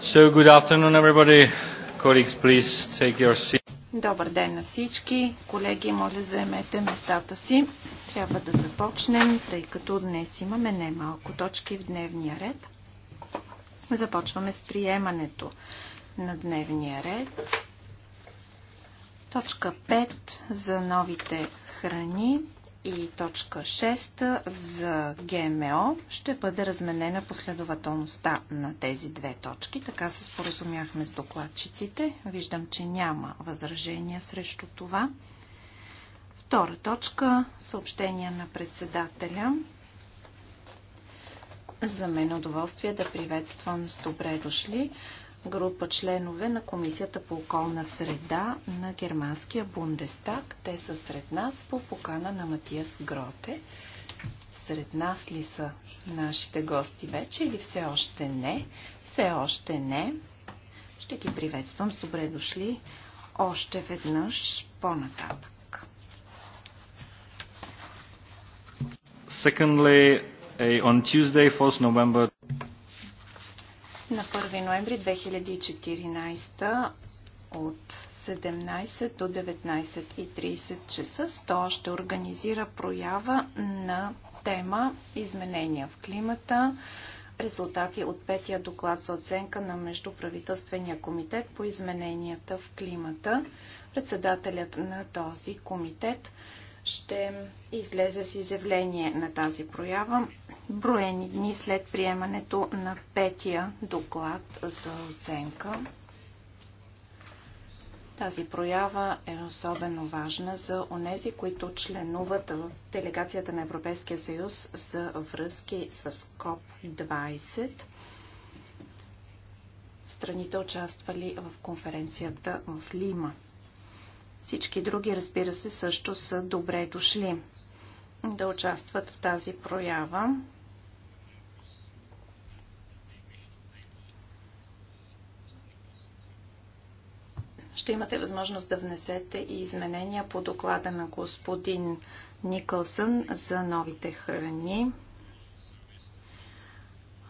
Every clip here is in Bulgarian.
So good afternoon everybody. Colleagues, please take your seat. Добър ден на всички. Колеги, моля заемете местата си. Трябва да започнем, тъй като днес имаме немалко точки в дневния ред. Започваме с приемането на дневния ред. Точка 5 за новите храни и точка 6 за ГМО ще бъде разменена последователността на тези две точки. Така се споразумяхме с докладчиците. Виждам, че няма възражения срещу това. Втора точка – съобщение на председателя. За мен удоволствие да приветствам с добре дошли група членове на Комисията по околна среда на германския Бундестаг. Те са сред нас по покана на Матиас Гроте. Сред нас ли са нашите гости вече или все още не? Все още не. Ще ги приветствам с добре дошли още веднъж по-нататък. Secondly, eh, on Tuesday, 4 November на 1 ноември 2014 от 17 до 19.30 часа. СТО ще организира проява на тема Изменения в климата. Резултати от петия доклад за оценка на Междуправителствения комитет по измененията в климата. Председателят на този комитет ще излезе с изявление на тази проява броени дни след приемането на петия доклад за оценка. Тази проява е особено важна за онези, които членуват в делегацията на Европейския съюз за връзки с КОП-20. Страните участвали в конференцията в Лима. Всички други, разбира се, също са добре дошли да участват в тази проява. ще имате възможност да внесете и изменения по доклада на господин Никълсън за новите храни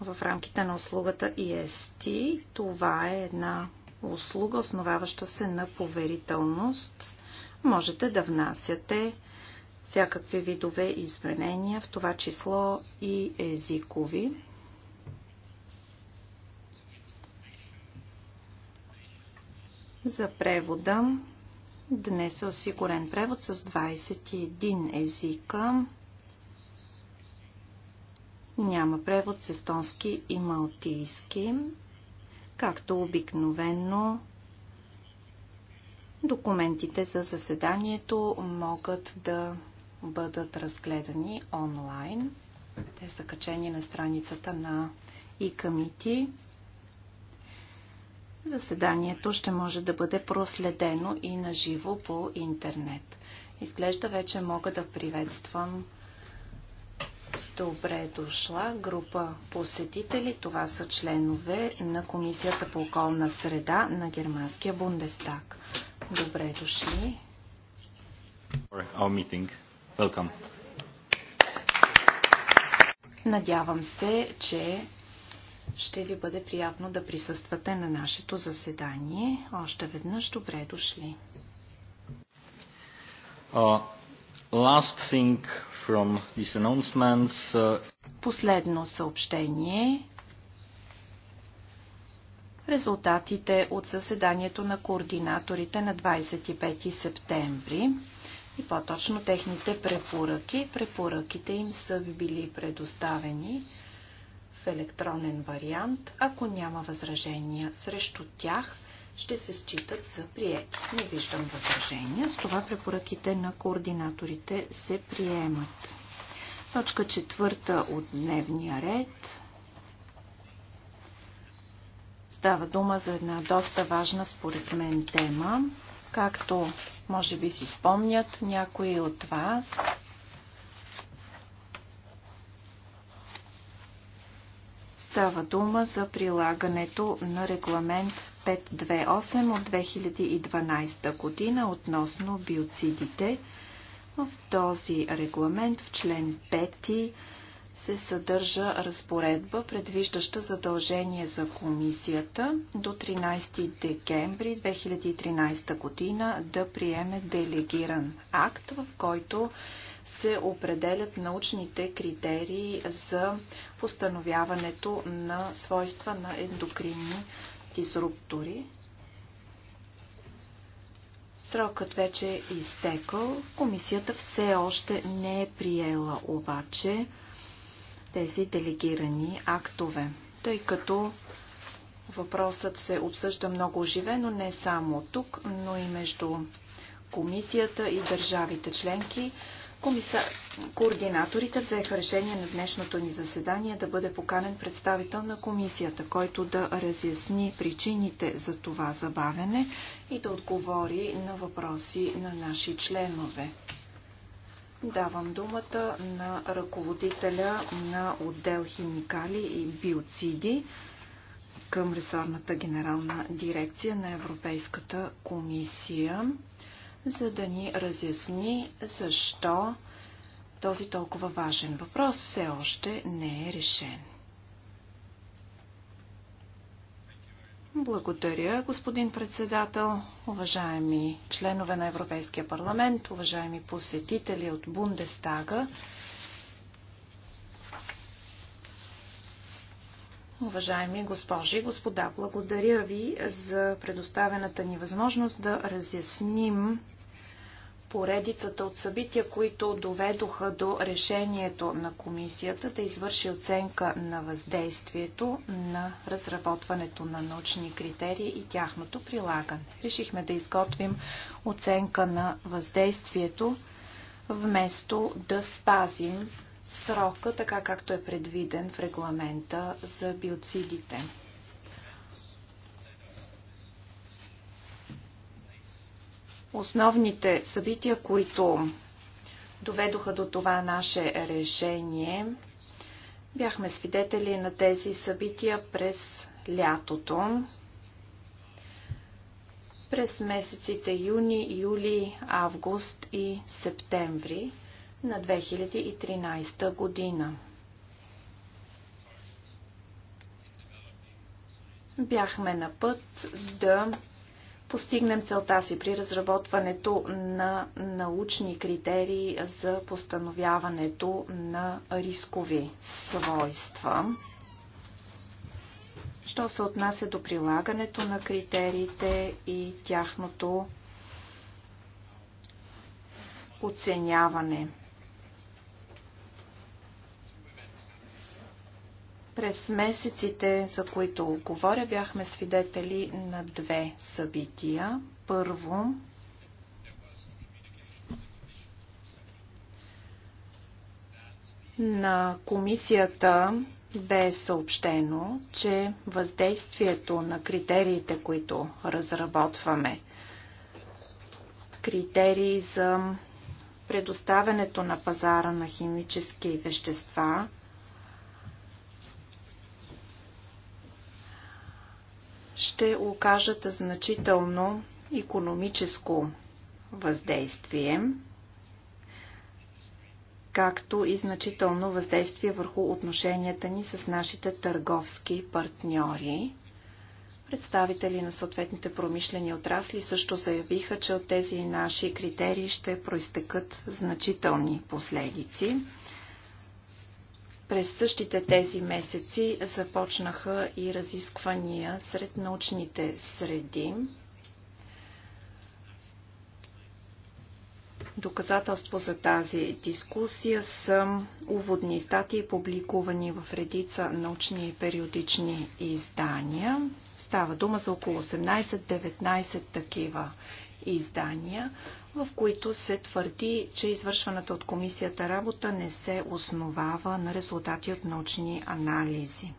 в рамките на услугата EST. Това е една услуга, основаваща се на поверителност. Можете да внасяте всякакви видове изменения, в това число и езикови. За превода днес е осигурен превод с 21 езика. Няма превод с естонски и малтийски. Както обикновено, документите за заседанието могат да бъдат разгледани онлайн. Те са качени на страницата на ИКАМИТИ. Заседанието ще може да бъде проследено и на живо по интернет. Изглежда вече мога да приветствам Добре дошла група посетители. Това са членове на Комисията по околна среда на Германския Бундестаг. Добре дошли. Надявам се, че ще ви бъде приятно да присъствате на нашето заседание. Още веднъж добре дошли. Uh, last thing from these announcements. Uh, Последно съобщение. Резултатите от заседанието на координаторите на 25 септември и по-точно техните препоръки. Препоръките им са били предоставени в електронен вариант. Ако няма възражения срещу тях, ще се считат за приети. Не виждам възражения. С това препоръките на координаторите се приемат. Точка четвърта от дневния ред. Става дума за една доста важна според мен тема. Както може би си спомнят някои от вас, Става дума за прилагането на регламент 528 от 2012 година относно биоцидите. В този регламент в член 5 се съдържа разпоредба, предвиждаща задължение за комисията до 13 декември 2013 година да приеме делегиран акт, в който се определят научните критерии за постановяването на свойства на ендокринни дисруптори, Срокът вече е изтекал. Комисията все още не е приела обаче тези делегирани актове, тъй като въпросът се обсъжда много оживено не само тук, но и между комисията и държавите членки. Комисар, координаторите взеха решение на днешното ни заседание да бъде поканен представител на комисията, който да разясни причините за това забавене и да отговори на въпроси на наши членове. Давам думата на ръководителя на отдел химикали и биоциди към ресорната генерална дирекция на Европейската комисия за да ни разясни защо този толкова важен въпрос все още не е решен. Благодаря, господин председател, уважаеми членове на Европейския парламент, уважаеми посетители от Бундестага. Уважаеми госпожи и господа, благодаря ви за предоставената ни възможност да разясним поредицата от събития, които доведоха до решението на комисията да извърши оценка на въздействието на разработването на научни критерии и тяхното прилагане. Решихме да изготвим оценка на въздействието вместо да спазим срока, така както е предвиден в регламента за биоцидите. Основните събития, които доведоха до това наше решение, бяхме свидетели на тези събития през лятото. През месеците юни, юли, август и септември на 2013 година. Бяхме на път да постигнем целта си при разработването на научни критерии за постановяването на рискови свойства. Що се отнася до прилагането на критериите и тяхното оценяване – През месеците, за които говоря, бяхме свидетели на две събития. Първо, на комисията бе съобщено, че въздействието на критериите, които разработваме, критерии за предоставянето на пазара на химически вещества, ще окажат значително економическо въздействие, както и значително въздействие върху отношенията ни с нашите търговски партньори. Представители на съответните промишлени отрасли също заявиха, че от тези наши критерии ще проистекат значителни последици. През същите тези месеци започнаха и разисквания сред научните среди. Доказателство за тази дискусия са уводни статии, публикувани в редица научни и периодични издания. Става дума за около 18-19 такива издания в които се твърди, че извършваната от комисията работа не се основава на резултати от научни анализи.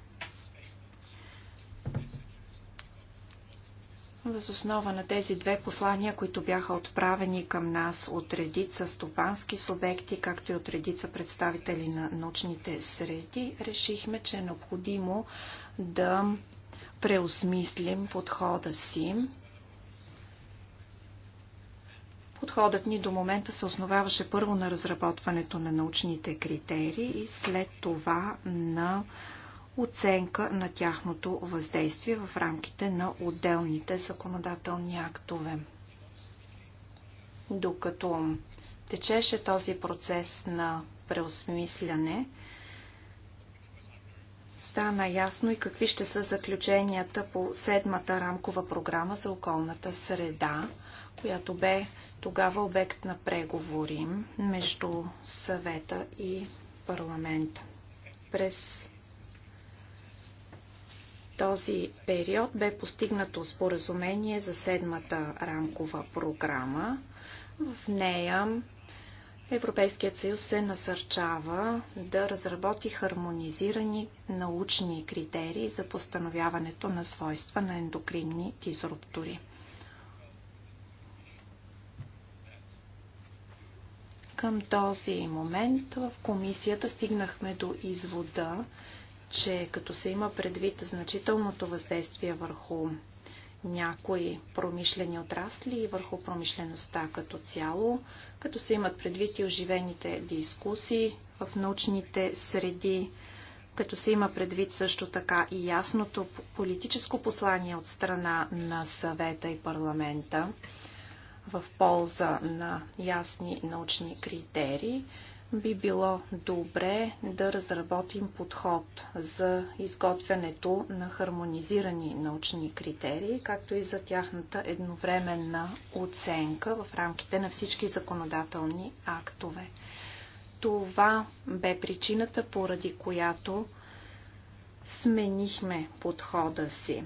Въз основа на тези две послания, които бяха отправени към нас от редица стопански субекти, както и от редица представители на научните среди, решихме, че е необходимо да преосмислим подхода си Подходът ни до момента се основаваше първо на разработването на научните критерии и след това на оценка на тяхното въздействие в рамките на отделните законодателни актове. Докато течеше този процес на преосмисляне, стана ясно и какви ще са заключенията по седмата рамкова програма за околната среда, която бе тогава обект на преговори между съвета и парламента. През този период бе постигнато споразумение за седмата рамкова програма. В нея Европейският съюз се насърчава да разработи хармонизирани научни критерии за постановяването на свойства на ендокринни дизруптори. Към този момент в комисията стигнахме до извода, че като се има предвид значителното въздействие върху някои промишлени отрасли и върху промишлеността като цяло, като се имат предвид и оживените дискусии в научните среди, като се има предвид също така и ясното политическо послание от страна на съвета и парламента, в полза на ясни научни критерии, би било добре да разработим подход за изготвянето на хармонизирани научни критерии, както и за тяхната едновременна оценка в рамките на всички законодателни актове. Това бе причината, поради която сменихме подхода си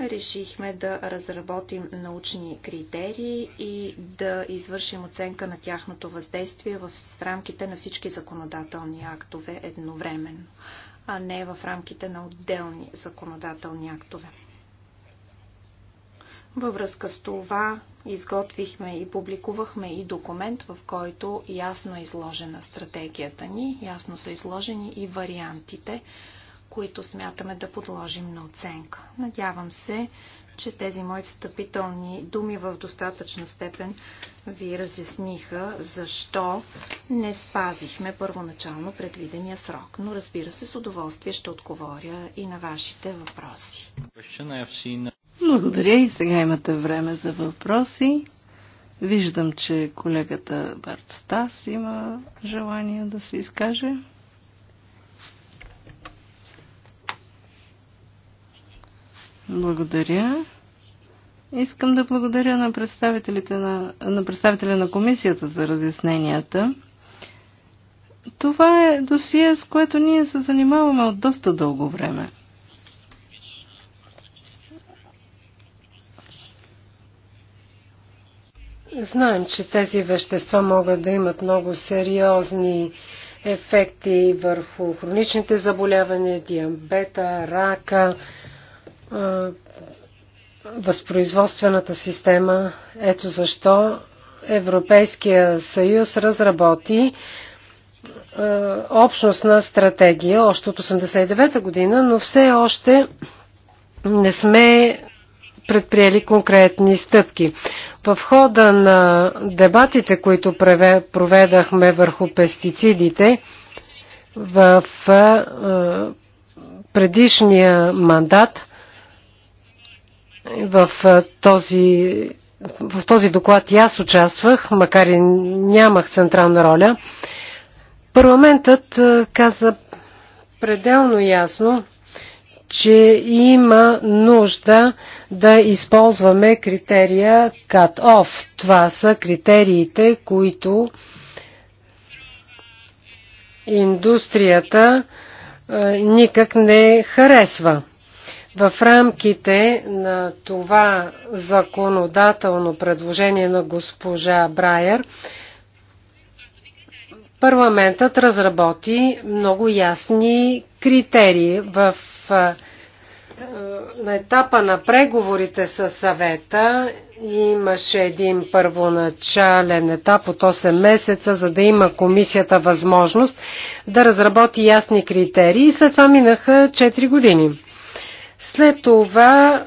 решихме да разработим научни критерии и да извършим оценка на тяхното въздействие в рамките на всички законодателни актове едновременно, а не в рамките на отделни законодателни актове. Във връзка с това изготвихме и публикувахме и документ, в който ясно е изложена стратегията ни, ясно са изложени и вариантите, които смятаме да подложим на оценка. Надявам се, че тези мои встъпителни думи в достатъчна степен ви разясниха защо не спазихме първоначално предвидения срок. Но разбира се, с удоволствие ще отговоря и на вашите въпроси. Благодаря и сега имате време за въпроси. Виждам, че колегата Барт Стас има желание да се изкаже. Благодаря. Искам да благодаря на, представителите на, на представителя на комисията за разясненията. Това е досие, с което ние се занимаваме от доста дълго време. Знаем, че тези вещества могат да имат много сериозни ефекти върху хроничните заболявания, диабета, рака, възпроизводствената система. Ето защо Европейския съюз разработи общностна стратегия още от 89-та година, но все още не сме предприели конкретни стъпки. В хода на дебатите, които проведахме върху пестицидите, в предишния мандат – в този, в този доклад и аз участвах, макар и нямах централна роля. Парламентът каза пределно ясно, че има нужда да използваме критерия cut-off. Това са критериите, които индустрията никак не харесва. В рамките на това законодателно предложение на госпожа Брайер, парламентът разработи много ясни критерии в на етапа на преговорите с съвета имаше един първоначален етап от 8 месеца, за да има комисията възможност да разработи ясни критерии и след това минаха 4 години. След това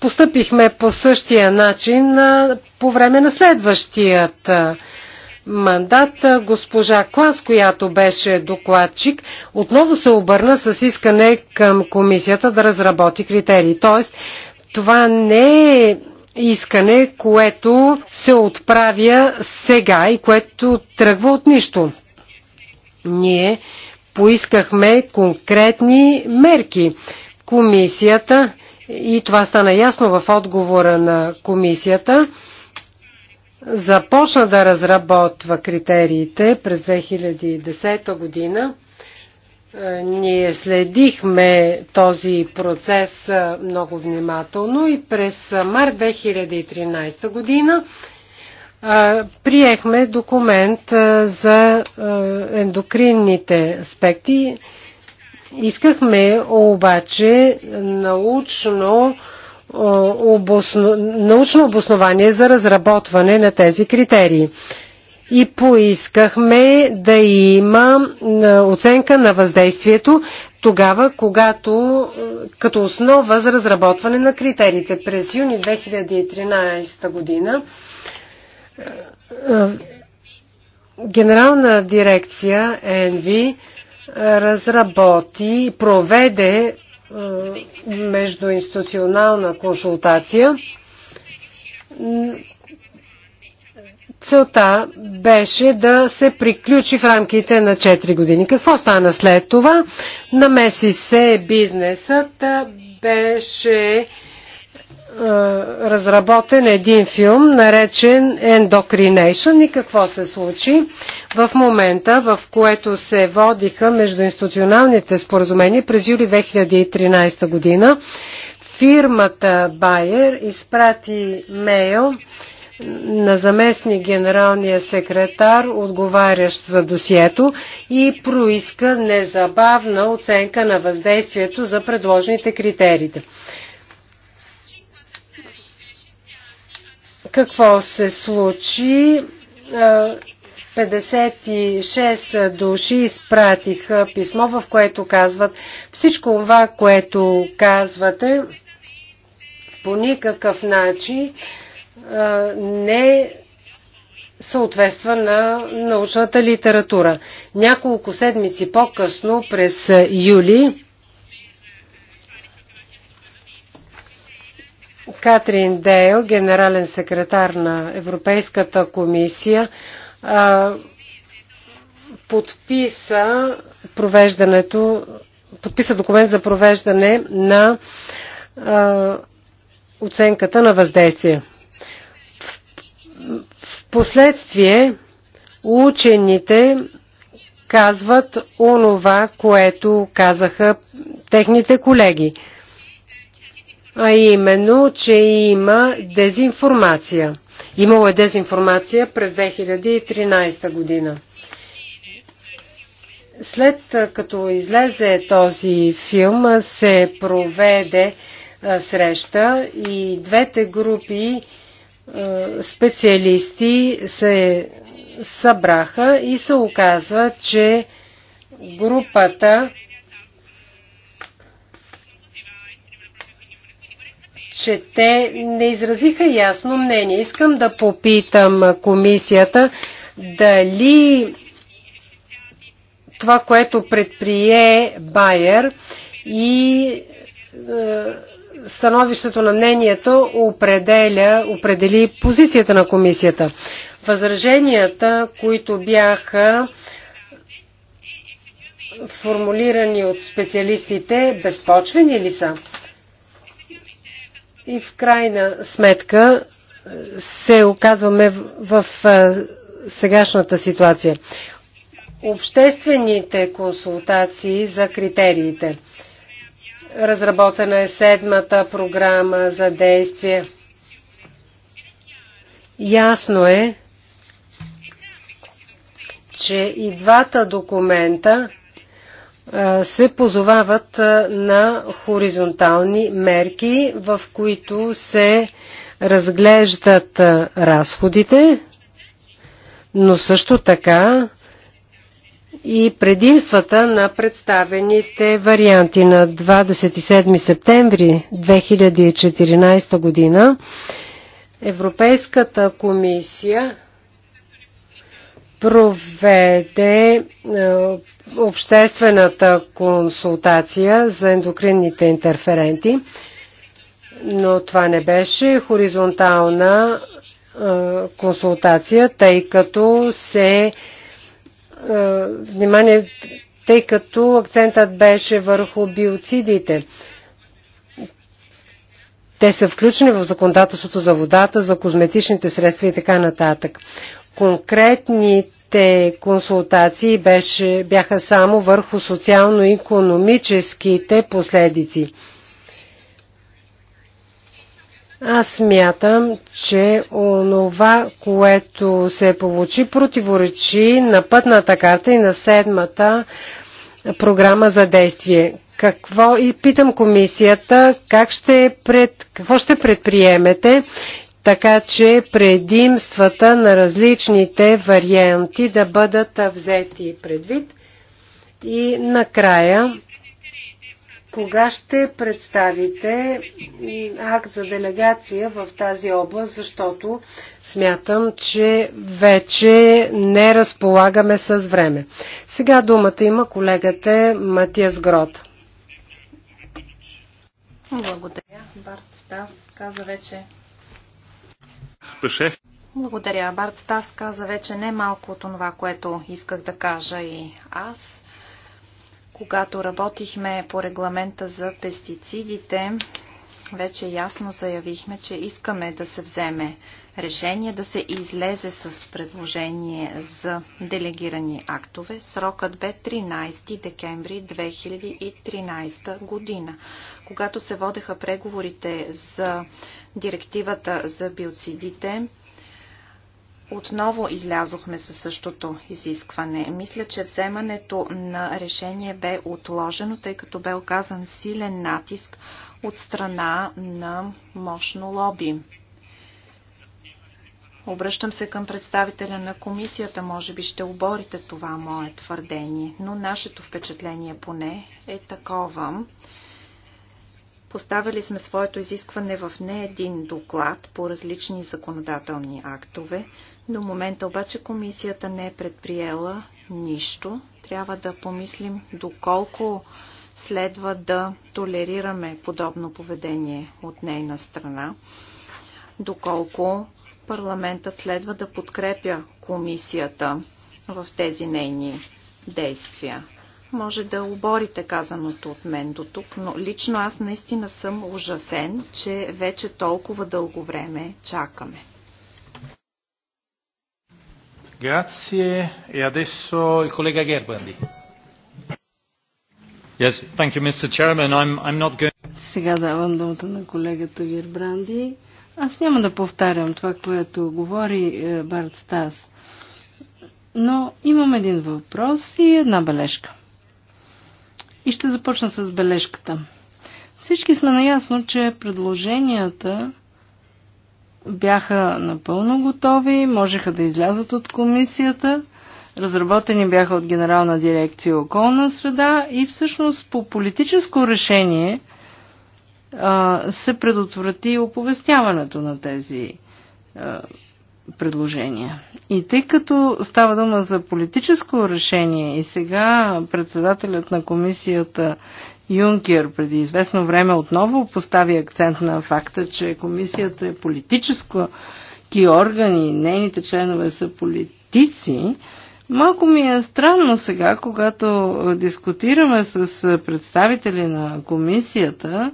постъпихме по същия начин по време на следващият мандат. Госпожа Клас, която беше докладчик, отново се обърна с искане към комисията да разработи критерии. Тоест, това не е искане, което се отправя сега и което тръгва от нищо. Ние поискахме конкретни мерки. Комисията, и това стана ясно в отговора на комисията, започна да разработва критериите през 2010 година. Е, ние следихме този процес е, много внимателно и през март 2013 година приехме документ за ендокринните аспекти. Искахме обаче научно, обосно, научно обоснование за разработване на тези критерии. И поискахме да има оценка на въздействието тогава, когато като основа за разработване на критериите. През юни 2013 година е, генерална дирекция ЕНВИ разработи, проведе е, междуинституционална консултация. Целта беше да се приключи в рамките на 4 години. Какво стана след това? Намеси се бизнесът, беше е, разработен един филм, наречен Endocrination и какво се случи в момента, в което се водиха междуинституционалните споразумения през юли 2013 година. Фирмата Байер изпрати мейл на заместник генералния секретар, отговарящ за досието и происка незабавна оценка на въздействието за предложените критериите. Какво се случи? 56 души изпратиха писмо, в което казват всичко това, което казвате, по никакъв начин не съответства на научната литература. Няколко седмици по-късно, през юли, Катрин Дейл, генерален секретар на Европейската комисия, подписа провеждането, подписа документ за провеждане на оценката на въздействие. Впоследствие учените казват онова, което казаха техните колеги – а именно, че има дезинформация. Имало е дезинформация през 2013 година. След като излезе този филм, се проведе среща и двете групи специалисти се събраха и се оказва, че групата че те не изразиха ясно мнение. Искам да попитам комисията дали това, което предприе Байер и е, становището на мнението определя, определи позицията на комисията. Възраженията, които бяха формулирани от специалистите, безпочвени ли са? И в крайна сметка е, се оказваме в, в е, сегашната ситуация. Обществените консултации за критериите. Разработена е седмата програма за действие. Ясно е, че и двата документа се позовават на хоризонтални мерки, в които се разглеждат разходите, но също така и предимствата на представените варианти на 27 септември 2014 година Европейската комисия проведе е, обществената консултация за ендокринните интерференти, но това не беше хоризонтална е, консултация, тъй като се е, внимание, тъй като акцентът беше върху биоцидите. Те са включени в законодателството за водата, за козметичните средства и така нататък. Конкретните консултации беше, бяха само върху социално-економическите последици. Аз смятам, че онова, което се получи, противоречи на пътната карта и на седмата програма за действие. Какво и питам комисията, как ще пред, какво ще предприемете така че предимствата на различните варианти да бъдат взети предвид. И накрая, кога ще представите акт за делегация в тази област, защото смятам, че вече не разполагаме с време. Сега думата има колегата Матиас Грот. Благодаря. Барт Стас каза вече beschäftigt. Благодаря. Барт Стас каза вече не малко от това, което исках да кажа и аз. Когато работихме по регламента за пестицидите, вече ясно заявихме, че искаме да се вземе решение, да се излезе с предложение за делегирани актове. Срокът бе 13 декември 2013 година. Когато се водеха преговорите за директивата за биоцидите, отново излязохме със същото изискване. Мисля, че вземането на решение бе отложено, тъй като бе оказан силен натиск от страна на мощно лоби. Обръщам се към представителя на комисията, може би ще оборите това мое твърдение, но нашето впечатление поне е такова. Поставили сме своето изискване в не един доклад по различни законодателни актове. До момента обаче комисията не е предприела нищо. Трябва да помислим доколко следва да толерираме подобно поведение от нейна страна, доколко парламентът следва да подкрепя комисията в тези нейни действия може да оборите казаното от мен до тук, но лично аз наистина съм ужасен, че вече толкова дълго време чакаме. Grazie. E adesso il collega Gerbrandi. Yes, thank you, Mr. Chairman. I'm, I'm not going... Сега давам думата на колегата Гербранди. Аз няма да повтарям това, което говори е, Барт Стас. Но имам един въпрос и една бележка. И ще започна с бележката. Всички сме наясно, че предложенията бяха напълно готови, можеха да излязат от комисията, разработени бяха от Генерална дирекция околна среда и всъщност по политическо решение а, се предотврати оповестяването на тези а, предложения. И тъй като става дума за политическо решение и сега председателят на комисията Юнкер преди известно време отново постави акцент на факта, че комисията е политическо ки органи, нейните членове са политици, малко ми е странно сега, когато дискутираме с представители на комисията,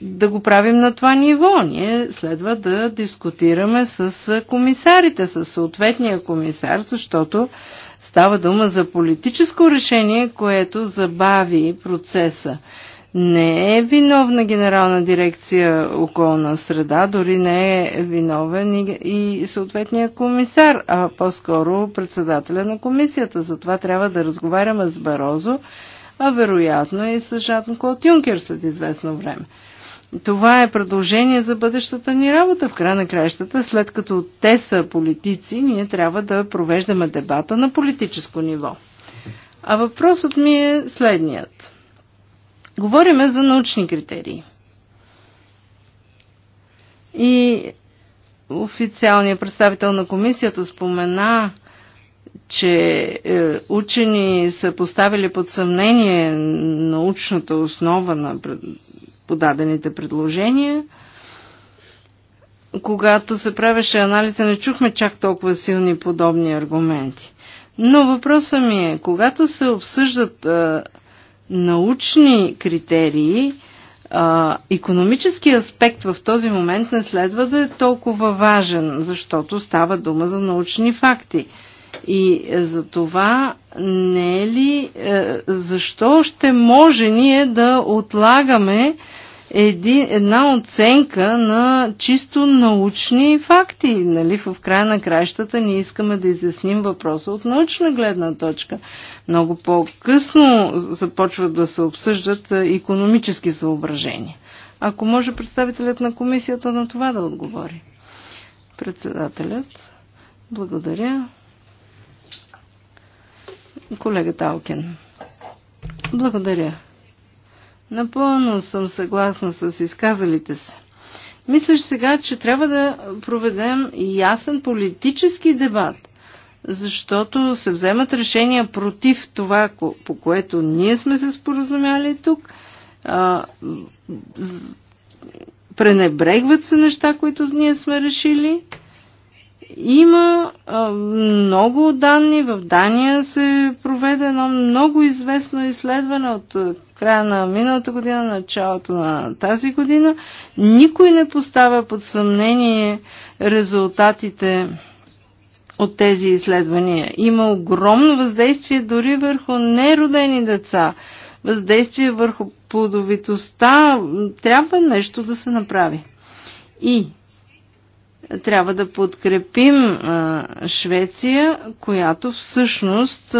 да го правим на това ниво. Ние следва да дискутираме с комисарите, с съответния комисар, защото става дума за политическо решение, което забави процеса. Не е виновна генерална дирекция околна среда, дори не е виновен и съответния комисар, а по-скоро председателя на комисията. Затова трябва да разговаряме с Барозо, а вероятно и с Жан Клод Юнкер след известно време това е предложение за бъдещата ни работа в края на краищата. След като те са политици, ние трябва да провеждаме дебата на политическо ниво. А въпросът ми е следният. Говориме за научни критерии. И официалният представител на комисията спомена, че е, учени са поставили под съмнение научната основа на подадените предложения. Когато се правеше анализа, не чухме чак толкова силни подобни аргументи. Но въпросът ми е, когато се обсъждат а, научни критерии, а, економически аспект в този момент не следва да е толкова важен, защото става дума за научни факти. И е, за това не е ли, е, защо ще може ние да отлагаме един, една оценка на чисто научни факти. Нали? В края на краищата ние искаме да изясним въпроса от научна гледна точка. Много по-късно започват да се обсъждат економически съображения. Ако може представителят на комисията на това да отговори. Председателят. Благодаря. Колегата Алкен. Благодаря. Напълно съм съгласна с изказалите се. Мислиш сега, че трябва да проведем ясен политически дебат, защото се вземат решения против това, по което ние сме се споразумяли тук. пренебрегват се неща, които ние сме решили има а, много данни. В Дания се проведе едно много известно изследване от края на миналата година, началото на тази година. Никой не поставя под съмнение резултатите от тези изследвания. Има огромно въздействие дори върху неродени деца, въздействие върху плодовитостта. Трябва нещо да се направи. И трябва да подкрепим Швеция, която всъщност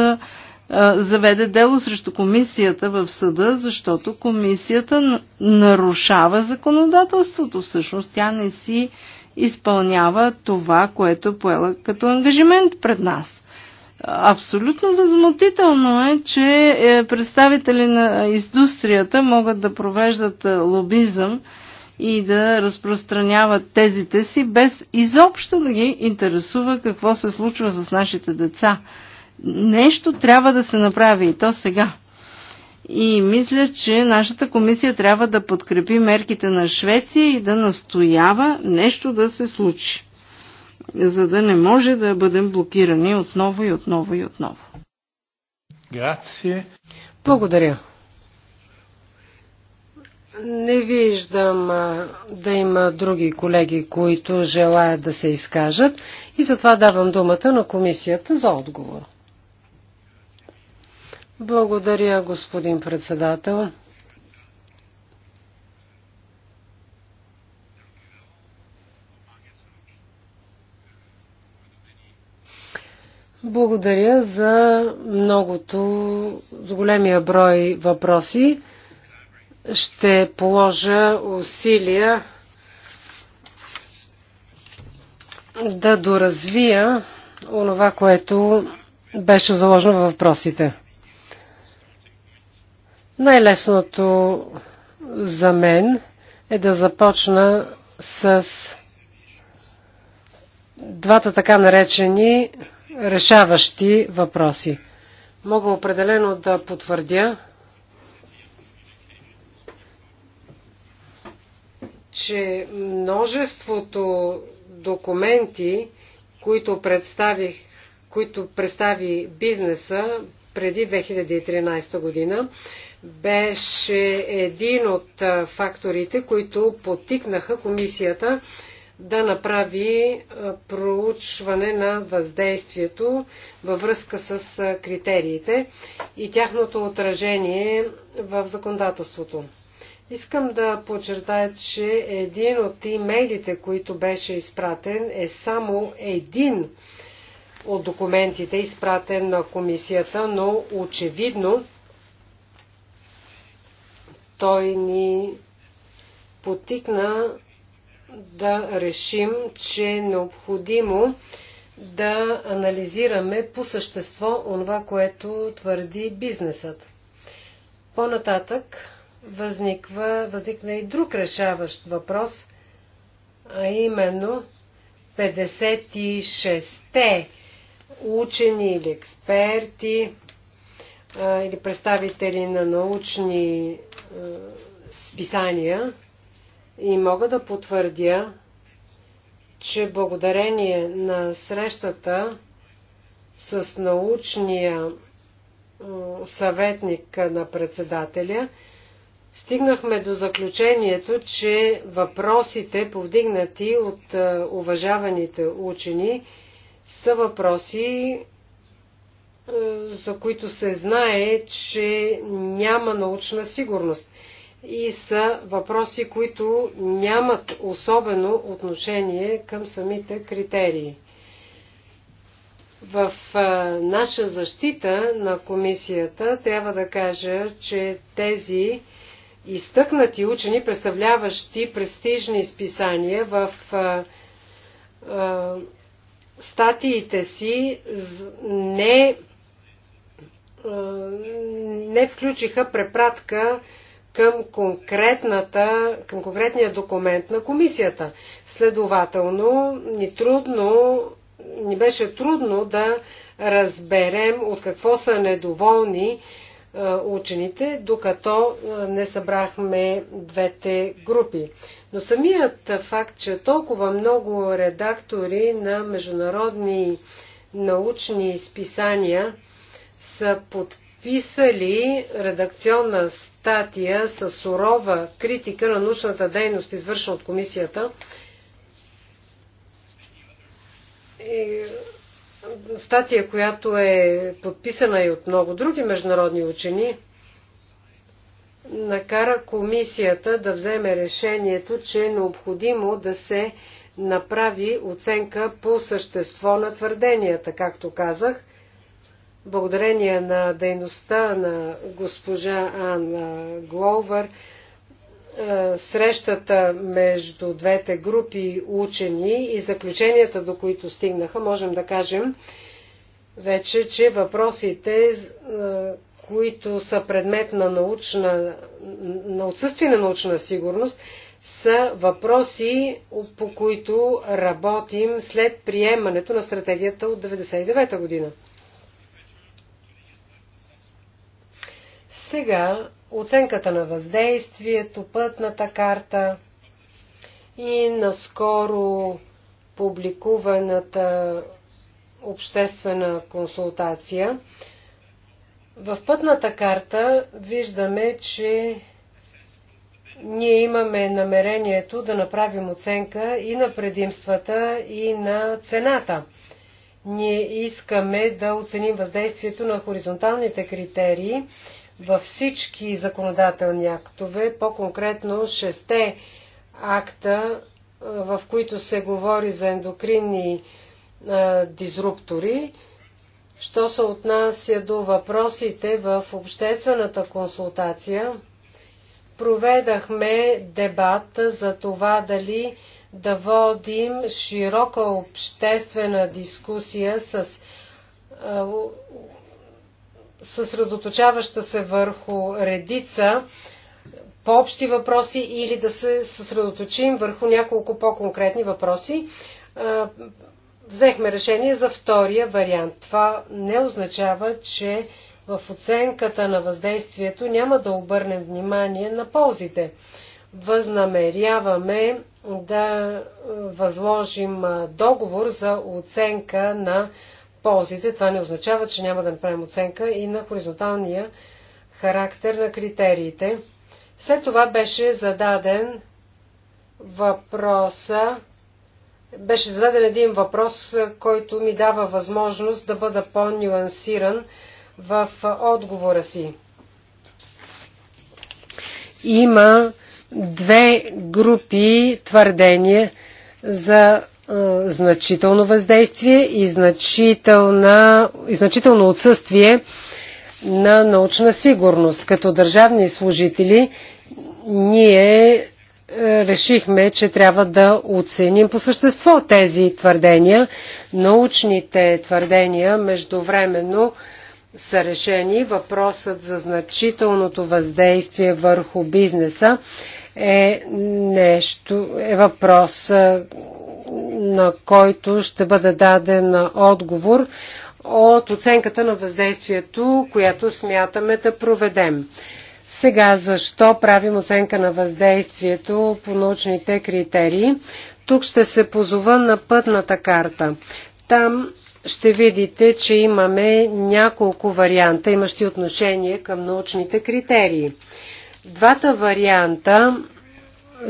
заведе дело срещу комисията в съда, защото комисията нарушава законодателството. Всъщност тя не си изпълнява това, което поела като ангажимент пред нас. Абсолютно възмутително е, че е, представители на индустрията могат да провеждат е, лобизъм и да разпространяват тезите си, без изобщо да ги интересува какво се случва с нашите деца. Нещо трябва да се направи и то сега. И мисля, че нашата комисия трябва да подкрепи мерките на Швеция и да настоява нещо да се случи, за да не може да бъдем блокирани отново и отново и отново. Грация. Благодаря. Не виждам да има други колеги, които желаят да се изкажат и затова давам думата на комисията за отговор. Благодаря, господин председател. Благодаря за многото, за големия брой въпроси. Ще положа усилия да доразвия онова, което беше заложено във въпросите. Най-лесното за мен е да започна с двата така наречени решаващи въпроси. Мога определено да потвърдя, че множеството документи, които, представих, които представи бизнеса преди 2013 година, беше един от факторите, които потикнаха комисията да направи проучване на въздействието във връзка с критериите и тяхното отражение в законодателството. Искам да подчертая, че един от имейлите, които беше изпратен, е само един от документите, изпратен на комисията, но очевидно той ни потикна да решим, че е необходимо да анализираме по същество онова, което твърди бизнесът. По-нататък възниква, възникна и друг решаващ въпрос, а именно 56-те учени или експерти а, или представители на научни а, списания и мога да потвърдя, че благодарение на срещата с научния съветник на председателя, стигнахме до заключението, че въпросите, повдигнати от е, уважаваните учени, са въпроси, е, за които се знае, че няма научна сигурност и са въпроси, които нямат особено отношение към самите критерии. В е, наша защита на комисията трябва да кажа, че тези изтъкнати учени, представляващи престижни списания в а, а, статиите си не, а, не включиха препратка към, конкретната, към конкретния документ на комисията. Следователно, ни трудно ни беше трудно да разберем от какво са недоволни е, учените, докато е, не събрахме двете групи. Но самият факт, че толкова много редактори на международни научни списания са подписали редакционна статия с сурова критика на научната дейност, извършена от комисията, статия, която е подписана и от много други международни учени, накара комисията да вземе решението, че е необходимо да се направи оценка по същество на твърденията, както казах. Благодарение на дейността на госпожа Анна Гловър, е, срещата между двете групи учени и заключенията, до които стигнаха, можем да кажем вече, че въпросите, е, които са предмет на, научна, на отсъствие на научна сигурност, са въпроси, по които работим след приемането на стратегията от 1999 година. Сега оценката на въздействието, пътната карта и наскоро публикуваната обществена консултация. В пътната карта виждаме, че ние имаме намерението да направим оценка и на предимствата, и на цената. Ние искаме да оценим въздействието на хоризонталните критерии във всички законодателни актове, по-конкретно шесте акта, в които се говори за ендокринни дизруптори, що се отнася до въпросите в обществената консултация, проведахме дебат за това дали да водим широка обществена дискусия с съсредоточаваща се върху редица по-общи въпроси или да се съсредоточим върху няколко по-конкретни въпроси. Взехме решение за втория вариант. Това не означава, че в оценката на въздействието няма да обърнем внимание на ползите. Възнамеряваме да възложим договор за оценка на ползите, това не означава, че няма да направим оценка и на хоризонталния характер на критериите. След това беше зададен въпроса, беше зададен един въпрос, който ми дава възможност да бъда по-нюансиран в отговора си. Има две групи твърдения за значително въздействие и, значителна, и значително отсъствие на научна сигурност. Като държавни служители ние е, решихме, че трябва да оценим по същество тези твърдения. Научните твърдения междувременно са решени. Въпросът за значителното въздействие върху бизнеса е, нещо, е въпрос, е, на който ще бъде даден отговор от оценката на въздействието, която смятаме да проведем. Сега защо правим оценка на въздействието по научните критерии? Тук ще се позова на пътната карта. Там ще видите, че имаме няколко варианта, имащи отношение към научните критерии. Двата варианта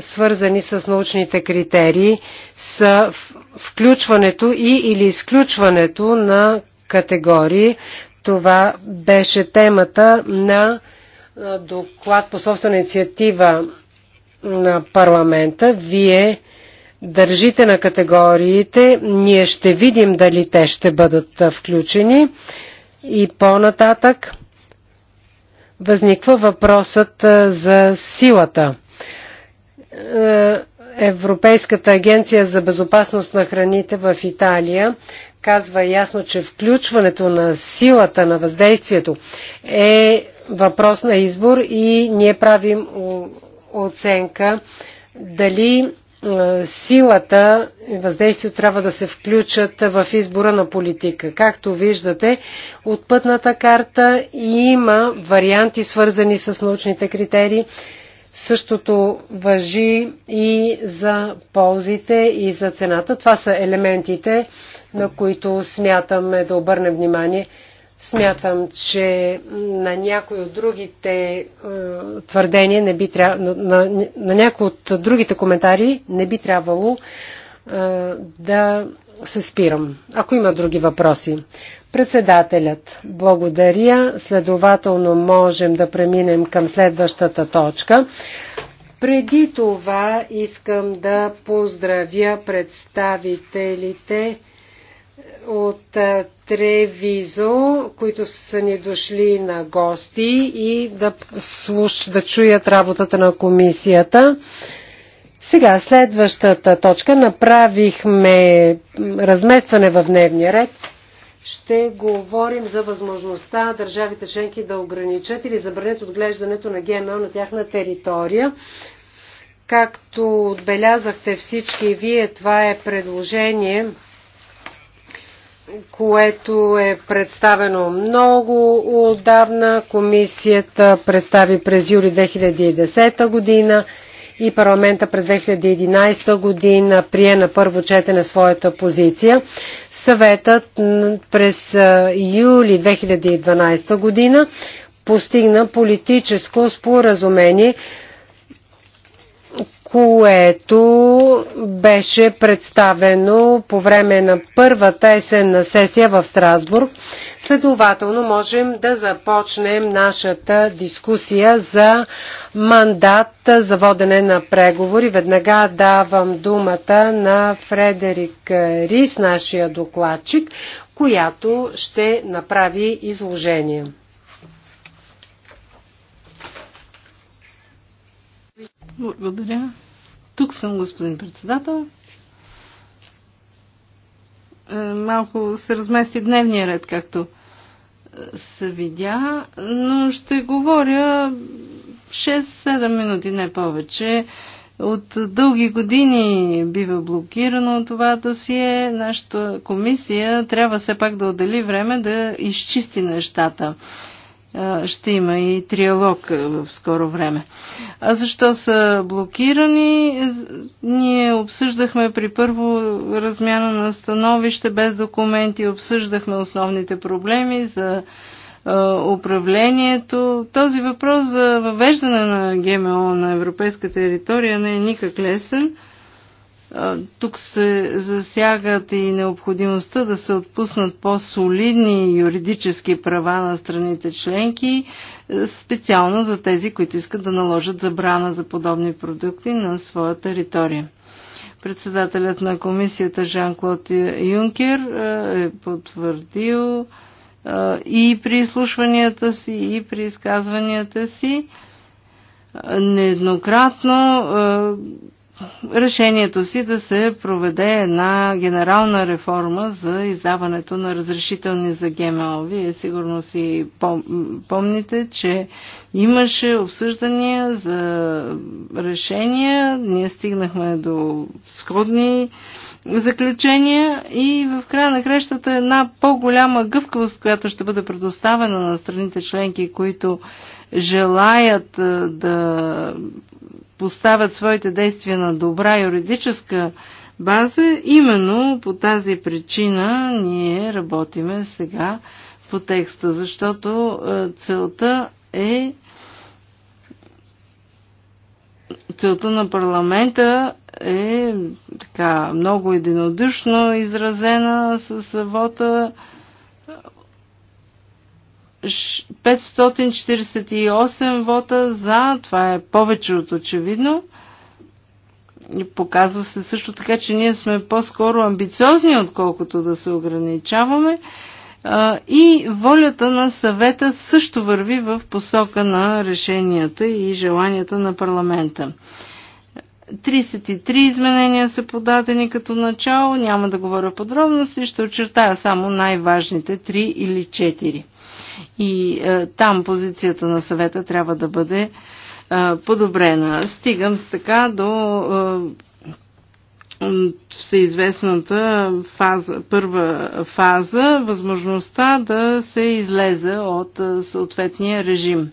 свързани с научните критерии, са включването и или изключването на категории. Това беше темата на доклад по собствена инициатива на парламента. Вие държите на категориите. Ние ще видим дали те ще бъдат включени. И по-нататък възниква въпросът за силата. Е, Европейската агенция за безопасност на храните в Италия казва ясно, че включването на силата на въздействието е въпрос на избор и ние правим оценка дали е, силата и въздействието трябва да се включат в избора на политика. Както виждате, от пътната карта има варианти свързани с научните критерии, Същото въжи и за ползите и за цената. Това са елементите, на които смятаме да обърнем внимание. Смятам, че на някои от другите твърдения не би тря... на, на, на някои от другите коментари не би трябвало да се спирам. Ако има други въпроси. Председателят, благодаря. Следователно можем да преминем към следващата точка. Преди това искам да поздравя представителите от Тревизо, които са ни дошли на гости и да, слуш, да чуят работата на комисията. Сега, следващата точка. Направихме разместване в дневния ред ще говорим за възможността държавите членки да ограничат или забранят отглеждането на ГМО на тяхна територия. Както отбелязахте всички вие, това е предложение, което е представено много отдавна. Комисията представи през юли 2010 година и парламента през 2011 година прие на първо четене своята позиция. Съветът през юли 2012 година постигна политическо споразумение, което беше представено по време на първата есенна сесия в Страсбург. Следователно можем да започнем нашата дискусия за мандат за водене на преговори. Веднага давам думата на Фредерик Рис, нашия докладчик, която ще направи изложение. Благодаря. Тук съм, господин председател. Е, малко се размести дневния ред, както се видя, но ще говоря 6-7 минути, не повече. От дълги години бива блокирано това досие. Нашата комисия трябва все пак да отдели време да изчисти нещата ще има и триалог в скоро време. А защо са блокирани? Ние обсъждахме при първо размяна на становище без документи, обсъждахме основните проблеми за управлението. Този въпрос за въвеждане на ГМО на европейска територия не е никак лесен. Тук се засягат и необходимостта да се отпуснат по-солидни юридически права на страните членки, е, специално за тези, които искат да наложат забрана за подобни продукти на своя територия. Председателят на комисията Жан-Клод Юнкер е, е потвърдил е, и при изслушванията си, и при изказванията си нееднократно решението си да се проведе една генерална реформа за издаването на разрешителни за ГМО. Вие сигурно си помните, че имаше обсъждания за решения, ние стигнахме до сходни заключения и в края на крещата една по-голяма гъвкавост, която ще бъде предоставена на страните членки, които желаят да поставят своите действия на добра юридическа база, именно по тази причина ние работиме сега по текста, защото е, целта е целта на парламента е така много единодушно изразена с вота 548 вота за, това е повече от очевидно. И показва се също така, че ние сме по-скоро амбициозни, отколкото да се ограничаваме. И волята на съвета също върви в посока на решенията и желанията на парламента. 33 изменения са подадени като начало, няма да говоря подробности, ще очертая само най-важните 3 или 4. И е, там позицията на съвета трябва да бъде е, подобрена. Стигам сега до е, всеизвестната фаза, първа фаза, възможността да се излезе от е, съответния режим. Е,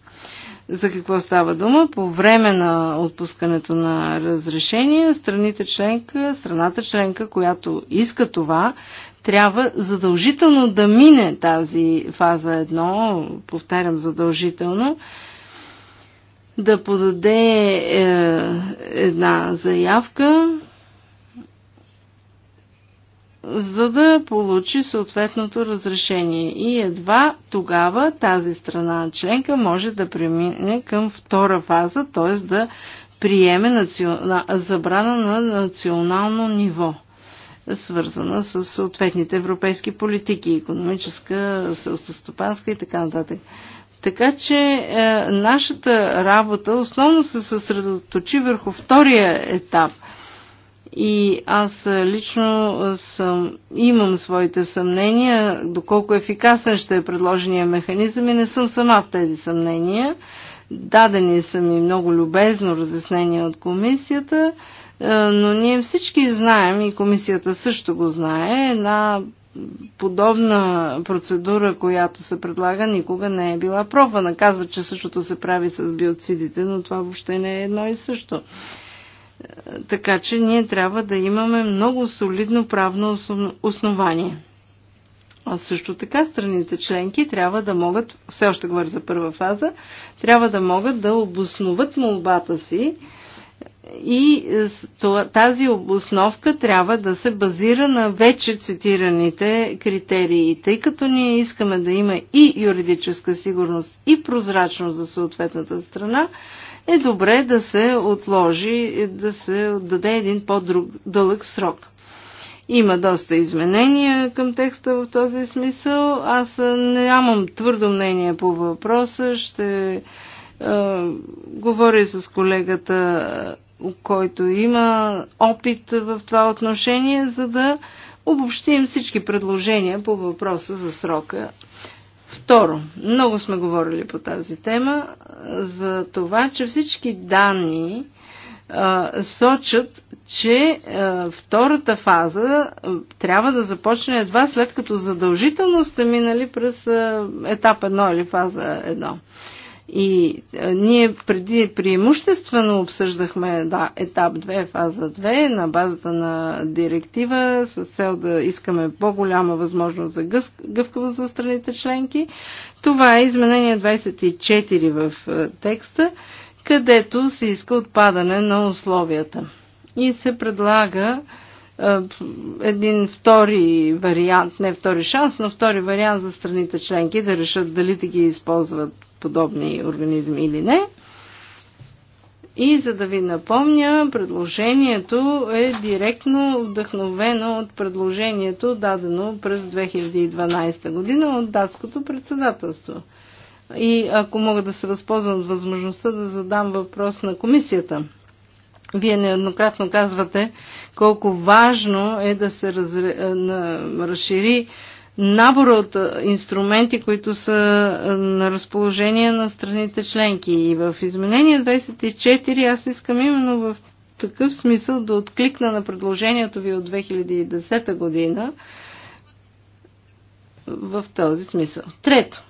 за какво става дума? По време на отпускането на разрешение, страните членка, страната членка, която иска това, трябва задължително да мине тази фаза едно, повтарям задължително, да подаде е, една заявка за да получи съответното разрешение. И едва тогава тази страна членка може да премине към втора фаза, т.е. да приеме национа... забрана на национално ниво, свързана с съответните европейски политики, економическа, селстостопанска и така нататък. Така че е, нашата работа основно се съсредоточи върху втория етап – и аз лично съм, имам своите съмнения, доколко ефикасен ще е предложения механизъм и не съм сама в тези съмнения. Дадени са ми много любезно разяснения от комисията, но ние всички знаем и комисията също го знае, една подобна процедура, която се предлага, никога не е била пробвана. Казват, че същото се прави с биоцидите, но това въобще не е едно и също. Така че ние трябва да имаме много солидно правно основание. А също така страните членки трябва да могат, все още говоря за първа фаза, трябва да могат да обосноват молбата си и тази обосновка трябва да се базира на вече цитираните критерии. Тъй като ние искаме да има и юридическа сигурност, и прозрачност за съответната страна, е добре да се отложи, да се отдаде един по-дълъг срок. Има доста изменения към текста в този смисъл. Аз нямам твърдо мнение по въпроса. Ще е, говоря с колегата, който има опит в това отношение, за да обобщим всички предложения по въпроса за срока Второ, много сме говорили по тази тема за това, че всички данни а, сочат, че а, втората фаза а, трябва да започне едва след като задължително сте минали през етап 1 или фаза 1. И а, ние преди преимуществено обсъждахме да, етап 2, фаза 2 на базата на директива с цел да искаме по-голяма възможност за гъс, гъвкавост за страните членки. Това е изменение 24 в а, текста, където се иска отпадане на условията. И се предлага един втори вариант, не втори шанс, но втори вариант за страните членки да решат дали да ги използват подобни организми или не. И за да ви напомня, предложението е директно вдъхновено от предложението, дадено през 2012 година от датското председателство. И ако мога да се възползвам от възможността да задам въпрос на комисията. Вие нееднократно казвате колко важно е да се разри... на... разшири набор от инструменти, които са на разположение на страните членки. И в изменение 24 аз искам именно в такъв смисъл да откликна на предложението ви от 2010 година в този смисъл. Трето.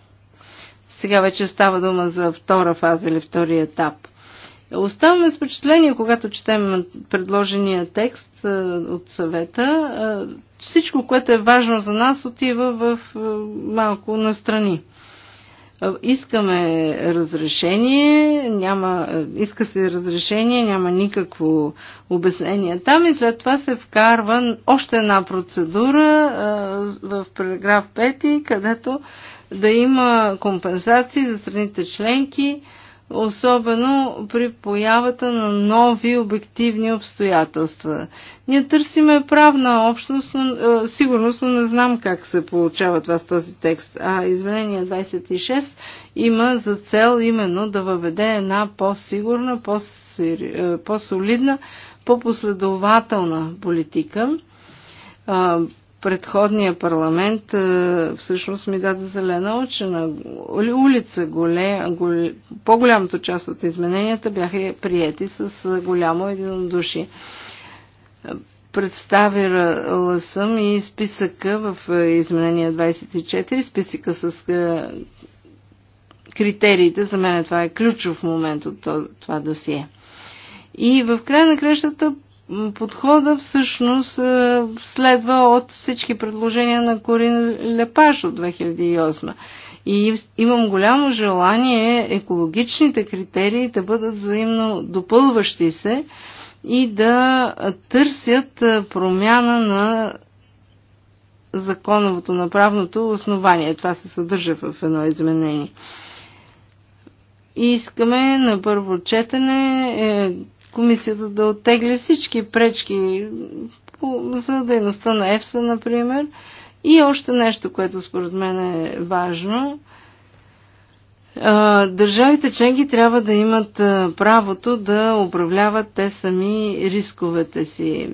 Сега вече става дума за втора фаза или втори етап – Оставаме с впечатление, когато четем предложения текст е, от съвета, е, всичко, което е важно за нас, отива в е, малко настрани. Искаме разрешение, няма, иска се разрешение, няма никакво обяснение там и след това се вкарва още една процедура в параграф 5, където да има компенсации за страните членки, особено при появата на нови обективни обстоятелства. Ние търсиме правна общност, но, е, сигурност, но не знам как се получава това с този текст. А извинение 26 има за цел именно да въведе една по-сигурна, е, по-солидна, по-последователна политика предходния парламент е, всъщност ми даде зелена очена улица. Голе, голе, по-голямата част от измененията бяха приети с е, голямо единодушие. Е, Представила съм и списъка в изменения 24, списъка с критериите. За мен това е ключов момент от това досие. И в края на кръщата подхода всъщност е, следва от всички предложения на Корин Лепаш от 2008. И имам голямо желание екологичните критерии да бъдат взаимно допълващи се и да търсят е, промяна на законовото направното основание. Това се съдържа в едно изменение. Искаме на първо четене е, комисията да оттегли всички пречки за дейността на ЕФСА, например. И още нещо, което според мен е важно. Държавите членки трябва да имат правото да управляват те сами рисковете си.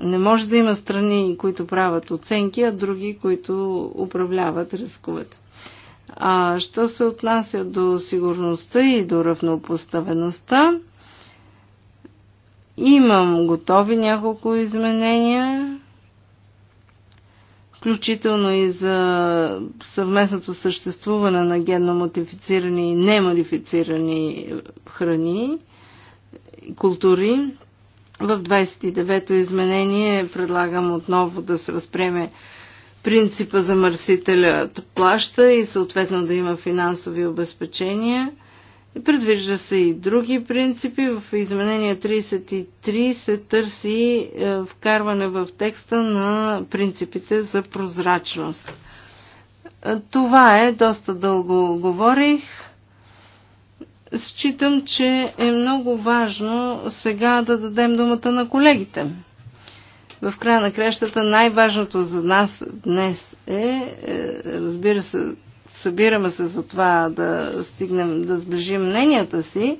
Не може да има страни, които правят оценки, а други, които управляват рисковете. А що се отнася до сигурността и до равнопоставеността, Имам готови няколко изменения, включително и за съвместното съществуване на генно модифицирани и немодифицирани е, храни и култури. В 29-то изменение предлагам отново да се разпреме принципа за мърсителят, плаща и съответно да има финансови обезпечения – Предвижда се и други принципи. В изменение 33 се търси е, вкарване в текста на принципите за прозрачност. Е, това е, доста дълго говорих. Считам, че е много важно сега да дадем думата на колегите. В края на крещата най-важното за нас днес е, е разбира се, събираме се за това да стигнем, да сближим мненията си.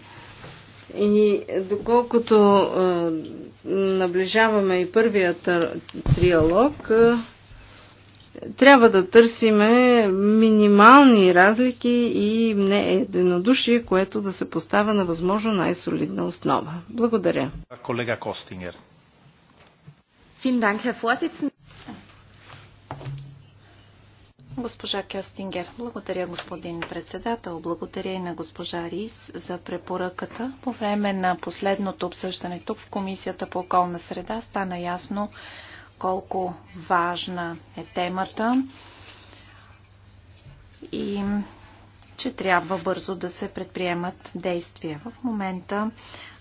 И доколкото а, наближаваме и първия триалог, а, трябва да търсиме минимални разлики и не единодушие, което да се поставя на възможно най-солидна основа. Благодаря. Колега Костингер. Госпожа Кьостингер, благодаря господин председател, благодаря и на госпожа Рис за препоръката. По време на последното обсъждане тук в Комисията по околна среда стана ясно колко важна е темата и че трябва бързо да се предприемат действия. В момента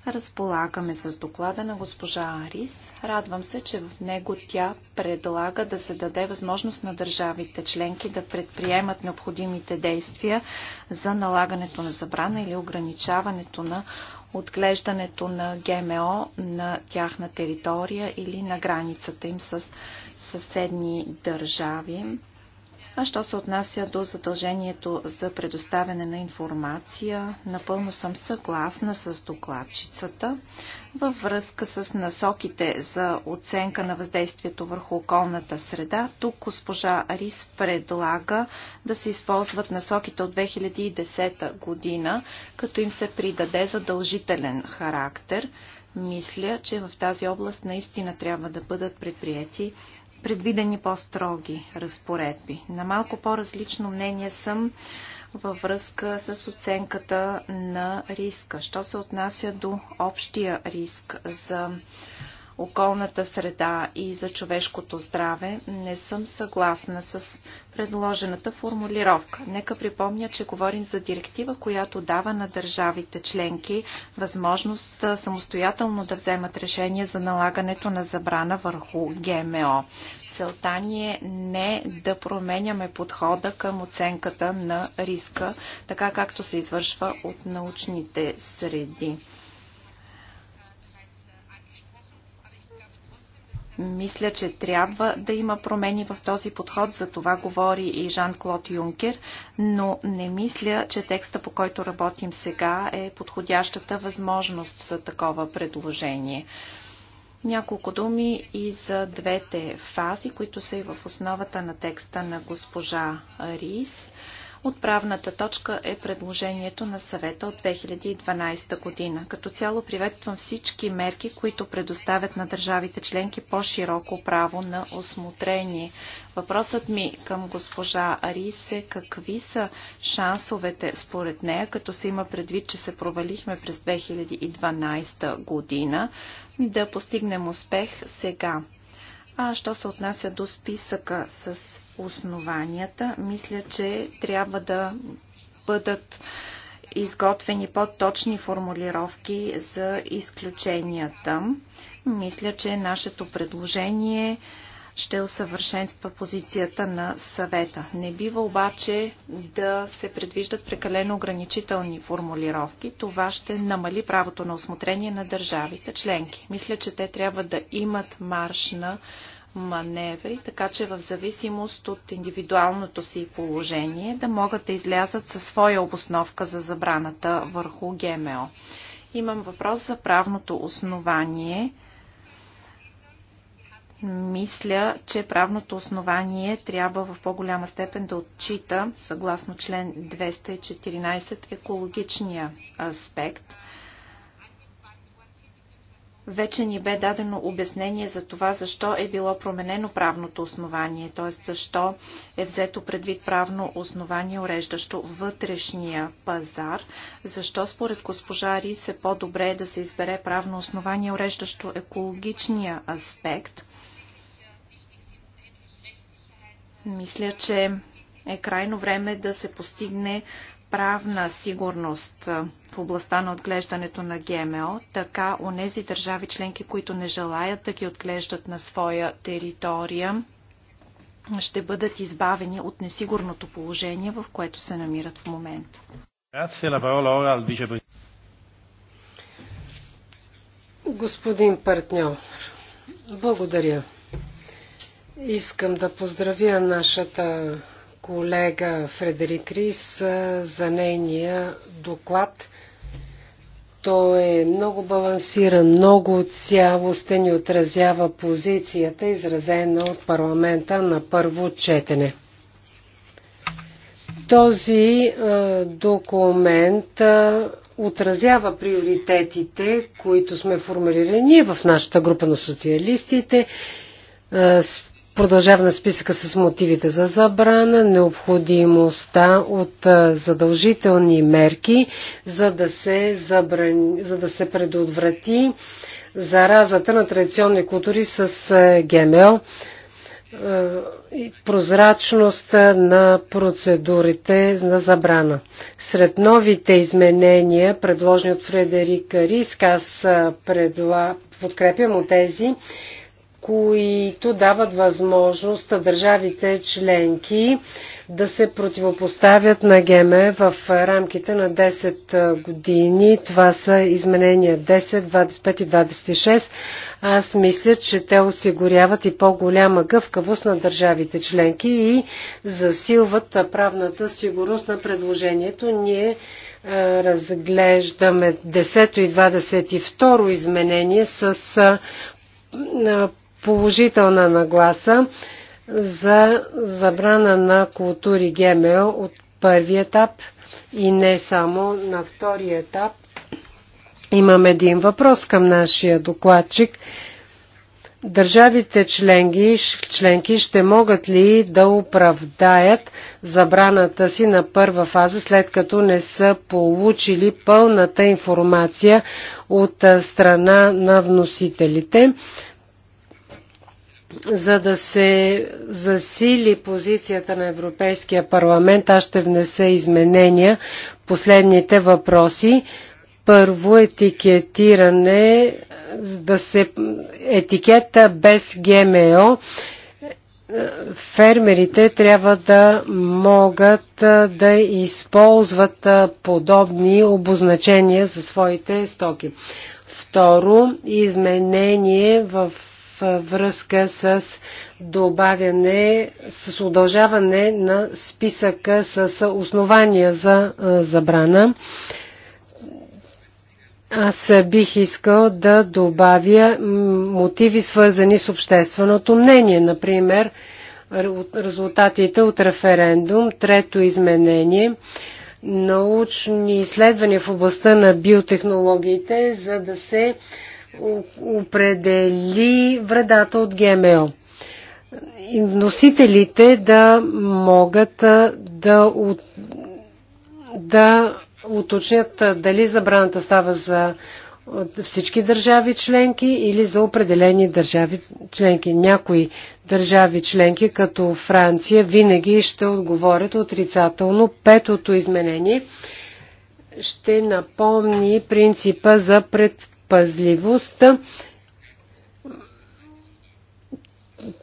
Разполагаме с доклада на госпожа Арис. Радвам се, че в него тя предлага да се даде възможност на държавите членки да предприемат необходимите действия за налагането на забрана или ограничаването на отглеждането на ГМО на тяхна територия или на границата им с съседни държави. А що се отнася до задължението за предоставяне на информация, напълно съм съгласна с докладчицата във връзка с насоките за оценка на въздействието върху околната среда. Тук госпожа Рис предлага да се използват насоките от 2010 година, като им се придаде задължителен характер. Мисля, че в тази област наистина трябва да бъдат предприяти предвидени по-строги разпоредби. На малко по-различно мнение съм във връзка с оценката на риска. Що се отнася до общия риск за околната среда и за човешкото здраве, не съм съгласна с предложената формулировка. Нека припомня, че говорим за директива, която дава на държавите членки възможност самостоятелно да вземат решение за налагането на забрана върху ГМО. Целта ни е не да променяме подхода към оценката на риска, така както се извършва от научните среди. Мисля, че трябва да има промени в този подход, за това говори и Жан-Клод Юнкер, но не мисля, че текста, по който работим сега, е подходящата възможност за такова предложение. Няколко думи и за двете фази, които са и в основата на текста на госпожа Рис. Отправната точка е предложението на съвета от 2012 година. Като цяло приветствам всички мерки, които предоставят на държавите членки по-широко право на осмотрение. Въпросът ми към госпожа Арис е какви са шансовете според нея, като се има предвид, че се провалихме през 2012 година, да постигнем успех сега. А що се отнася до списъка с основанията, мисля, че трябва да бъдат изготвени по-точни формулировки за изключенията. Мисля, че нашето предложение ще усъвършенства позицията на съвета. Не бива обаче да се предвиждат прекалено ограничителни формулировки. Това ще намали правото на осмотрение на държавите членки. Мисля, че те трябва да имат марш на маневри, така че в зависимост от индивидуалното си положение да могат да излязат със своя обосновка за забраната върху ГМО. Имам въпрос за правното основание. Мисля, че правното основание трябва в по-голяма степен да отчита, съгласно член 214, екологичния аспект. Вече ни бе дадено обяснение за това, защо е било променено правното основание, т.е. защо е взето предвид правно основание, уреждащо вътрешния пазар, защо според госпожа Рис е по-добре да се избере правно основание, уреждащо екологичния аспект. Мисля, че е крайно време да се постигне правна сигурност в областта на отглеждането на ГМО, така онези държави членки, които не желаят да ги отглеждат на своя територия, ще бъдат избавени от несигурното положение, в което се намират в момента. Господин партньор, благодаря. Искам да поздравя нашата колега Фредерик Рис за нейния доклад. Той е много балансиран, много цялостен и отразява позицията, изразена от парламента на първо четене. Този документ отразява приоритетите, които сме формулирани в нашата група на социалистите Продължаваме списъка с мотивите за забрана, необходимостта от задължителни мерки, за да се, забрани, за да се предотврати заразата на традиционни култури с ГМО, прозрачност на процедурите на забрана. Сред новите изменения, предложени от Фредерик Риск, аз предла... подкрепям от тези, които дават възможност държавите членки да се противопоставят на ГМЕ в рамките на 10 години. Това са изменения 10, 25 и 26. Аз мисля, че те осигуряват и по-голяма гъвкавост на държавите членки и засилват правната сигурност на предложението. Ние разглеждаме 10 и 22 изменение с положителна нагласа за забрана на култури ГМО от първи етап и не само на втори етап. Имам един въпрос към нашия докладчик. Държавите членки, членки ще могат ли да оправдаят забраната си на първа фаза, след като не са получили пълната информация от страна на вносителите? за да се засили позицията на Европейския парламент, аз ще внеса изменения. Последните въпроси. Първо етикетиране, да се, етикета без ГМО. Фермерите трябва да могат да използват подобни обозначения за своите стоки. Второ, изменение в връзка с добавяне, с удължаване на списъка с основания за забрана. Аз бих искал да добавя мотиви, свързани с общественото мнение, например резултатите от референдум, трето изменение научни изследвания в областта на биотехнологиите, за да се определи вредата от ГМО. Вносителите да могат да, от, да уточнят дали забраната става за всички държави членки или за определени държави членки. Някои държави членки, като Франция, винаги ще отговорят отрицателно. Петото изменение ще напомни принципа за предпочитане предпазливостта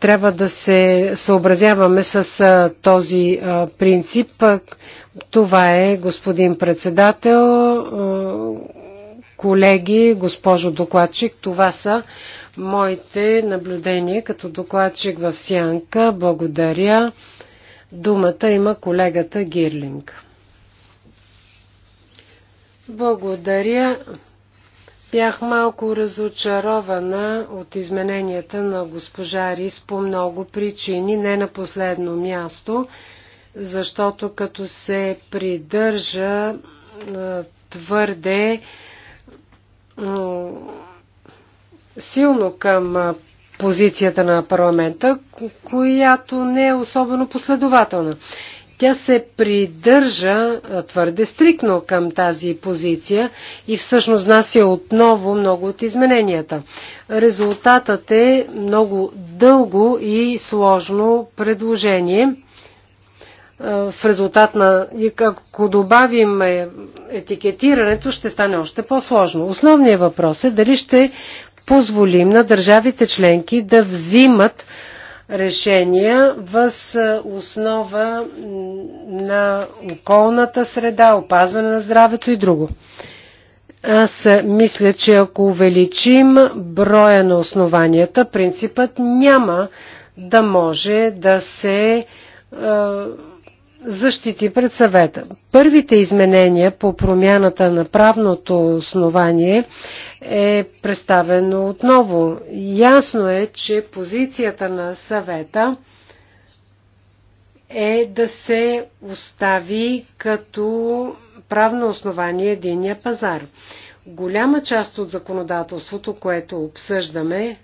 трябва да се съобразяваме с този принцип. Това е, господин председател, колеги, госпожо докладчик, това са моите наблюдения като докладчик в Сянка. Благодаря. Думата има колегата Гирлинг. Благодаря. Бях малко разочарована от измененията на госпожа Рис по много причини, не на последно място, защото като се придържа твърде силно към позицията на парламента, която не е особено последователна. Тя се придържа твърде стрикно към тази позиция и всъщност нася отново много от измененията. Резултатът е много дълго и сложно предложение в резултат на, ако добавим е, етикетирането, ще стане още по-сложно. Основният въпрос е дали ще позволим на държавите членки да взимат решения въз основа на околната среда, опазване на здравето и друго. Аз мисля, че ако увеличим броя на основанията, принципът няма да може да се защити пред съвета. Първите изменения по промяната на правното основание е представено отново. Ясно е, че позицията на съвета е да се остави като правно основание единния пазар. Голяма част от законодателството, което обсъждаме,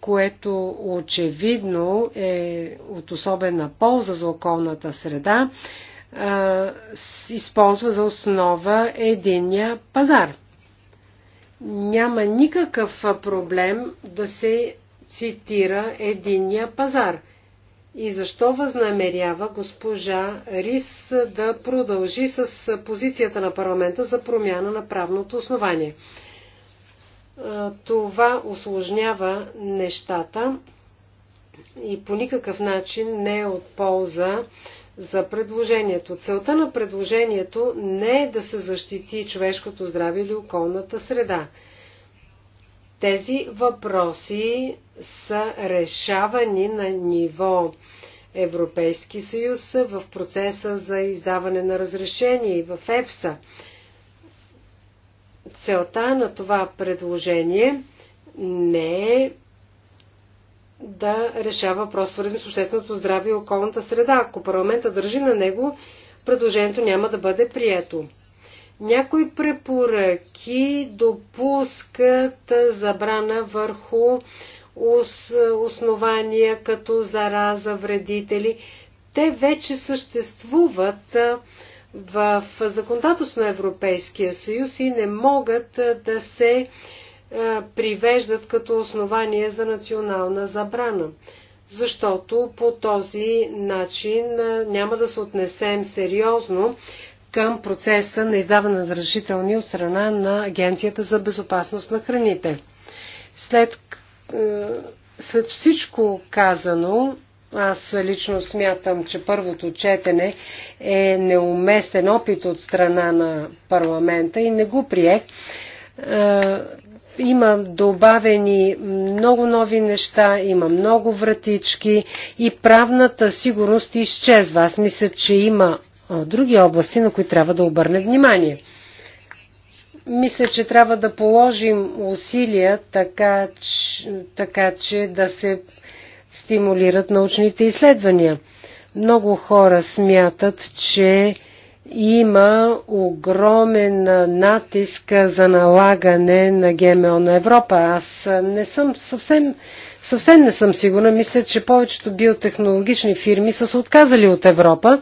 което очевидно е от особена полза за околната среда, използва за основа единния пазар. Няма никакъв проблем да се цитира единния пазар. И защо възнамерява госпожа Рис да продължи с позицията на парламента за промяна на правното основание? това осложнява нещата и по никакъв начин не е от полза за предложението. Целта на предложението не е да се защити човешкото здраве или околната среда. Тези въпроси са решавани на ниво Европейски съюз в процеса за издаване на разрешение и в ЕФСА. Целта на това предложение не е да решава въпрос, свързан с общественото здраве и околната среда. Ако парламента държи на него, предложението няма да бъде прието. Някои препоръки допускат забрана върху основания като зараза, вредители. Те вече съществуват в законодателство на Европейския съюз и не могат да се привеждат като основание за национална забрана. Защото по този начин няма да се отнесем сериозно към процеса на издаване на разрешителни от страна на Агенцията за безопасност на храните. След, след всичко казано, аз лично смятам, че първото четене е неуместен опит от страна на парламента и не го прие. Е, има добавени много нови неща, има много вратички и правната сигурност изчезва. Аз мисля, че има други области, на които трябва да обърне внимание. Мисля, че трябва да положим усилия така, че, така, че да се стимулират научните изследвания. Много хора смятат, че има огромен натиск за налагане на ГМО на Европа. Аз не съм съвсем, съвсем не съм сигурна. Мисля, че повечето биотехнологични фирми са се отказали от Европа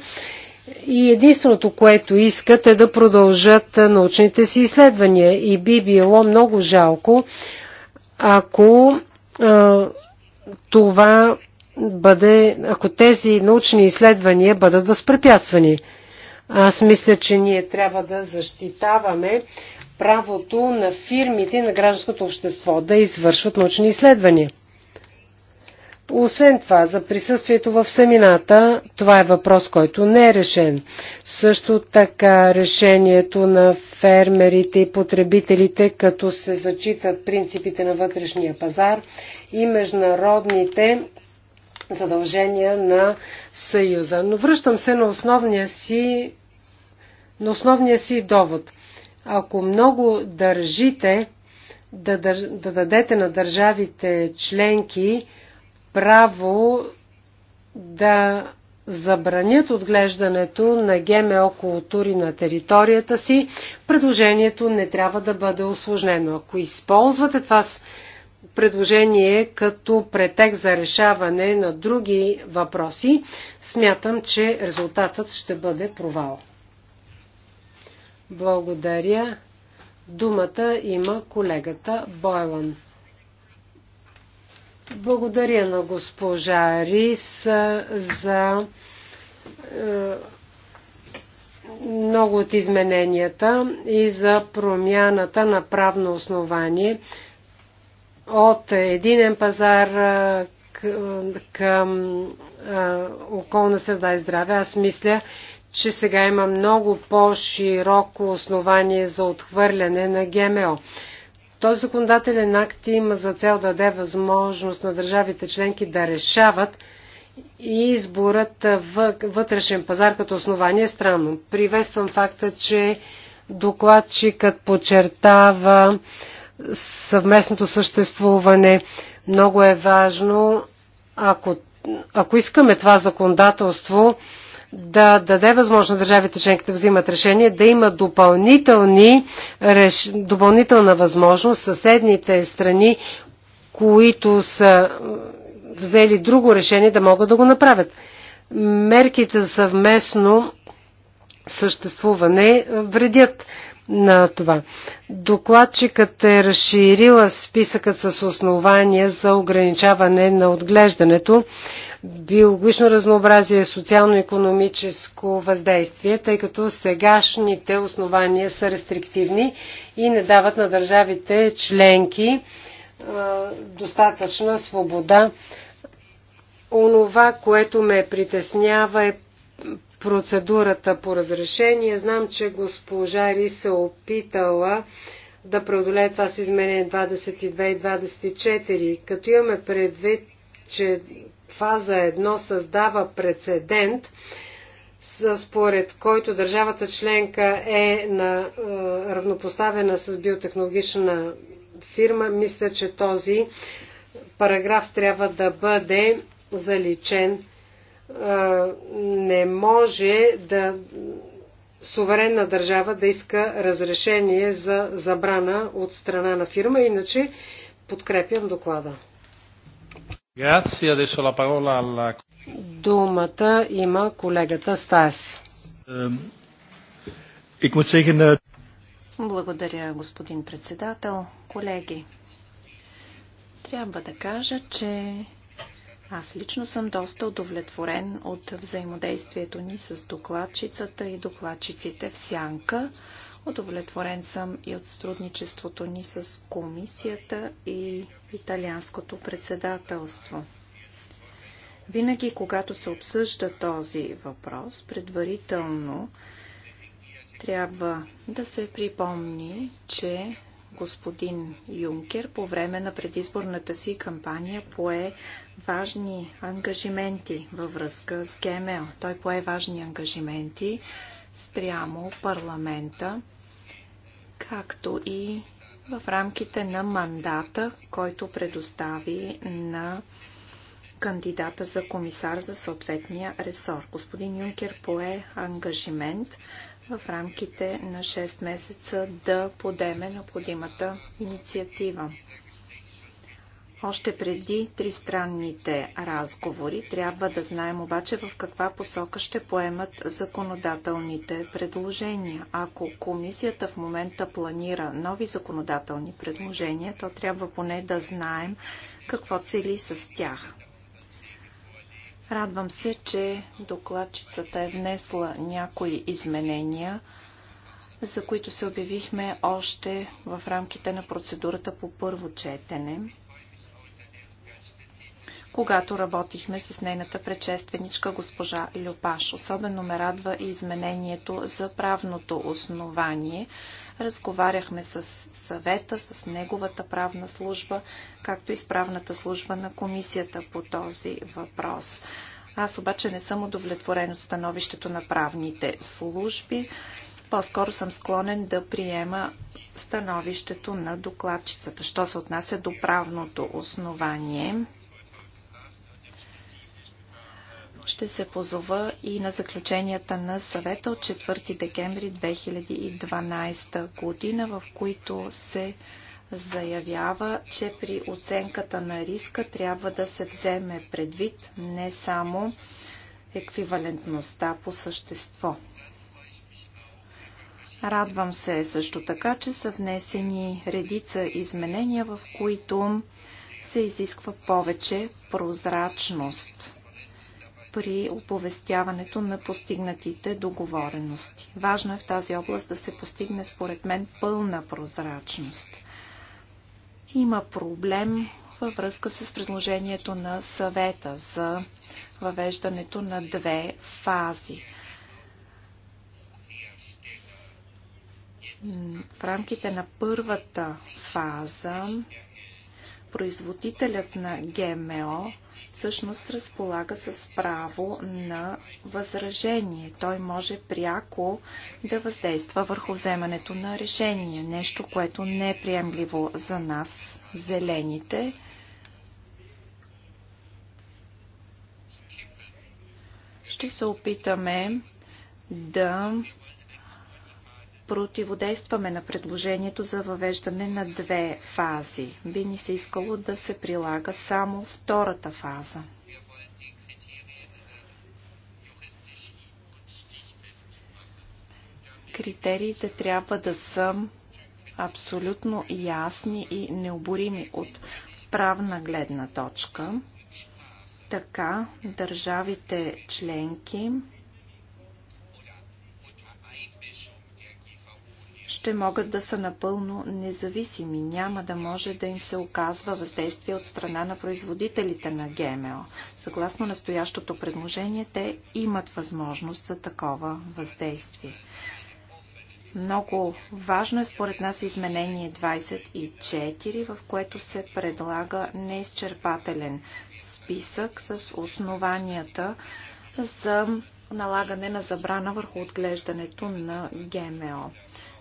и единственото, което искат е да продължат научните си изследвания. И би било много жалко, ако това бъде, ако тези научни изследвания бъдат възпрепятствани. Аз мисля, че ние трябва да защитаваме правото на фирмите и на гражданското общество да извършват научни изследвания. Освен това, за присъствието в семината, това е въпрос, който не е решен. Също така решението на фермерите и потребителите, като се зачитат принципите на вътрешния пазар и международните задължения на Съюза. Но връщам се на основния си, на основния си довод. Ако много държите да, да дадете на държавите членки право да забранят отглеждането на ГМО култури на територията си, предложението не трябва да бъде осложнено. Ако използвате това предложение като претекст за решаване на други въпроси, смятам, че резултатът ще бъде провал. Благодаря. Думата има колегата Бойлан. Благодаря на госпожа Рис за е, много от измененията и за промяната на правно основание от единен пазар към околна среда и здраве. Аз мисля, че сега има много по-широко основание за отхвърляне на ГМО. Този законодателен акт има за цел да даде възможност на държавите членки да решават и изборът вътрешен пазар като основание е странно. Приветствам факта, че докладчикът подчертава съвместното съществуване. Много е важно, ако, ако искаме това законодателство да даде възможно държавите членки да взимат решение, да има допълнителни, реш, допълнителна възможност съседните страни, които са взели друго решение, да могат да го направят. Мерките за съвместно съществуване вредят на това. Докладчикът е разширила списъкът с основания за ограничаване на отглеждането, биологично разнообразие, социално-економическо въздействие, тъй като сегашните основания са рестриктивни и не дават на държавите членки достатъчна свобода. Онова, което ме притеснява е процедурата по разрешение. Знам, че госпожа Ри се опитала да преодолее това с изменение 22 и 24, като имаме предвид, че фаза 1 създава прецедент, според който държавата членка е на, е, равнопоставена с биотехнологична фирма, мисля, че този параграф трябва да бъде заличен не може да суверенна държава да иска разрешение за забрана от страна на фирма, иначе подкрепям доклада. Думата има колегата Стас. Eh, Благодаря, господин председател. Колеги, трябва да кажа, че аз лично съм доста удовлетворен от взаимодействието ни с докладчицата и докладчиците в Сянка. Удовлетворен съм и от сътрудничеството ни с комисията и италианското председателство. Винаги, когато се обсъжда този въпрос, предварително трябва да се припомни, че господин Юнкер по време на предизборната си кампания пое важни ангажименти във връзка с ГМО. Той пое важни ангажименти спрямо парламента, както и в рамките на мандата, който предостави на кандидата за комисар за съответния ресор. Господин Юнкер пое ангажимент в рамките на 6 месеца да подеме необходимата инициатива. Още преди тристранните разговори трябва да знаем обаче в каква посока ще поемат законодателните предложения. Ако комисията в момента планира нови законодателни предложения, то трябва поне да знаем какво цели с тях. Радвам се, че докладчицата е внесла някои изменения, за които се обявихме още в рамките на процедурата по първо четене, когато работихме с нейната предшественичка госпожа Люпаш. Особено ме радва и изменението за правното основание, Разговаряхме с съвета, с неговата правна служба, както и с правната служба на комисията по този въпрос. Аз обаче не съм удовлетворен от становището на правните служби. По-скоро съм склонен да приема становището на докладчицата. Що се отнася до правното основание, ще се позова и на заключенията на съвета от 4 декември 2012 година, в които се заявява, че при оценката на риска трябва да се вземе предвид не само еквивалентността по същество. Радвам се също така, че са внесени редица изменения, в които се изисква повече прозрачност при оповестяването на постигнатите договорености. Важно е в тази област да се постигне, според мен, пълна прозрачност. Има проблем във връзка с предложението на съвета за въвеждането на две фази. В рамките на първата фаза производителят на ГМО всъщност разполага с право на възражение. Той може пряко да въздейства върху вземането на решение. Нещо, което не е приемливо за нас, зелените. Ще се опитаме да противодействаме на предложението за въвеждане на две фази. Би ни се искало да се прилага само втората фаза. Критериите трябва да са абсолютно ясни и необорими от правна гледна точка. Така държавите членки ще могат да са напълно независими. Няма да може да им се оказва въздействие от страна на производителите на ГМО. Съгласно настоящото предложение, те имат възможност за такова въздействие. Много важно е според нас изменение 24, в което се предлага неизчерпателен списък с основанията за налагане на забрана върху отглеждането на ГМО.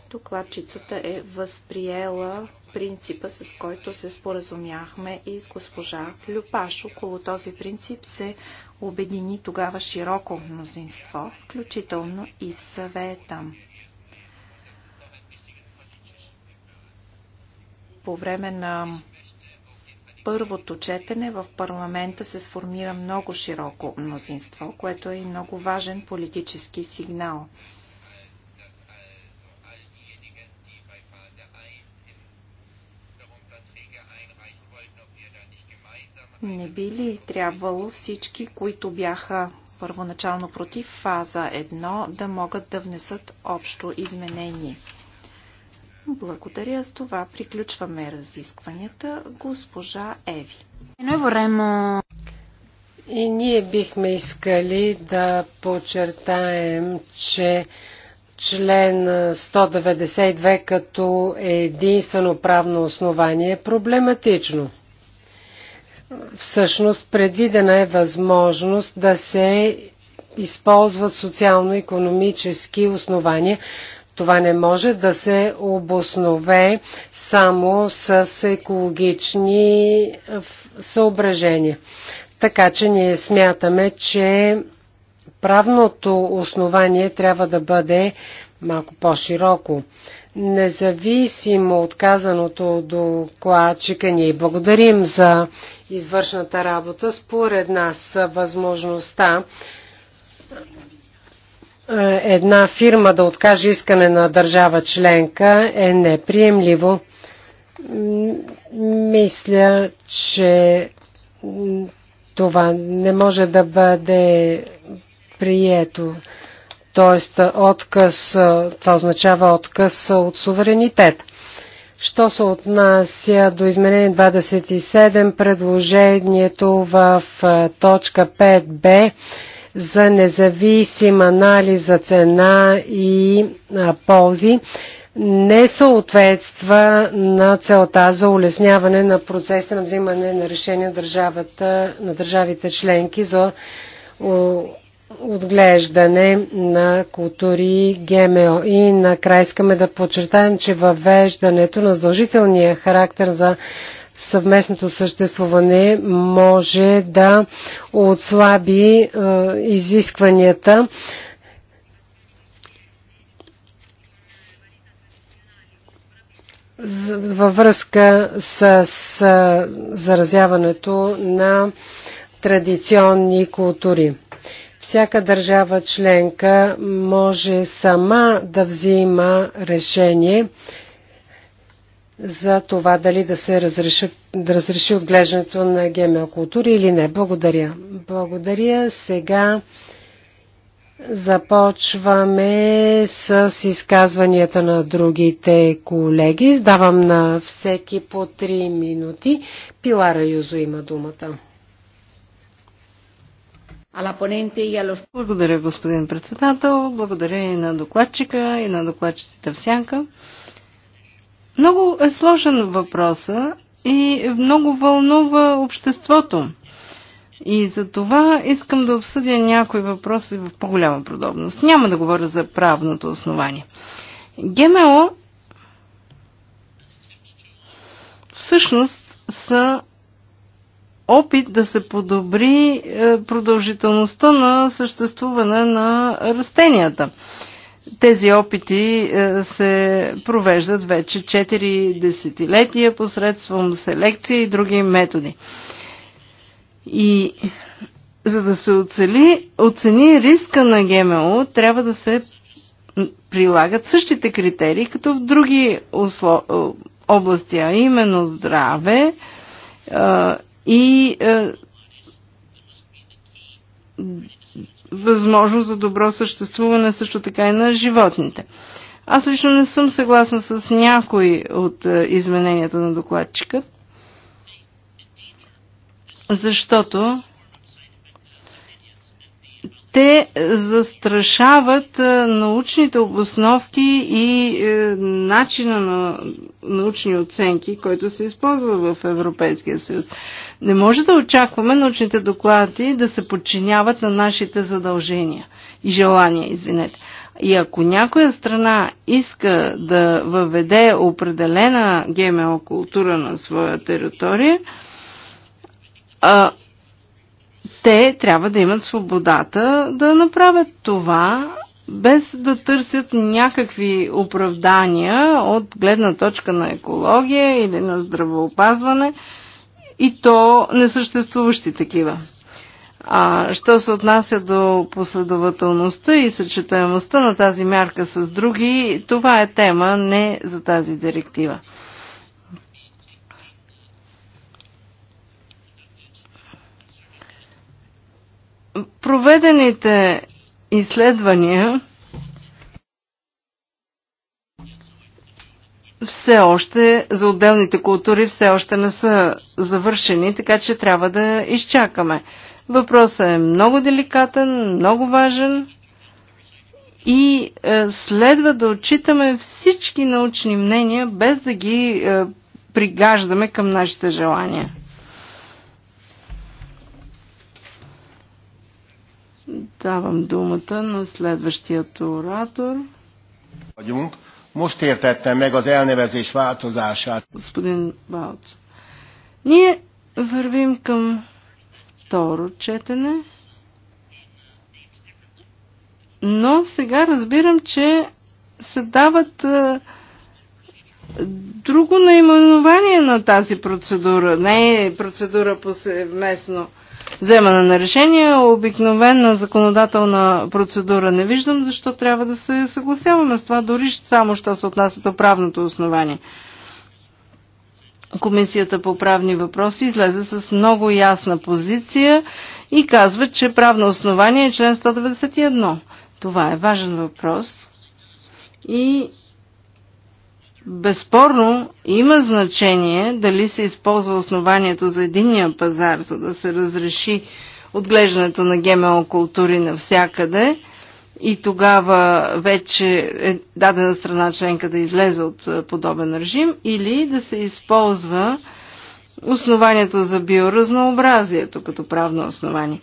Докладчицата е възприела принципа, с който се споразумяхме и с госпожа Люпаш. Около този принцип се обедини тогава широко мнозинство, включително и в съвета. По време на първото четене в парламента се сформира много широко мнозинство, което е и много важен политически сигнал. Не би ли трябвало всички, които бяха първоначално против фаза 1, да могат да внесат общо изменение? Благодаря. С това приключваме разискванията. Госпожа Еви. И ние бихме искали да подчертаем, че член 192 като единствено правно основание е проблематично. Всъщност предвидена е възможност да се използват социално-економически основания. Това не може да се обоснове само с екологични съображения. Така че ние смятаме, че правното основание трябва да бъде малко по-широко. Независимо от казаното докладчика, ние благодарим за извършната работа. Според нас възможността е, една фирма да откаже искане на държава членка е неприемливо. Мисля, че това не може да бъде прието. Тоест, отказ, това означава отказ от суверенитет. Що се отнася до изменение 27, предложението в точка 5b за независим анализ за цена и ползи не съответства на целта за улесняване на процеса на взимане на решения на държавите членки за отглеждане на култури ГМО. И накрая искаме да подчертаем, че въвеждането на задължителния характер за съвместното съществуване може да отслаби е, изискванията във връзка с, с е, заразяването на традиционни култури. Всяка държава членка може сама да взима решение за това дали да се разреши, да разреши отглеждането на ГМО култури или не. Благодаря. Благодаря. Сега започваме с изказванията на другите колеги. Давам на всеки по 3 минути. Пилара Юзо има думата. Благодаря, господин председател. Благодаря и на докладчика, и на докладчиците в сянка. Много е сложен въпроса и много вълнува обществото. И за това искам да обсъдя някои въпроси в по-голяма подробност. Няма да говоря за правното основание. ГМО всъщност са опит да се подобри е, продължителността на съществуване на растенията. Тези опити е, се провеждат вече 4 десетилетия посредством селекция и други методи. И за да се оцели, оцени риска на ГМО, трябва да се прилагат същите критерии, като в други области, а именно здраве, е, и е, възможност за добро съществуване също така и на животните. Аз лично не съм съгласна с някои от е, измененията на докладчика, защото те застрашават е, научните обосновки и е, начина на научни оценки, който се използва в Европейския съюз. Не може да очакваме научните доклади да се подчиняват на нашите задължения и желания, извинете. И ако някоя страна иска да въведе определена ГМО култура на своя територия, а, те трябва да имат свободата да направят това, без да търсят някакви оправдания от гледна точка на екология или на здравеопазване и то несъществуващи такива. А що се отнася до последователността и съчетаемостта на тази мярка с други, това е тема не за тази директива. Проведените изследвания все още за отделните култури все още не са завършени, така че трябва да изчакаме. Въпросът е много деликатен, много важен и е, следва да отчитаме всички научни мнения, без да ги е, пригаждаме към нашите желания. Давам думата на следващият оратор. Most értettem meg az elnevezés változását. Господин Балц, ние вървим към второ четене, но сега разбирам, че се дават друго наименование на тази процедура. Не е процедура по съвместно вземане на решение, обикновена законодателна процедура не виждам, защо трябва да се съгласяваме с това, дори само що се отнася до правното основание. Комисията по правни въпроси излезе с много ясна позиция и казва, че правно основание е член 191. Това е важен въпрос и Безспорно има значение дали се използва основанието за единния пазар, за да се разреши отглеждането на ГМО култури навсякъде и тогава вече е дадена страна членка да излезе от е, подобен режим или да се използва основанието за биоразнообразието като правно основание.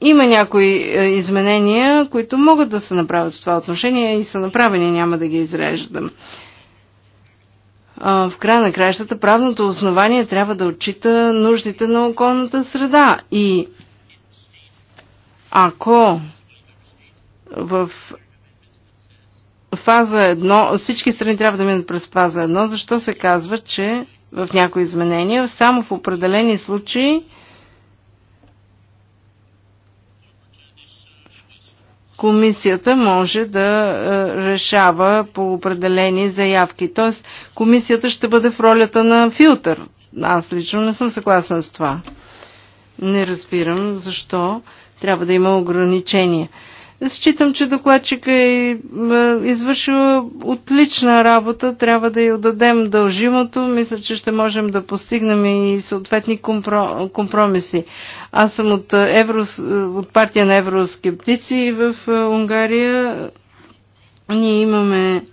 Има някои е, изменения, които могат да се направят в това отношение и са направени, няма да ги изреждам в края на краищата правното основание трябва да отчита нуждите на околната среда. И ако в фаза едно, всички страни трябва да минат през фаза едно, защо се казва, че в някои изменения, само в определени случаи комисията може да е, решава по определени заявки. Тоест, комисията ще бъде в ролята на филтър. Аз лично не съм съгласна с това. Не разбирам защо трябва да има ограничения. Считам, че докладчика е, е извършила отлична работа, трябва да й отдадем дължимото. Мисля, че ще можем да постигнем и съответни компромиси. Аз съм от, е, евро, от партия на евроскептици в е, Унгария. Ние имаме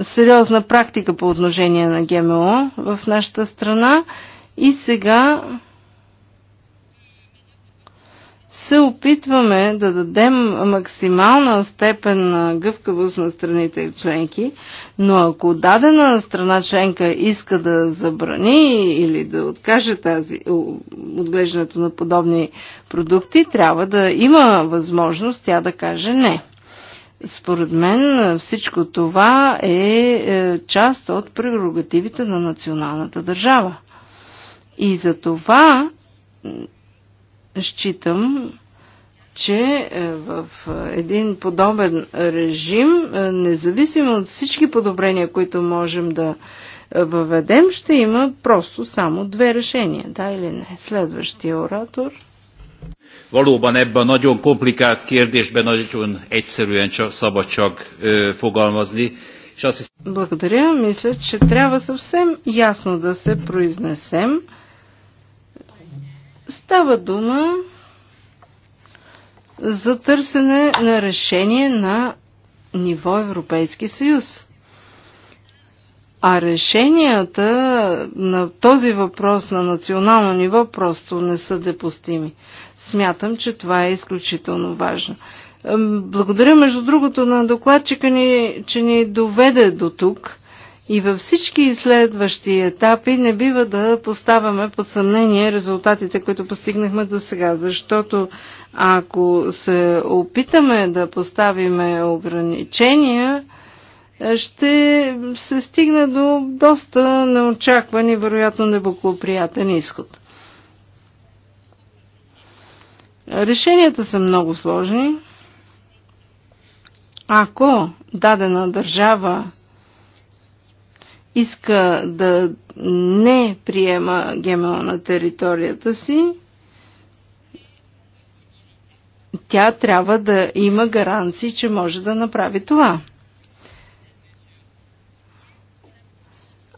сериозна практика по отношение на ГМО в нашата страна и сега се опитваме да дадем максимална степен на гъвкавост на страните членки, но ако дадена страна членка иска да забрани или да откаже тази, отглеждането на подобни продукти, трябва да има възможност тя да каже не. Според мен всичко това е, е част от прерогативите на националната държава. И за това считам, че е, в един подобен режим, е, независимо от всички подобрения, които можем да е, въведем, ще има просто само две решения, да или не. Следващия оратор. Valóban ebben a nagyon komplikált kérdésben nagyon egyszerűen csak, szabad csak ö, fogalmazni. És azt hiszem... Благодаря. Мисля, че трябва съвсем ясно да се произнесем Става дума за търсене на решение на ниво Европейски съюз. А решенията на този въпрос на национално ниво просто не са допустими. Смятам, че това е изключително важно. Благодаря, между другото, на докладчика ни, че ни доведе до тук. И във всички следващи етапи не бива да поставяме под съмнение резултатите, които постигнахме до сега, защото ако се опитаме да поставиме ограничения, ще се стигне до доста неочакван и вероятно неблагоприятен изход. Решенията са много сложни. Ако дадена държава иска да не приема ГМО на територията си, тя трябва да има гаранции, че може да направи това.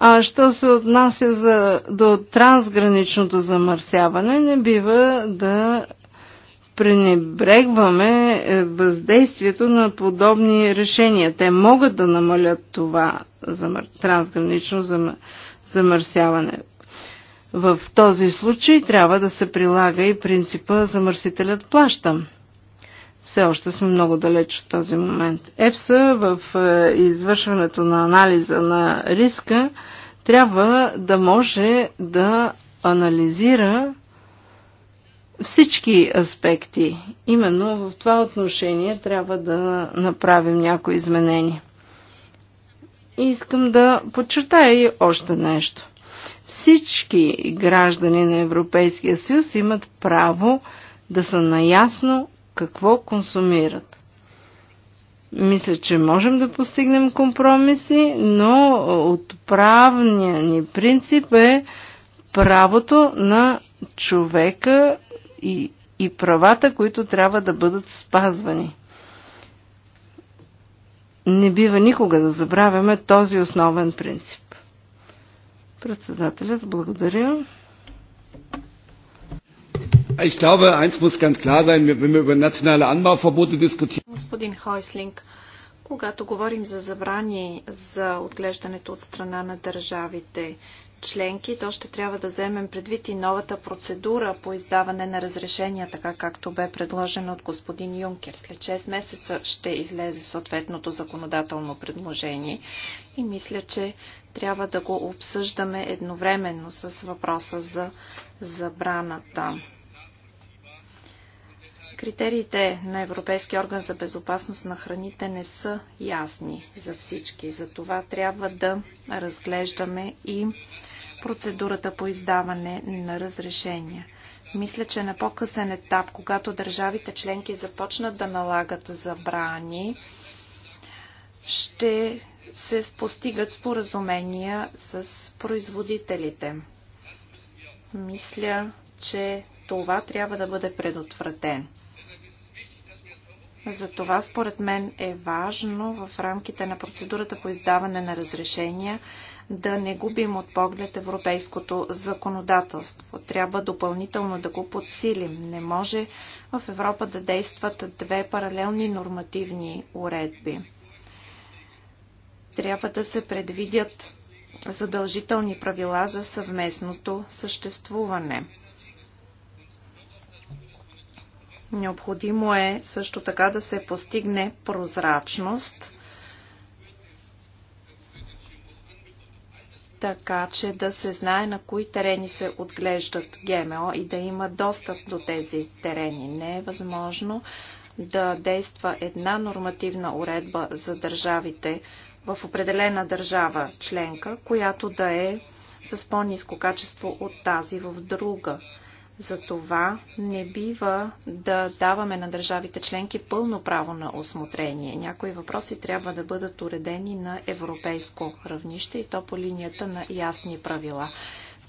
А що се отнася за, до трансграничното замърсяване, не бива да пренебрегваме е, въздействието на подобни решения. Те могат да намалят това замър... трансгранично замър... замърсяване. В този случай трябва да се прилага и принципа замърсителят плаща. Все още сме много далеч от този момент. ЕПСА в е, извършването на анализа на риска трябва да може да анализира всички аспекти. Именно в това отношение трябва да направим някои изменения. И искам да подчертая и още нещо. Всички граждани на Европейския съюз имат право да са наясно какво консумират. Мисля, че можем да постигнем компромиси, но от правния ни принцип е правото на човека и, и правата, които трябва да бъдат спазвани. Не бива никога да забравяме този основен принцип. Председателят, благодаря. Ich glaube, eins muss ganz klar sein, wenn wir über nationale Anbauverbote diskutieren. Господин Хойслинг, когато говорим за забрани за отглеждането от страна на държавите членки, то ще трябва да вземем предвид и новата процедура по издаване на разрешения, така както бе предложено от господин Юнкер. След 6 месеца ще излезе съответното законодателно предложение и мисля, че трябва да го обсъждаме едновременно с въпроса за забраната. Критериите на Европейския орган за безопасност на храните не са ясни за всички. Затова трябва да разглеждаме и процедурата по издаване на разрешения. Мисля, че е на по-късен етап, когато държавите членки започнат да налагат забрани, ще се постигат споразумения с производителите. Мисля, че това трябва да бъде За Затова според мен е важно в рамките на процедурата по издаване на разрешения да не губим от поглед европейското законодателство. Трябва допълнително да го подсилим. Не може в Европа да действат две паралелни нормативни уредби. Трябва да се предвидят задължителни правила за съвместното съществуване. Необходимо е също така да се постигне прозрачност – така че да се знае на кои терени се отглеждат ГМО и да има достъп до тези терени. Не е възможно да действа една нормативна уредба за държавите в определена държава членка, която да е с по-низко качество от тази в друга. За това не бива да даваме на държавите членки пълно право на осмотрение. Някои въпроси трябва да бъдат уредени на европейско равнище и то по линията на ясни правила.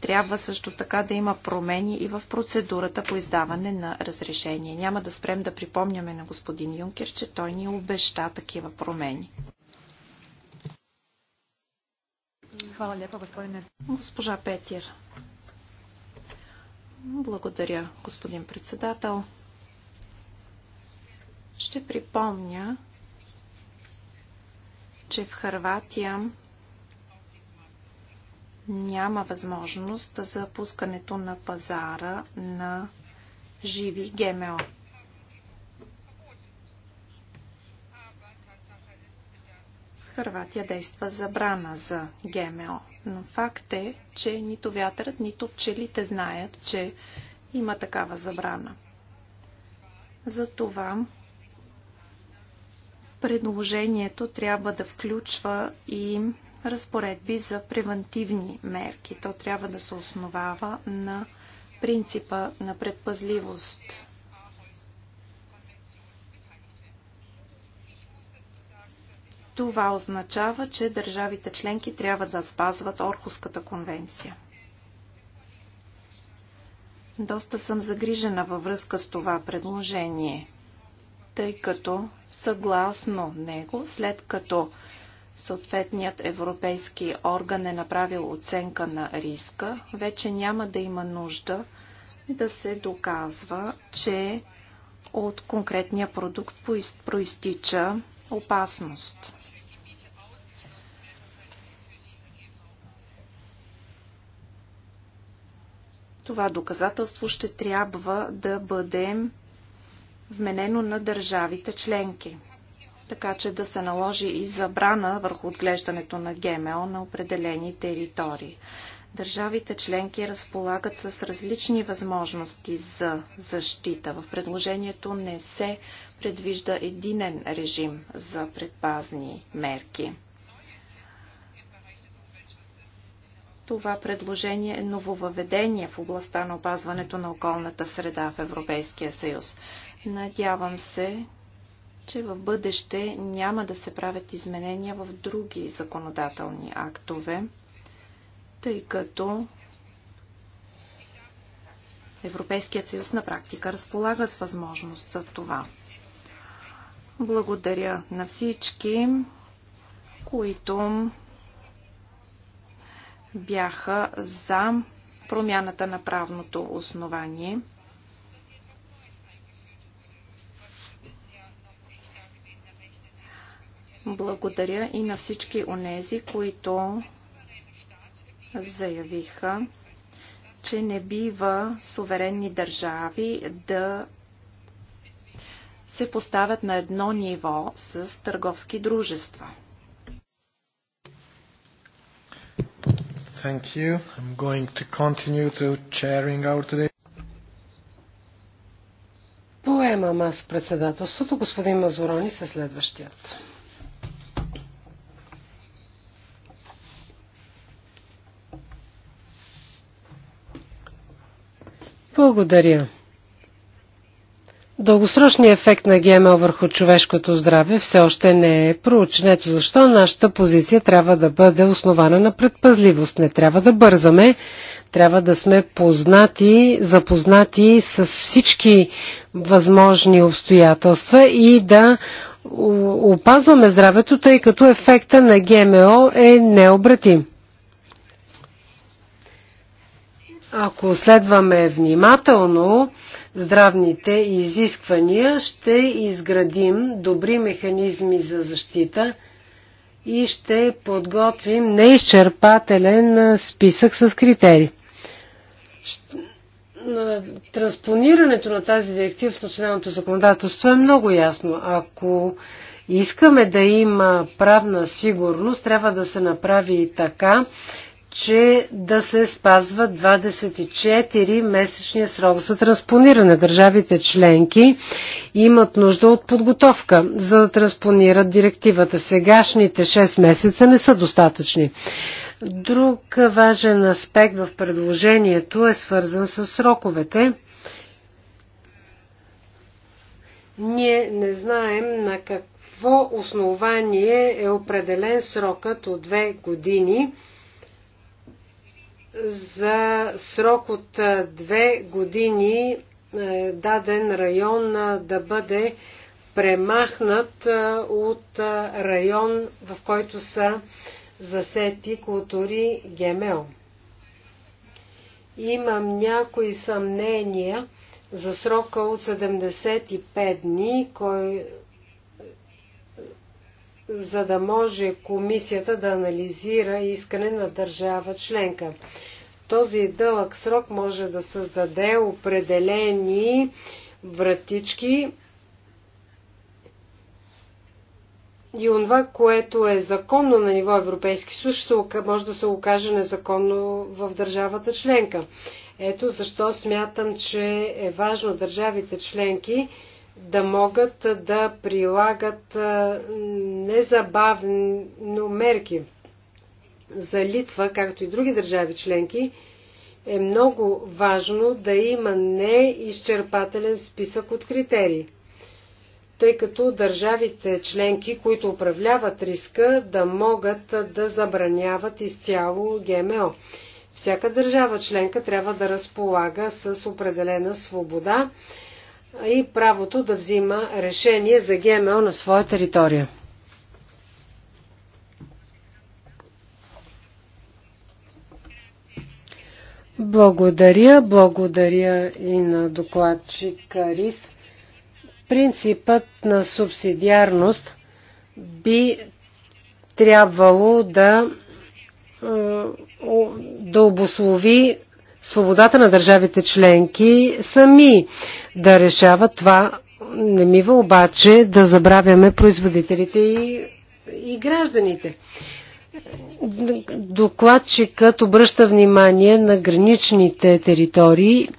Трябва също така да има промени и в процедурата по издаване на разрешение. Няма да спрем да припомняме на господин Юнкер, че той ни обеща такива промени. Госпожа Петир. Благодаря, господин председател. Ще припомня, че в Харватия няма възможност за пускането на пазара на живи ГМО. Харватия действа забрана за ГМО. Но факт е, че нито вятърът, нито пчелите знаят, че има такава забрана. Затова предложението трябва да включва и разпоредби за превентивни мерки. То трябва да се основава на принципа на предпазливост. Това означава, че държавите членки трябва да спазват Орхуската конвенция. Доста съм загрижена във връзка с това предложение, тъй като съгласно него, след като съответният европейски орган е направил оценка на риска, вече няма да има нужда да се доказва, че от конкретния продукт проистича опасност. Това доказателство ще трябва да бъде вменено на държавите членки, така че да се наложи и забрана върху отглеждането на ГМО на определени територии. Държавите членки разполагат с различни възможности за защита. В предложението не се предвижда единен режим за предпазни мерки. Това предложение е нововъведение в областта на опазването на околната среда в Европейския съюз. Надявам се, че в бъдеще няма да се правят изменения в други законодателни актове, тъй като Европейският съюз на практика разполага с възможност за това. Благодаря на всички, които бяха за промяната на правното основание. Благодаря и на всички онези, които заявиха, че не бива суверенни държави да се поставят на едно ниво с търговски дружества. Thank you. I'm going to continue to chairing our today. Поемам аз председателството. Господин Мазурони се следващият. Благодаря. Дългосрочният ефект на ГМО върху човешкото здраве все още не е проучен. Ето защо нашата позиция трябва да бъде основана на предпазливост. Не трябва да бързаме, трябва да сме познати, запознати с всички възможни обстоятелства и да опазваме здравето, тъй като ефекта на ГМО е необратим. Ако следваме внимателно, здравните изисквания, ще изградим добри механизми за защита и ще подготвим неизчерпателен списък с критерии. Транспонирането на тази директива в националното законодателство е много ясно. Ако искаме да има правна сигурност, трябва да се направи и така, че да се спазва 24 месечния срок за транспониране. Държавите членки имат нужда от подготовка, за да транспонират директивата. Сегашните 6 месеца не са достатъчни. Друг важен аспект в предложението е свързан с сроковете. Ние не знаем на какво основание е определен срокът от две години – за срок от две години е, даден район да бъде премахнат от район, в който са засети култури ГМО. Имам някои съмнения за срока от 75 дни, кой, за да може комисията да анализира искане на държава членка. Този дълъг срок може да създаде определени вратички и онова, което е законно на ниво Европейски съюз, може да се окаже незаконно в държавата членка. Ето защо смятам, че е важно държавите членки да могат да прилагат незабавно мерки. За Литва, както и други държави членки, е много важно да има неизчерпателен списък от критерии, тъй като държавите членки, които управляват риска, да могат да забраняват изцяло ГМО. Всяка държава членка трябва да разполага с определена свобода и правото да взима решение за ГМО на своя територия. Благодаря, благодаря и на докладчик Рис. Принципът на субсидиарност би трябвало да, е, да обослови свободата на държавите членки сами да решават това. Не мива обаче да забравяме производителите и, и гражданите. Докладчикът обръща внимание на граничните територии.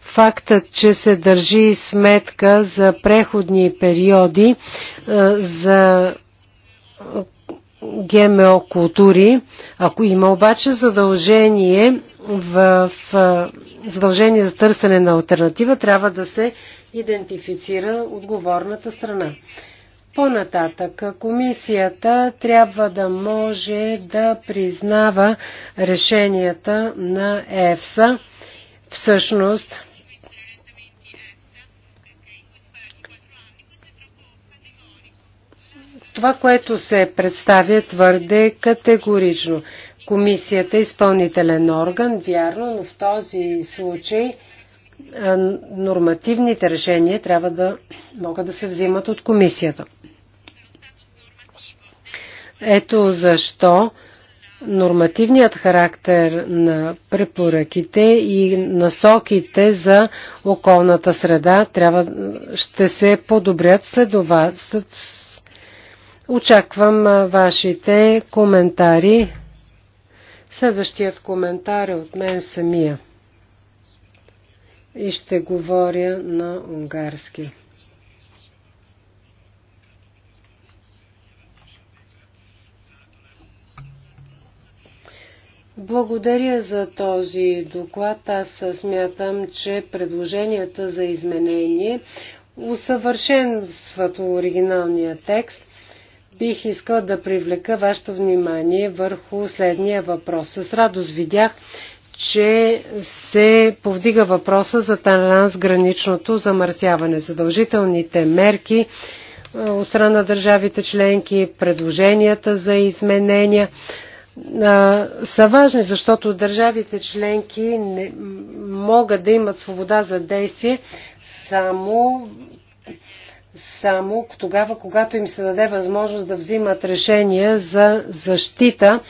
Фактът, че се държи сметка за преходни периоди е, за ГМО култури, ако има обаче задължение в задължение за търсене на альтернатива трябва да се идентифицира отговорната страна. По-нататък, комисията трябва да може да признава решенията на ЕФСА. Всъщност, това, което се представя, твърде категорично комисията е изпълнителен орган, вярно, но в този случай е, нормативните решения трябва да могат да се взимат от комисията. Ето защо нормативният характер на препоръките и насоките за околната среда трябва, ще се подобрят следоват. Очаквам вашите коментари Следващият коментар е от мен самия. И ще говоря на унгарски. Благодаря за този доклад. Аз смятам, че предложенията за изменение усъвършенстват оригиналния текст бих искал да привлека вашето внимание върху следния въпрос. С радост видях, че се повдига въпроса за трансграничното замърсяване. Задължителните мерки е, от страна на държавите членки, предложенията за изменения е, са важни, защото държавите членки не могат да имат свобода за действие само само тогава, когато им се даде възможност да взимат решения за защита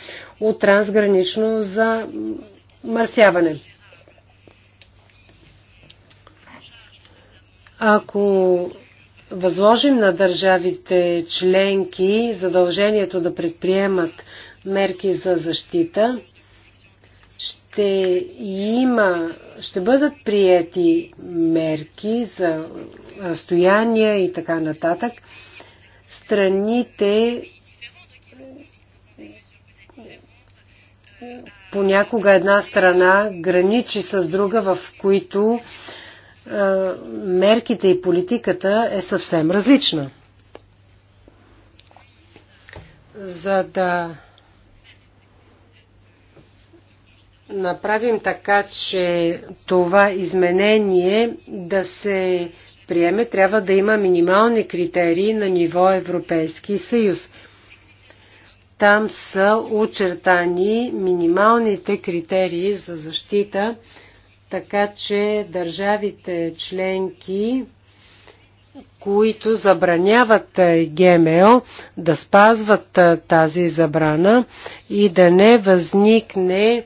от трансгранично замърсяване. Ако възложим на държавите членки задължението да предприемат мерки за защита, ще има ще бъдат приети мерки за разстояния и така нататък. Страните понякога една страна граничи с друга, в които мерките и политиката е съвсем различна. За да направим така, че това изменение да се приеме, трябва да има минимални критерии на ниво Европейски съюз. Там са очертани минималните критерии за защита, така че държавите членки, които забраняват е, ГМО, да спазват е, тази забрана и да не възникне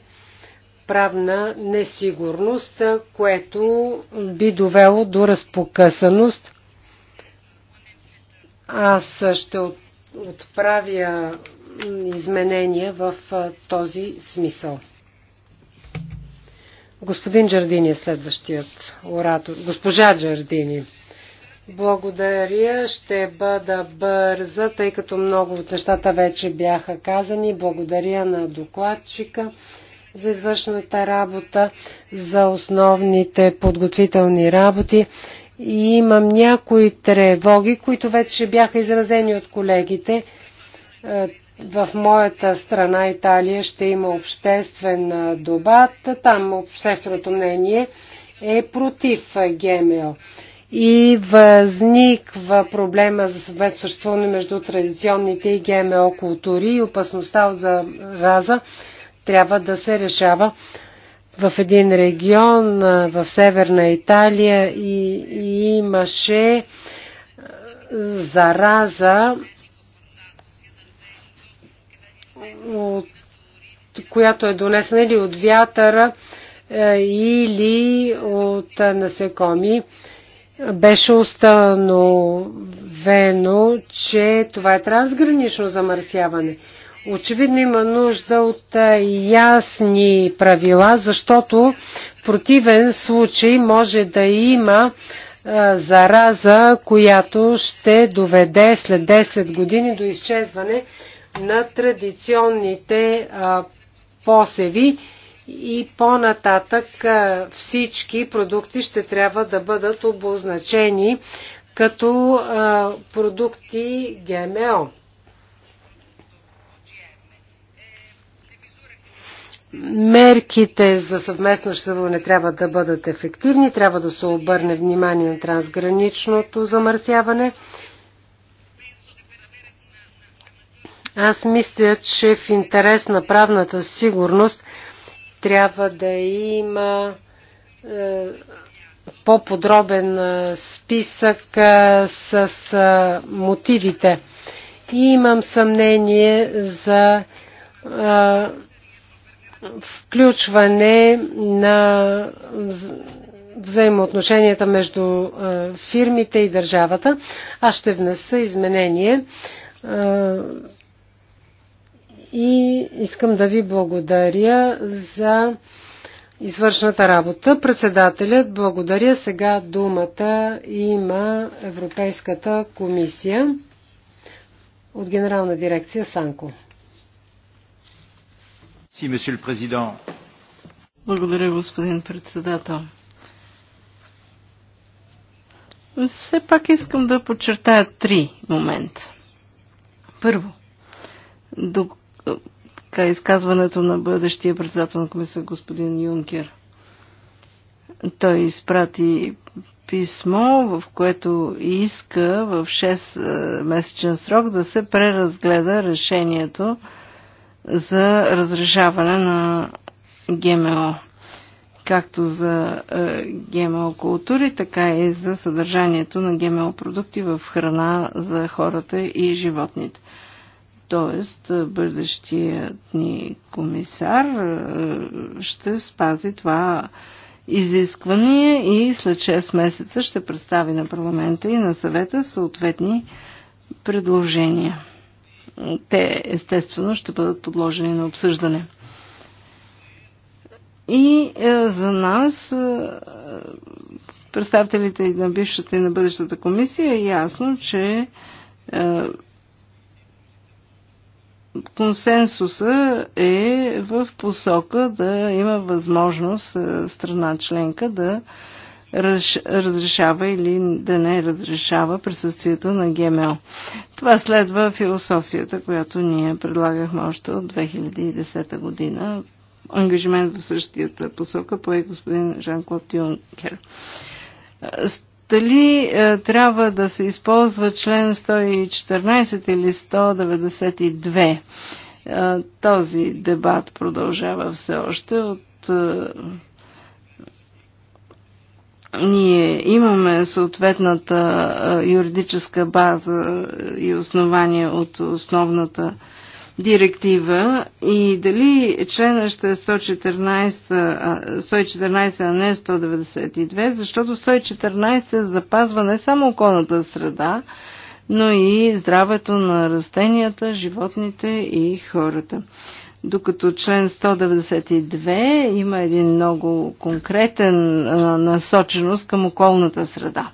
правна несигурност, което би довело до разпокъсаност. Аз ще отправя изменения в този смисъл. Господин Джардини е следващият оратор. Госпожа Джардини. Благодаря. Ще бъда бърза, тъй като много от нещата вече бяха казани. Благодаря на докладчика за извършената работа, за основните подготвителни работи. И имам някои тревоги, които вече бяха изразени от колегите. Е, в моята страна Италия ще има обществен добат. Там общественото мнение е против ГМО и възниква проблема за съвместно между традиционните и ГМО култури и опасността от зараза трябва да се решава в един регион в северна Италия и, и имаше зараза, от, която е донесена или от вятъра, или от насекоми. Беше установено, че това е трансгранично замърсяване. Очевидно има нужда от ясни правила, защото в противен случай може да има зараза, която ще доведе след 10 години до изчезване на традиционните посеви и по-нататък всички продукти ще трябва да бъдат обозначени като продукти ГМО. мерките за съвместно съществуване трябва да бъдат ефективни, трябва да се обърне внимание на трансграничното замърсяване. Аз мисля, че в интерес на правната сигурност трябва да има е, по-подробен е, списък е, с е, мотивите. И имам съмнение за е, включване на взаимоотношенията между фирмите и държавата. Аз ще внеса изменение и искам да ви благодаря за извършната работа. Председателят благодаря. Сега думата има Европейската комисия от Генерална дирекция Санко. Благодаря, господин председател. Все пак искам да подчертая три момента. Първо, до, така, изказването на бъдещия председател на комисия господин Юнкер. Той изпрати писмо, в което иска в 6-месечен е, срок да се преразгледа решението за разрешаване на ГМО. Както за е, ГМО култури, така и за съдържанието на ГМО продукти в храна за хората и животните. Тоест, е, бъдещият ни комисар е, ще спази това изискване и след 6 месеца ще представи на парламента и на съвета съответни предложения те естествено ще бъдат подложени на обсъждане. И е, за нас, е, представителите на бившата и на бъдещата комисия, е ясно, че е, консенсуса е в посока да има възможност е, страна членка да е, разрешава или да не разрешава присъствието на ГМО. Това следва философията, която ние предлагахме още от 2010 година. Ангажимент в същията посока пое господин Жан-Клод Юнкер. Дали е, трябва да се използва член 114 или 192? Е, този дебат продължава все още от е, ние имаме съответната юридическа база и основание от основната директива и дали члена ще е 114, 114, а не 192, защото 114 запазва не само околната среда, но и здравето на растенията, животните и хората. Докато член 192 има един много конкретен насоченост към околната среда.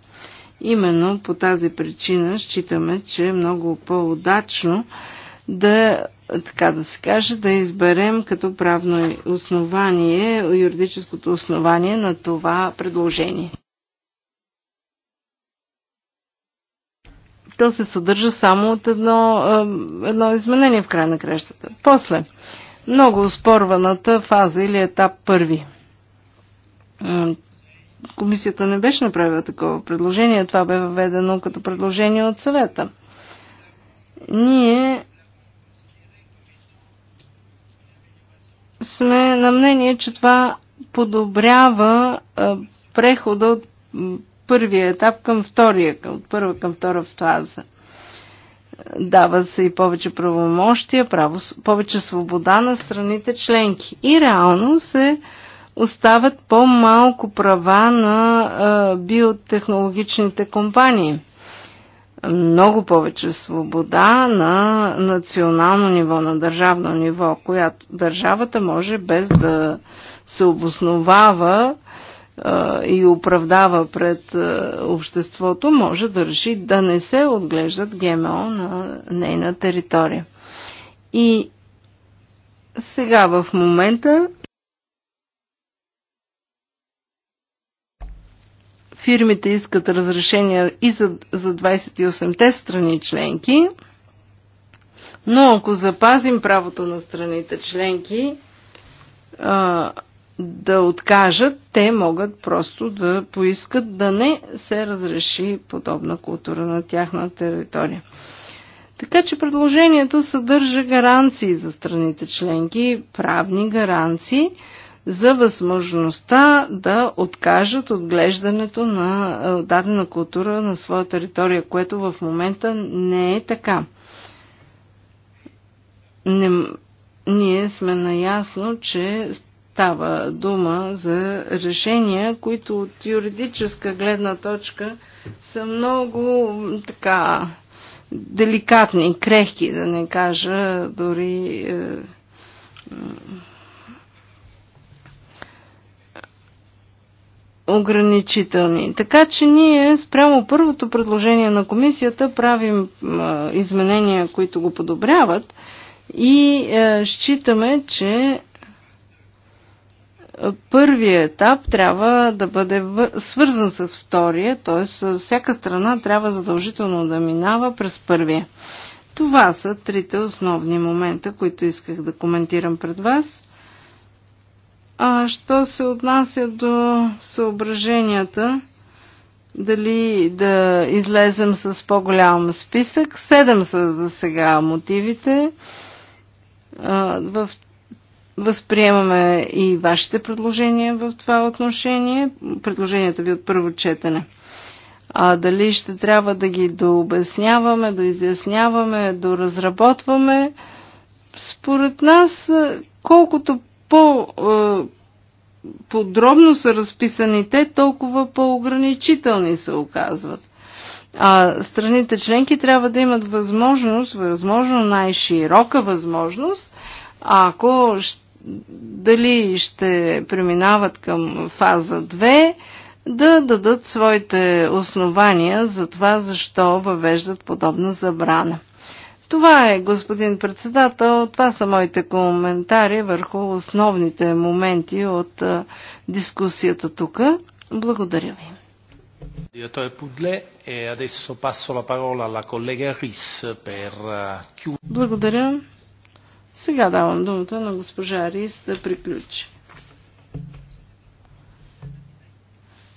Именно по тази причина считаме, че е много по-удачно да, така да се каже, да изберем като правно основание, юридическото основание на това предложение. то се съдържа само от едно, едно изменение в край на крещата. После, много спорваната фаза или етап първи. Комисията не беше направила такова предложение, това бе въведено като предложение от съвета. Ние сме на мнение, че това подобрява прехода от първия етап към втория, от първа към втора фаза. Дава се и повече правомощия, право, повече свобода на страните членки. И реално се остават по-малко права на а, биотехнологичните компании. Много повече свобода на национално ниво, на държавно ниво, която държавата може без да се обосновава и оправдава пред обществото, може да реши да не се отглеждат ГМО на нейна територия. И сега в момента фирмите искат разрешения и за, за 28-те страни членки, но ако запазим правото на страните членки, да откажат, те могат просто да поискат да не се разреши подобна култура на тяхна територия. Така че предложението съдържа гаранции за страните членки, правни гаранции за възможността да откажат отглеждането на е, дадена култура на своя територия, което в момента не е така. Не, ние сме наясно, че става дума за решения, които от юридическа гледна точка са много така деликатни, крехки, да не кажа, дори е, ограничителни. Така че ние спрямо първото предложение на комисията правим а, изменения, които го подобряват и а, е, считаме, че Първият етап трябва да бъде свързан с втория, т.е. всяка страна трябва задължително да минава през първия. Това са трите основни момента, които исках да коментирам пред вас. А що се отнася до съображенията, дали да излезем с по-голям списък, седем са за сега мотивите. В Възприемаме и вашите предложения в това отношение, предложенията ви от първо четене. А дали ще трябва да ги дообясняваме, доизясняваме, доразработваме, според нас, колкото по е, подробно са разписани те, толкова по-ограничителни се оказват. А страните членки трябва да имат възможност, възможно най-широка възможност, ако ще дали ще преминават към фаза 2, да дадат своите основания за това, защо въвеждат подобна забрана. Това е, господин председател, това са моите коментари върху основните моменти от дискусията тук. Благодаря ви. Е е, Благодаря. Сега давам думата на госпожа Рис да приключи.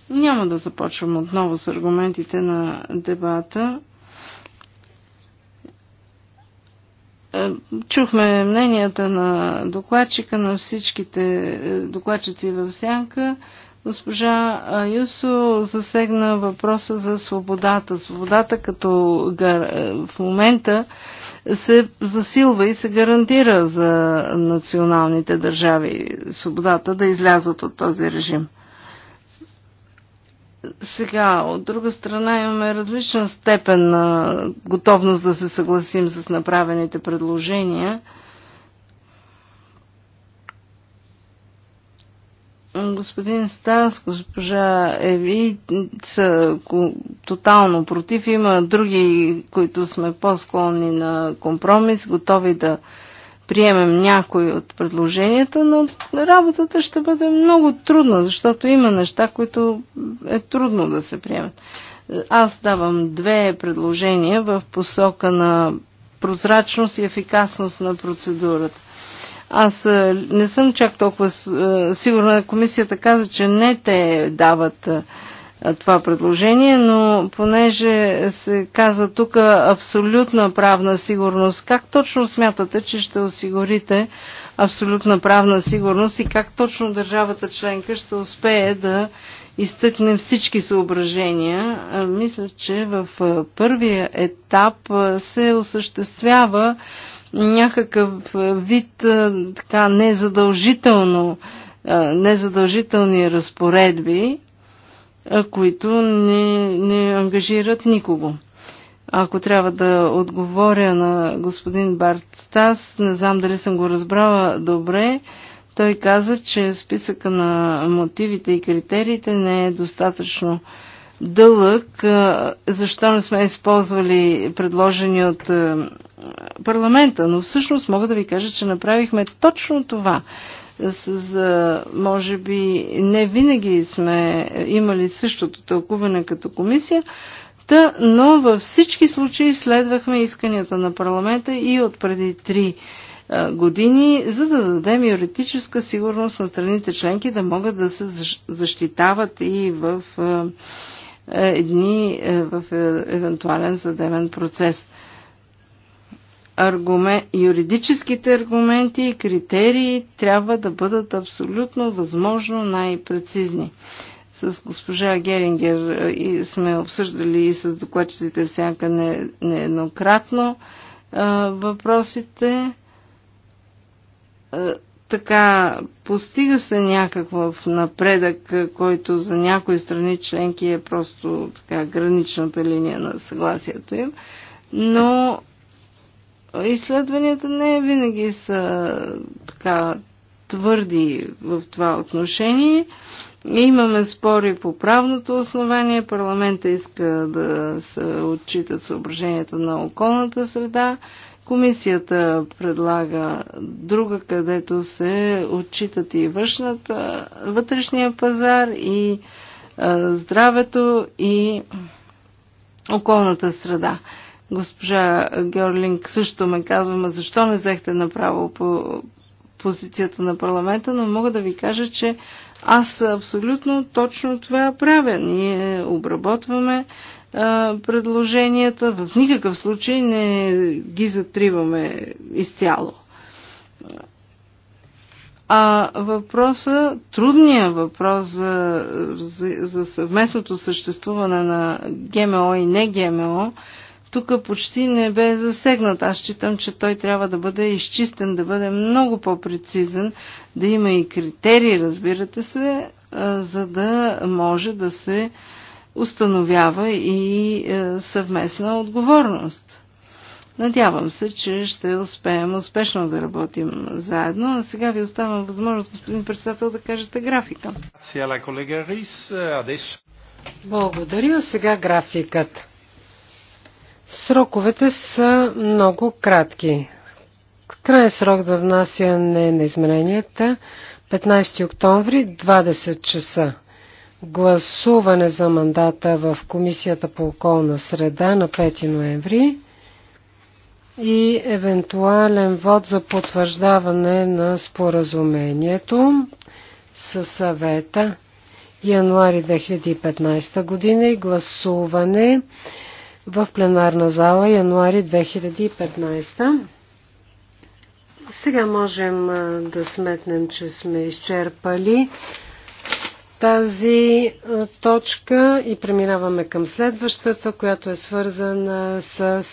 Няма да започвам отново с аргументите на дебата. Е, чухме мненията на докладчика, на всичките е, докладчици в сянка. Госпожа Юсо засегна въпроса за свободата. Свободата като е, в момента се засилва и се гарантира за националните държави свободата да излязат от този режим. Сега, от друга страна, имаме различна степен на готовност да се съгласим с направените предложения – господин Станс, госпожа Еви са тотално против. Има други, които сме по-склонни на компромис, готови да приемем някои от предложенията, но работата ще бъде много трудна, защото има неща, които е трудно да се приемат. Аз давам две предложения в посока на прозрачност и ефикасност на процедурата. Аз е, не съм чак толкова е, сигурна. Комисията каза, че не те дават е, това предложение, но понеже се каза тук абсолютна правна сигурност, как точно смятате, че ще осигурите абсолютна правна сигурност и как точно държавата членка ще успее да изтъкне всички съображения? Мисля, че в първия етап се осъществява някакъв е, вид е, така незадължително, е, незадължителни разпоредби, които не, не ангажират никого. Ако трябва да отговоря на господин Барт Стас, не знам дали съм го разбрала добре, той каза, че списъка на мотивите и критериите не е достатъчно дълъг. Защо не сме използвали предложени от парламента? Но всъщност мога да ви кажа, че направихме точно това. За, може би не винаги сме имали същото тълкуване като комисия, Та, но във всички случаи следвахме исканията на парламента и от преди три години, за да дадем юридическа сигурност на страните членки да могат да се защитават и в е, дни е, в е, евентуален съдебен процес. Аргумент, юридическите аргументи и критерии трябва да бъдат абсолютно възможно най-прецизни. С госпожа Герингер и сме обсъждали и с докладчиците Сянка не, нееднократно а, въпросите така постига се някакъв напредък, който за някои страни членки е просто така граничната линия на съгласието им, но изследванията не винаги са така твърди в това отношение. Имаме спори по правното основание. Парламента иска да се отчитат съображенията на околната среда. Комисията предлага друга, където се отчитат и външната, вътрешния пазар, и а, здравето, и околната среда. Госпожа Георлинг също ме казва, ма защо не взехте направо по позицията на парламента, но мога да ви кажа, че аз абсолютно точно това правя. Ние обработваме предложенията. В никакъв случай не ги затриваме изцяло. А въпроса, трудният въпрос за, за, за съвместното съществуване на ГМО и не ГМО, тук почти не бе засегнат. Аз считам, че той трябва да бъде изчистен, да бъде много по-прецизен, да има и критерии, разбирате се, за да може да се а, установява и е, съвместна отговорност. Надявам се, че ще успеем успешно да работим заедно. А сега ви оставам възможност, господин председател, да кажете графика. Е, Благодаря. Сега графикът. Сроковете са много кратки. Крайен срок за внасяне на измененията 15 октомври 20 часа гласуване за мандата в Комисията по околна среда на 5 ноември и евентуален вод за потвърждаване на споразумението със съвета януари 2015 година и гласуване в пленарна зала януари 2015. Сега можем да сметнем, че сме изчерпали тази точка и преминаваме към следващата, която е свързана с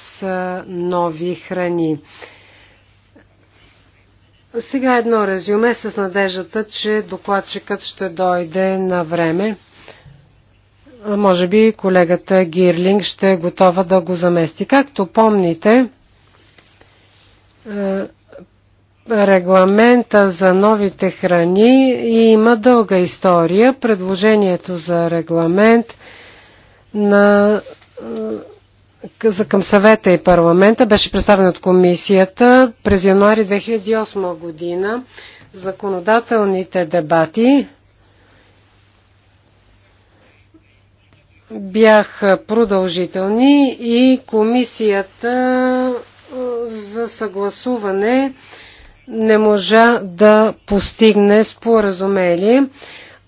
нови храни. Сега едно резюме с надеждата, че докладчикът ще дойде на време. Може би колегата Гирлинг ще е готова да го замести. Както помните, регламента за новите храни има дълга история. Предложението за регламент на, е, за към съвета и парламента беше представено от комисията през януари 2008 година. Законодателните дебати бяха продължителни и комисията е, за съгласуване не можа да постигне споразумение.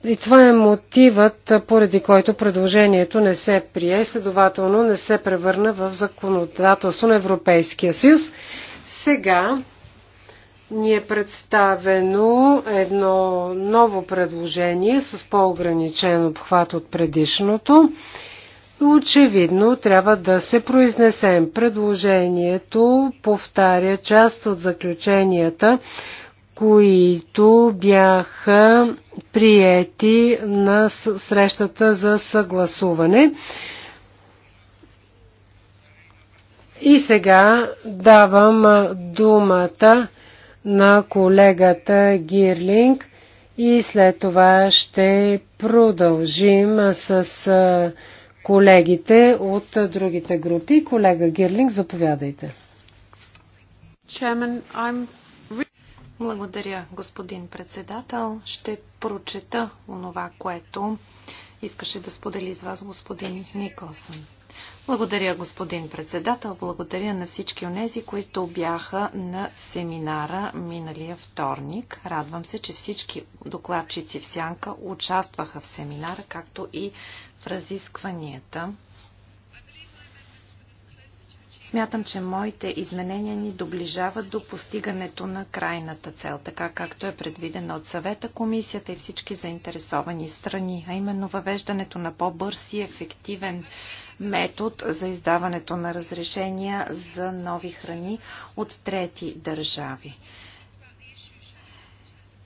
И това е мотивът, поради който предложението не се прие, следователно не се превърна в законодателство на Европейския съюз. Сега ни е представено едно ново предложение с по-ограничен обхват от предишното. Очевидно трябва да се произнесем. Предложението повтаря част от заключенията, които бяха приети на срещата за съгласуване. И сега давам думата на колегата Гирлинг и след това ще продължим с колегите от другите групи. Колега Гирлинг, заповядайте. Благодаря, господин председател. Ще прочета онова, което искаше да сподели с вас господин Николсън. Благодаря, господин председател. Благодаря на всички онези, които бяха на семинара миналия вторник. Радвам се, че всички докладчици в Сянка участваха в семинара, както и в разискванията. Смятам, че моите изменения ни доближават до постигането на крайната цел, така както е предвидена от съвета, комисията и всички заинтересовани страни, а именно въвеждането на по-бърз и ефективен метод за издаването на разрешения за нови храни от трети държави.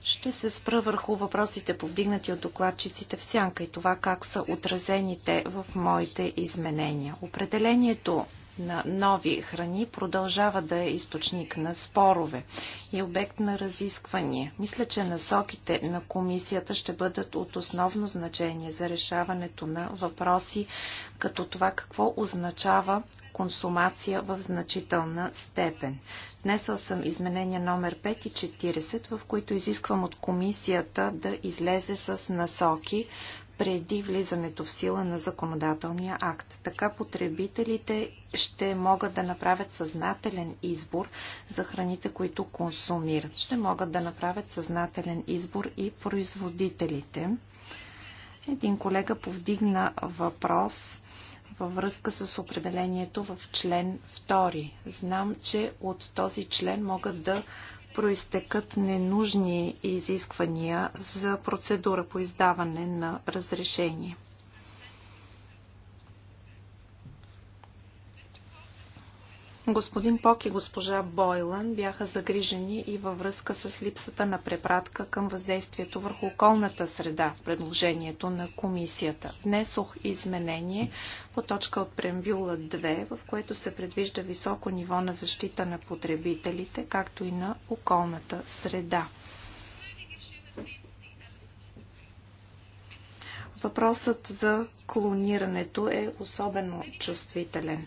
Ще се спра върху въпросите, повдигнати от докладчиците в сянка и това как са отразените в моите изменения. Определението на нови храни продължава да е източник на спорове и обект на разисквания. Мисля, че насоките на комисията ще бъдат от основно значение за решаването на въпроси, като това какво означава консумация в значителна степен. Внесъл съм изменения номер 5 и 40, в които изисквам от комисията да излезе с насоки преди влизането в сила на законодателния акт. Така потребителите ще могат да направят съзнателен избор за храните, които консумират. Ще могат да направят съзнателен избор и производителите. Един колега повдигна въпрос във връзка с определението в член 2. Знам, че от този член могат да проистекат ненужни изисквания за процедура по издаване на разрешение. Господин Пок и госпожа Бойлан бяха загрижени и във връзка с липсата на препратка към въздействието върху околната среда в предложението на комисията. Внесох изменение по точка от прембюла 2, в което се предвижда високо ниво на защита на потребителите, както и на околната среда. Въпросът за клонирането е особено чувствителен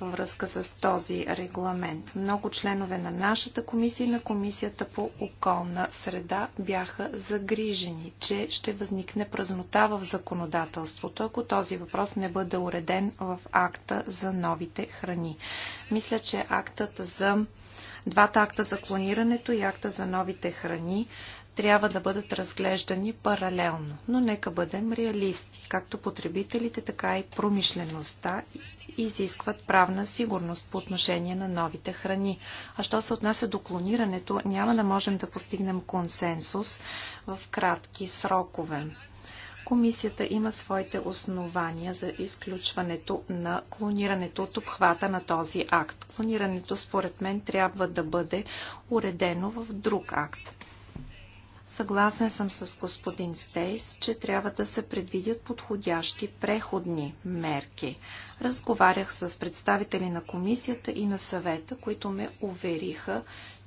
във връзка с този регламент. Много членове на нашата комисия и на комисията по околна среда бяха загрижени, че ще възникне празнота в законодателството, ако този въпрос не бъде уреден в акта за новите храни. Мисля, че актът за двата акта за клонирането и акта за новите храни трябва да бъдат разглеждани паралелно. Но нека бъдем реалисти. Както потребителите, така и промишлеността изискват правна сигурност по отношение на новите храни. А що се отнася до клонирането, няма да можем да постигнем консенсус в кратки срокове. Комисията има своите основания за изключването на клонирането от обхвата на този акт. Клонирането, според мен, трябва да бъде уредено в друг акт. Съгласен съм с господин Стейс, че трябва да се предвидят подходящи преходни мерки. Разговарях с представители на комисията и на съвета, които ме увериха,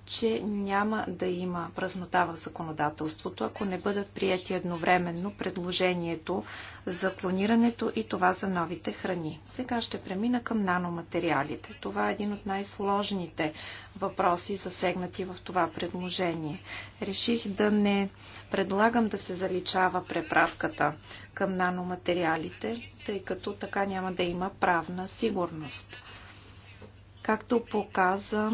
че няма да има празнота в законодателството, ако не бъдат прияти едновременно предложението за клонирането и това за новите храни. Сега ще премина към наноматериалите. Това е един от най-сложните въпроси, засегнати в това предложение. Реших да не предлагам да се заличава препратката към наноматериалите, тъй като така няма да има правна сигурност. Както показа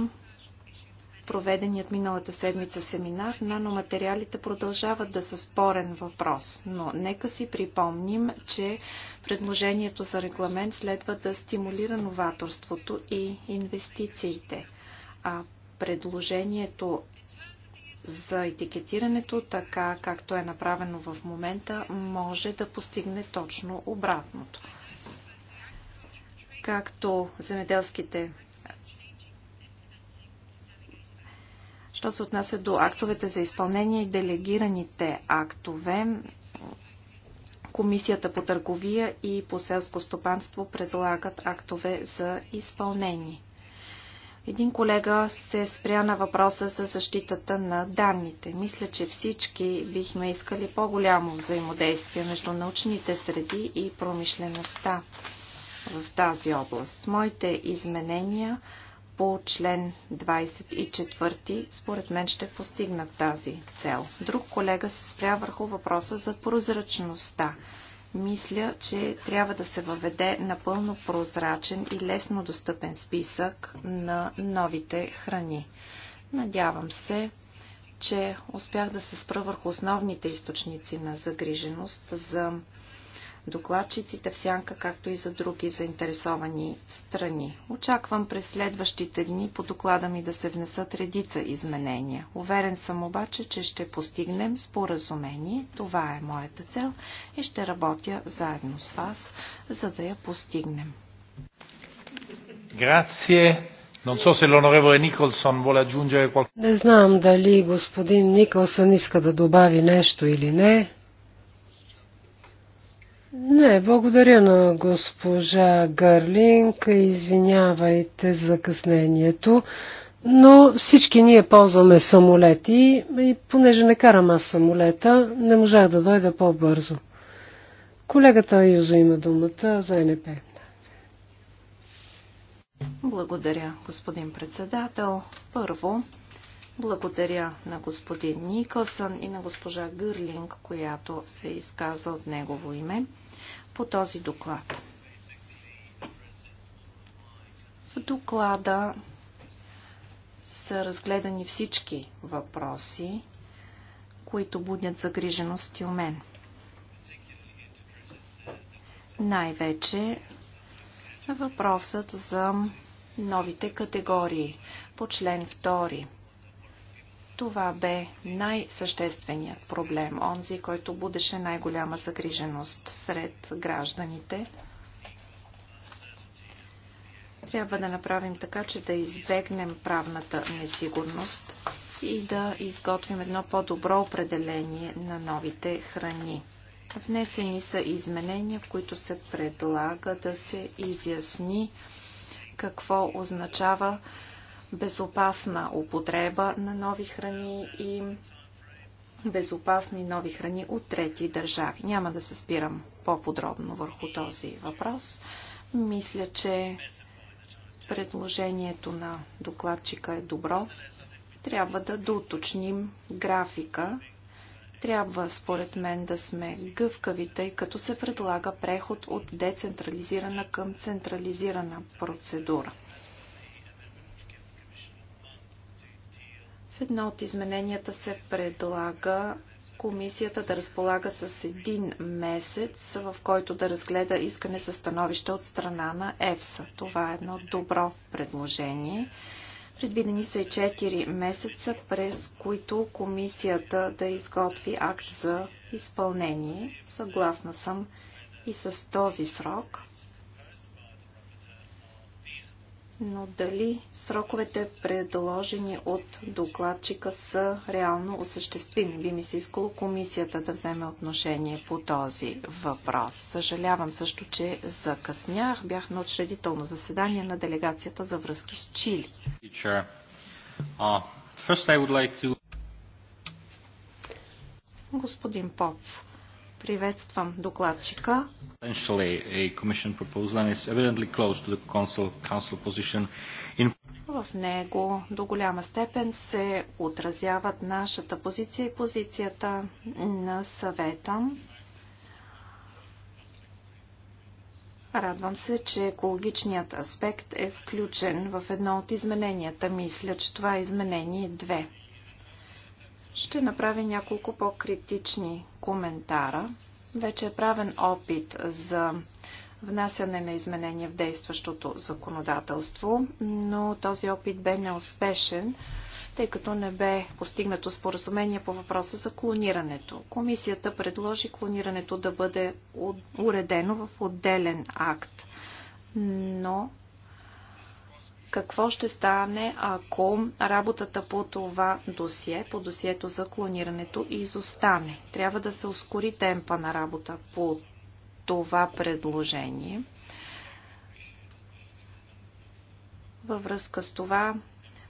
проведеният миналата седмица семинар, наноматериалите продължават да са спорен въпрос. Но нека си припомним, че предложението за регламент следва да стимулира новаторството и инвестициите. А предложението за етикетирането, така както е направено в момента, може да постигне точно обратното. Както земеделските Що се отнася до актовете за изпълнение и делегираните актове, Комисията по търговия и по селско стопанство предлагат актове за изпълнение. Един колега се спря на въпроса за защитата на данните. Мисля, че всички бихме искали по-голямо взаимодействие между научните среди и промишлеността в тази област. Моите изменения по член 24, според мен ще постигнат тази цел. Друг колега се спря върху въпроса за прозрачността. Мисля, че трябва да се въведе напълно прозрачен и лесно достъпен списък на новите храни. Надявам се, че успях да се спра върху основните източници на загриженост за докладчиците в сянка, както и за други заинтересовани страни. Очаквам през следващите дни по доклада ми да се внесат редица изменения. Уверен съм обаче, че ще постигнем споразумение. Това е моята цел и ще работя заедно с вас, за да я постигнем. Grazie. Non so se l'onorevole Nicholson vuole aggiungere qualcosa. Не знам дали господин Николсън иска да добави нещо или не. Не, благодаря на госпожа Гърлинг. Извинявайте за закъснението. Но всички ние ползваме самолети и понеже не карам аз самолета, не можах да дойда по-бързо. Колегата Юзо има думата за НП. Благодаря, господин председател. Първо, благодаря на господин Никълсън и на госпожа Гърлинг, която се е изказа от негово име по този доклад. В доклада са разгледани всички въпроси, които буднят загриженост и у мен. Най-вече въпросът за новите категории по член 2 това бе най-същественият проблем, онзи, който будеше най-голяма загриженост сред гражданите. Трябва да направим така, че да избегнем правната несигурност и да изготвим едно по-добро определение на новите храни. Внесени са изменения, в които се предлага да се изясни какво означава безопасна употреба на нови храни и безопасни нови храни от трети държави. Няма да се спирам по-подробно върху този въпрос. Мисля, че предложението на докладчика е добро. Трябва да доуточним графика. Трябва, според мен, да сме гъвкави, тъй като се предлага преход от децентрализирана към централизирана процедура. В едно от измененията се предлага комисията да разполага с един месец, в който да разгледа искане за становище от страна на ЕФСА. Това е едно добро предложение. Предвидени са и 4 месеца, през които комисията да изготви акт за изпълнение. Съгласна съм и с този срок – но дали сроковете предложени от докладчика са реално осъществими? Би ми се искало комисията да вземе отношение по този въпрос. Съжалявам също, че закъснях. Бях на отшредително заседание на делегацията за връзки с Чили. Uh, Господин Поц. Приветствам докладчика. В него до голяма степен се отразяват нашата позиция и позицията на съвета. Радвам се, че екологичният аспект е включен в едно от измененията. Мисля, че това е изменение ще направя няколко по-критични коментара. Вече е правен опит за внасяне на изменения в действащото законодателство, но този опит бе неуспешен, тъй като не бе постигнато споразумение по въпроса за клонирането. Комисията предложи клонирането да бъде уредено в отделен акт, но какво ще стане, ако работата по това досие, по досието за клонирането, изостане. Трябва да се ускори темпа на работа по това предложение. Във връзка с това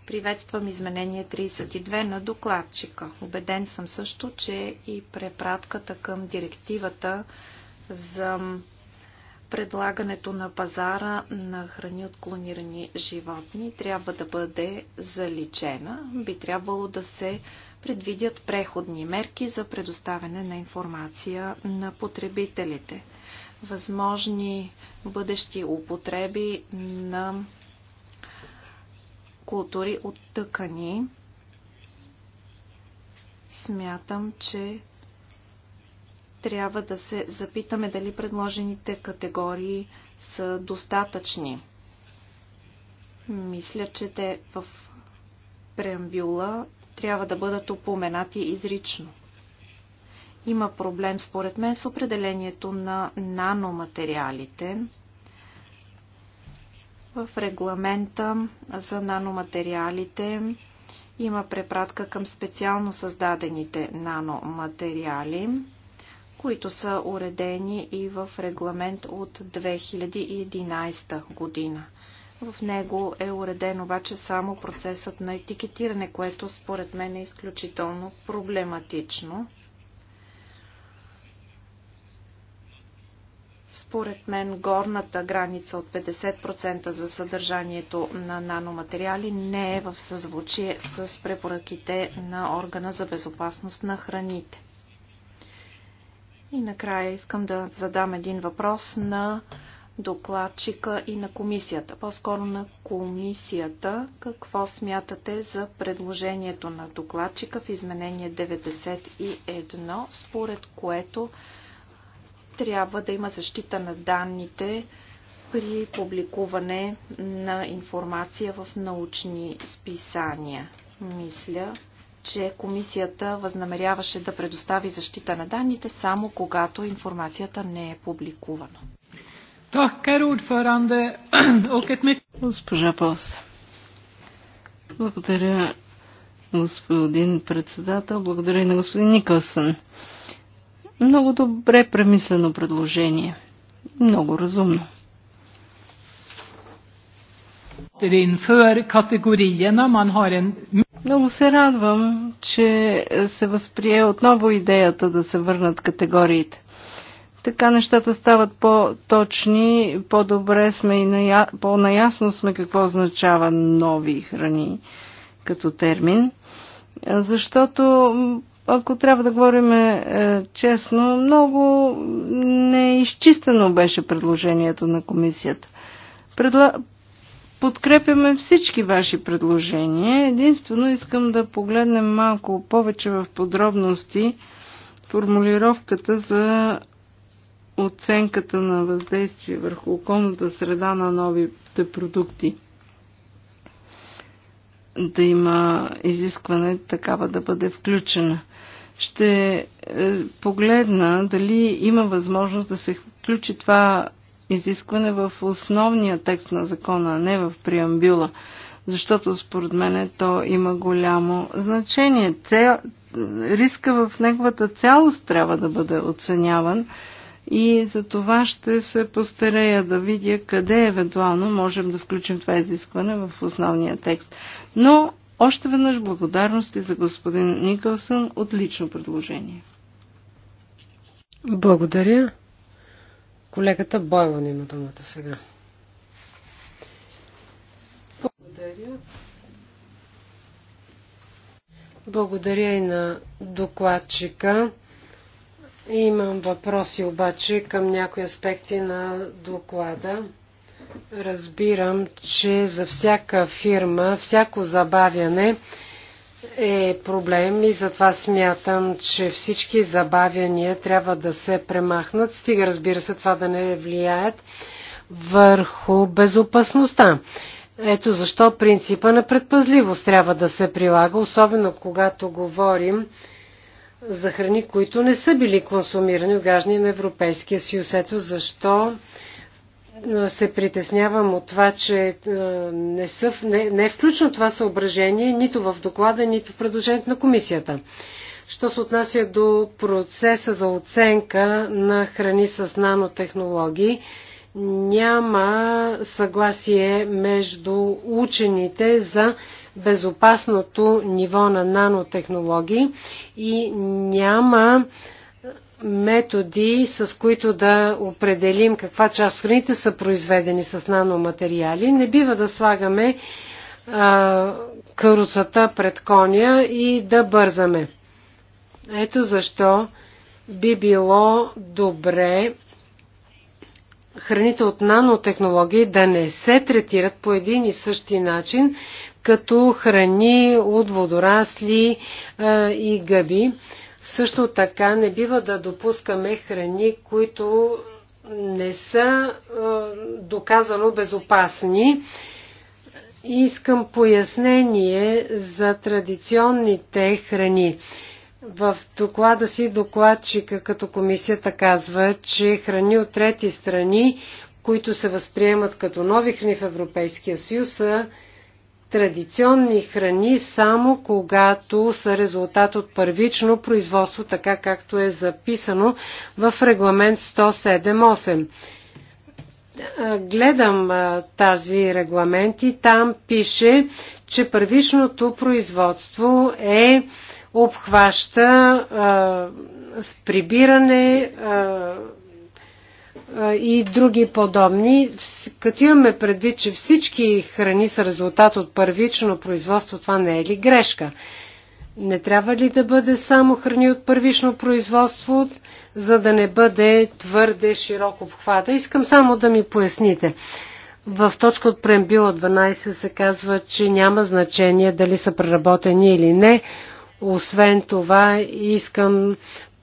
приветствам изменение 32 на докладчика. Обеден съм също, че и препратката към директивата за предлагането на пазара на храни от клонирани животни трябва да бъде заличена. Би трябвало да се предвидят преходни мерки за предоставяне на информация на потребителите. Възможни бъдещи употреби на култури от тъкани. Смятам, че трябва да се запитаме дали предложените категории са достатъчни. Мисля, че те в преамбюла трябва да бъдат упоменати изрично. Има проблем, според мен, с определението на наноматериалите. В регламента за наноматериалите има препратка към специално създадените наноматериали които са уредени и в регламент от 2011 година. В него е уреден обаче само процесът на етикетиране, което според мен е изключително проблематично. Според мен горната граница от 50% за съдържанието на наноматериали не е в съзвучие с препоръките на органа за безопасност на храните. И накрая искам да задам един въпрос на докладчика и на комисията. По-скоро на комисията. Какво смятате за предложението на докладчика в изменение 91, според което трябва да има защита на данните при публикуване на информация в научни списания? Мисля, че комисията възнамеряваше да предостави защита на данните само когато информацията не е публикувана. Госпожа Полса. Благодаря, господин председател. Благодаря и на господин Никълсън. Много добре премислено предложение. Много разумно. Много се радвам, че се възприе отново идеята да се върнат категориите. Така нещата стават по-точни, по-добре сме и ная... по-наясно сме какво означава нови храни като термин. Защото, ако трябва да говорим е, честно, много неизчистено беше предложението на комисията. Предла подкрепяме всички ваши предложения. Единствено искам да погледнем малко повече в подробности формулировката за оценката на въздействие върху околната среда на новите продукти. Да има изискване такава да бъде включена. Ще е, погледна дали има възможност да се включи това изискване в основния текст на закона, а не в преамбюла, защото според мен то има голямо значение. Цел, риска в неговата цялост трябва да бъде оценяван и за това ще се постарея да видя къде евентуално можем да включим това изискване в основния текст. Но още веднъж благодарности за господин Никълсън. Отлично предложение. Благодаря. Колегата Бойлан има думата сега. Благодаря. Благодаря и на докладчика. Имам въпроси обаче към някои аспекти на доклада. Разбирам, че за всяка фирма, всяко забавяне е проблем и затова смятам, че всички забавяния трябва да се премахнат, стига разбира се това да не влияят върху безопасността. Ето защо принципа на предпазливост трябва да се прилага, особено когато говорим за храни, които не са били консумирани от граждани на Европейския съюз. Ето защо се притеснявам от това, че е, не, са, не, не е включено това съображение нито в доклада, нито в предложението на комисията. Що се отнася до процеса за оценка на храни с нанотехнологии, няма съгласие между учените за безопасното ниво на нанотехнологии и няма методи, с които да определим каква част от храните са произведени с наноматериали. Не бива да слагаме а, каруцата пред коня и да бързаме. Ето защо би било добре храните от нанотехнологии да не се третират по един и същи начин, като храни от водорасли а, и гъби. Също така не бива да допускаме храни, които не са е, доказано безопасни. Искам пояснение за традиционните храни. В доклада си докладчика като комисията казва, че храни от трети страни, които се възприемат като нови храни в Европейския съюз, са традиционни храни само когато са резултат от първично производство, така както е записано в регламент 107.8. Гледам тази регламент и там пише, че първичното производство е обхваща а, с прибиране, а, и други подобни. Като имаме предвид, че всички храни са резултат от първично производство, това не е ли грешка? Не трябва ли да бъде само храни от първично производство, за да не бъде твърде широк обхвата? Искам само да ми поясните. В точка от прембила 12 се казва, че няма значение дали са преработени или не. Освен това, искам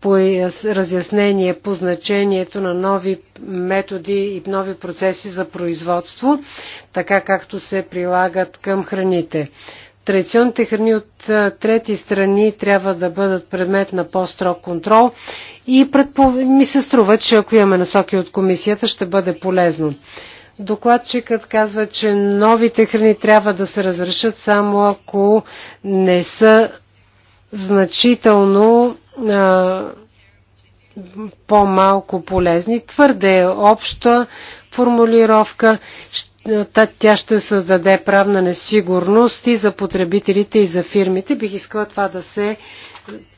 по разяснение по значението на нови методи и нови процеси за производство, така както се прилагат към храните. Традиционните храни от трети страни трябва да бъдат предмет на по-строг контрол и предпо... ми се струва, че ако имаме насоки от комисията, ще бъде полезно. Докладчикът казва, че новите храни трябва да се разрешат само ако не са значително по-малко полезни. Твърде е обща формулировка. Тя ще създаде правна несигурност и за потребителите, и за фирмите. Бих искала това да се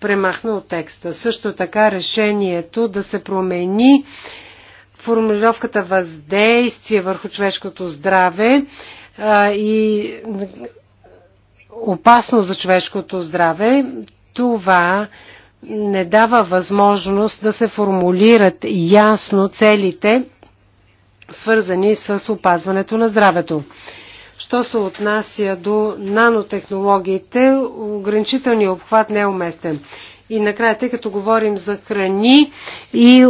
премахна от текста. Също така решението да се промени формулировката въздействие върху човешкото здраве а, и опасност за човешкото здраве. Това не дава възможност да се формулират ясно целите, свързани с опазването на здравето. Що се отнася до нанотехнологиите, ограничителният обхват не е уместен. И накрая, тъй като говорим за храни и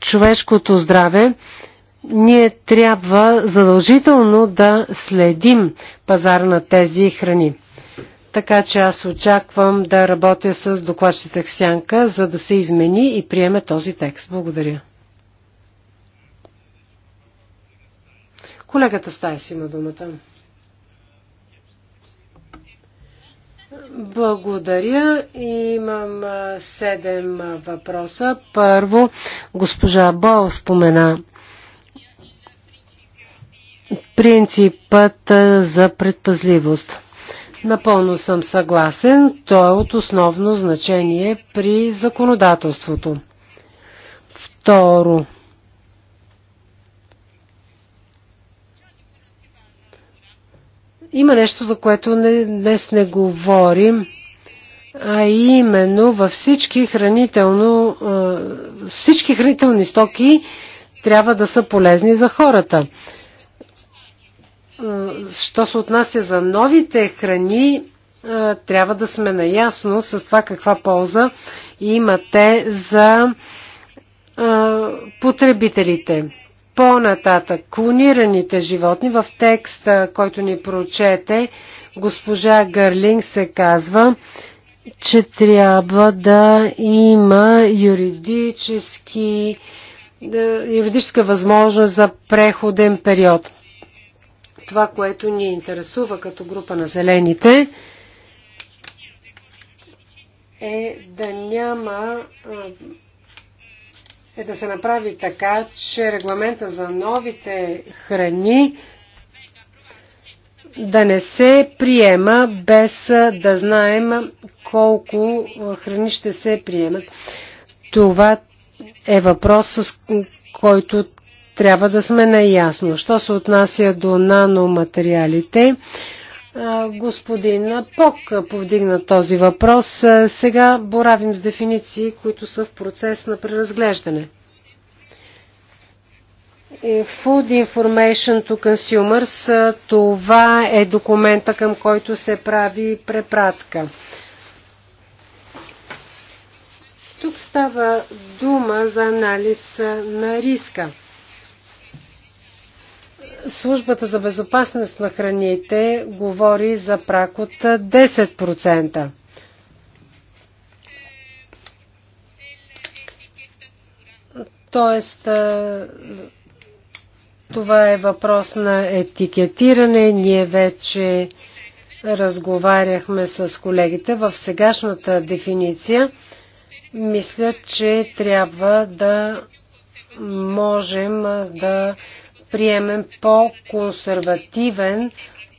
човешкото здраве, ние трябва задължително да следим пазар на тези храни. Така че аз очаквам да работя с докладчите в сянка, за да се измени и приеме този текст. Благодаря. Колегата Стайс има думата. Благодаря. Имам седем въпроса. Първо, госпожа Бол спомена принципът за предпазливост. Напълно съм съгласен, то е от основно значение при законодателството. Второ. Има нещо, за което не, днес не говорим, а именно във всички, хранително, всички хранителни стоки трябва да са полезни за хората. Е, що се отнася за новите храни, е, трябва да сме наясно с това каква полза имате за е, потребителите. По-нататък, клонираните животни в текста, който ни прочете, госпожа Гърлинг се казва, че трябва да има юридически, юридическа възможност за преходен период това, което ни интересува като група на зелените, е да няма е да се направи така, че регламента за новите храни да не се приема без да знаем колко храни ще се приемат. Това е въпрос, с който трябва да сме наясно. Що се отнася до наноматериалите, господин Пок повдигна този въпрос. Сега боравим с дефиниции, които са в процес на преразглеждане. Е, Food Information to Consumers, това е документа, към който се прави препратка. Тук става дума за анализ на риска. Службата за безопасност на храните говори за прак от 10%. Тоест, това е въпрос на етикетиране. Ние вече разговаряхме с колегите в сегашната дефиниция. Мисля, че трябва да можем да приемем по-консервативен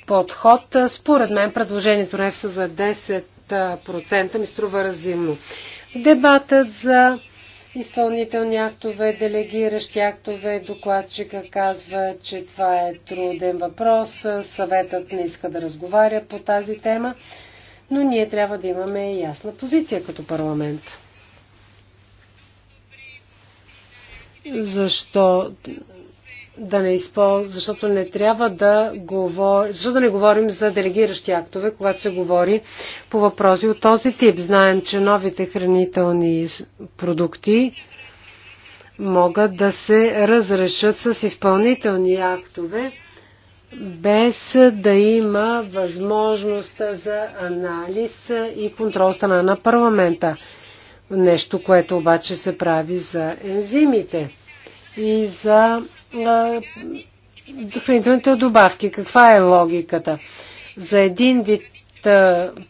подход. Според мен предложението на ЕФСА за 10% ми струва разумно. Дебатът за изпълнителни актове, делегиращи актове, докладчика казва, че това е труден въпрос. Съветът не иска да разговаря по тази тема, но ние трябва да имаме ясна позиция като парламент. Защо да не използва, защото не трябва да говорим, защото да не говорим за делегиращи актове, когато се говори по въпроси от този тип. Знаем, че новите хранителни продукти могат да се разрешат с изпълнителни актове, без да има възможност за анализ и контрол страна на парламента. Нещо, което обаче се прави за ензимите и за хранителните добавки. Каква е логиката? За един вид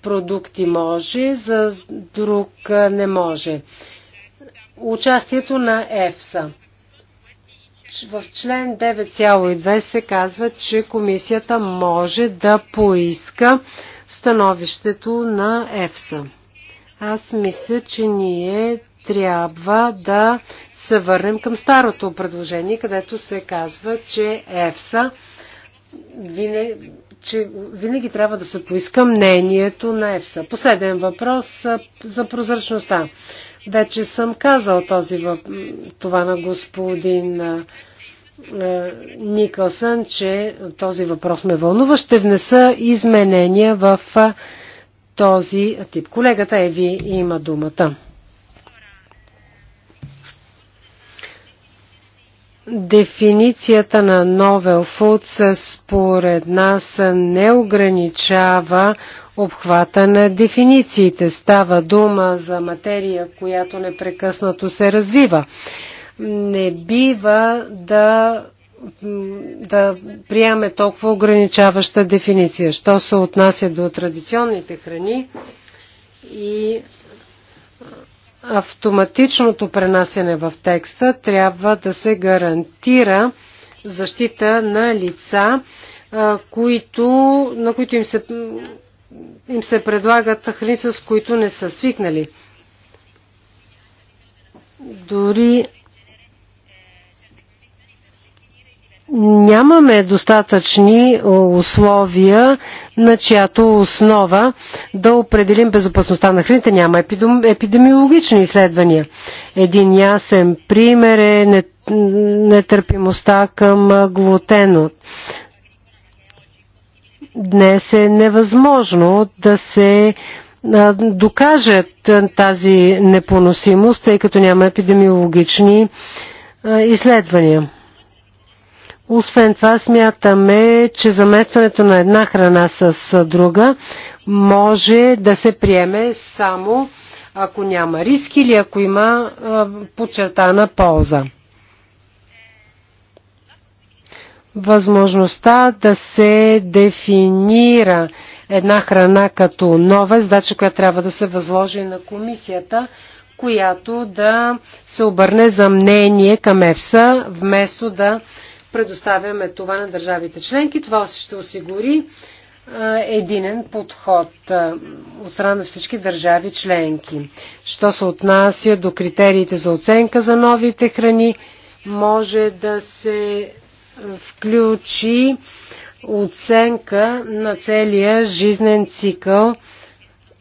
продукти може, за друг не може. Участието на ЕФСА. В член 9.2 се казва, че комисията може да поиска становището на ЕФСА. Аз мисля, че ние трябва да се върнем към старото предложение, където се казва, че ЕФСА винаги, че винаги трябва да се поиска мнението на ЕФСА. Последен въпрос за прозрачността. Вече съм казал този въп... това на господин Никълсън, че този въпрос ме вълнува. Ще внеса изменения в този тип. Колегата Еви има думата. Дефиницията на Novel Foods според нас не ограничава обхвата на дефинициите. Става дума за материя, която непрекъснато се развива. Не бива да, да приеме толкова ограничаваща дефиниция. Що се отнася до традиционните храни и автоматичното пренасене в текста трябва да се гарантира защита на лица, които, на които им се, им се предлагат храни, с които не са свикнали. Дори нямаме достатъчни условия, на чиято основа да определим безопасността на храните. Няма епидемиологични изследвания. Един ясен пример е нетърпимостта към глутено. Днес е невъзможно да се докажат тази непоносимост, тъй като няма епидемиологични изследвания. Освен това смятаме, че заместването на една храна с друга може да се приеме само ако няма риск или ако има подчертана полза. Възможността да се дефинира една храна като нова задача, която трябва да се възложи на комисията, която да се обърне за мнение към ЕФСА, вместо да предоставяме това на държавите членки. Това ще осигури единен подход от страна на всички държави членки. Що се отнася до критериите за оценка за новите храни, може да се включи оценка на целия жизнен цикъл,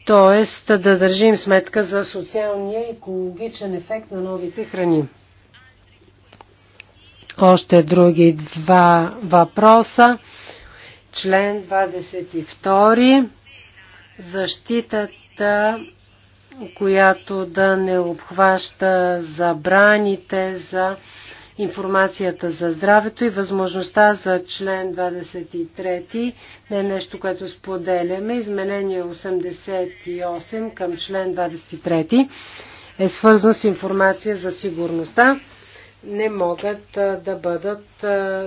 т.е. да държим сметка за социалния и екологичен ефект на новите храни още други два въпроса. Член 22. Защитата, която да не обхваща забраните за информацията за здравето и възможността за член 23 не е нещо, което споделяме. Изменение 88 към член 23 е свързано с информация за сигурността не могат да бъдат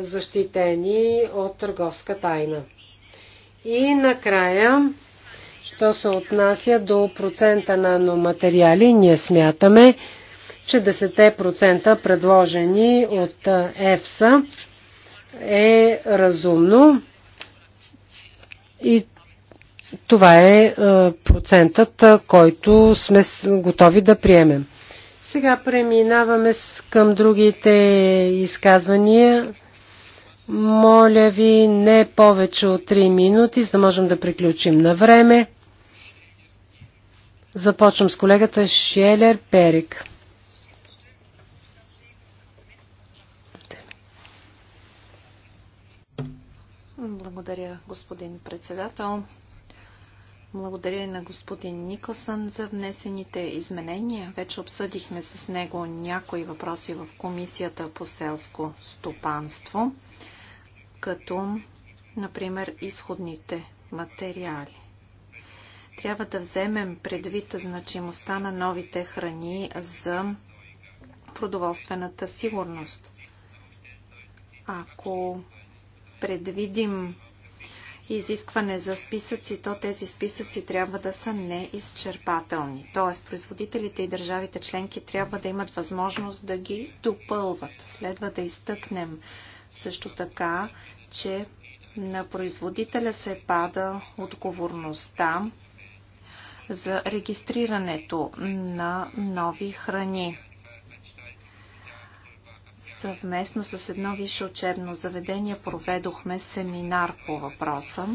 защитени от търговска тайна. И накрая, що се отнася до процента на материали, ние смятаме, че 10% предложени от ЕФСА е разумно и това е процентът, който сме готови да приемем. Сега преминаваме към другите изказвания. Моля ви не повече от 3 минути, за да можем да приключим на време. Започвам с колегата Шелер Перик. Благодаря, господин председател. Благодаря и на господин Никълсън за внесените изменения. Вече обсъдихме с него някои въпроси в Комисията по селско стопанство, като, например, изходните материали. Трябва да вземем предвид значимостта на новите храни за продоволствената сигурност. Ако предвидим изискване за списъци, то тези списъци трябва да са неизчерпателни. Тоест, производителите и държавите членки трябва да имат възможност да ги допълват. Следва да изтъкнем също така, че на производителя се пада отговорността за регистрирането на нови храни. Съвместно с едно висше учебно заведение проведохме семинар по въпроса.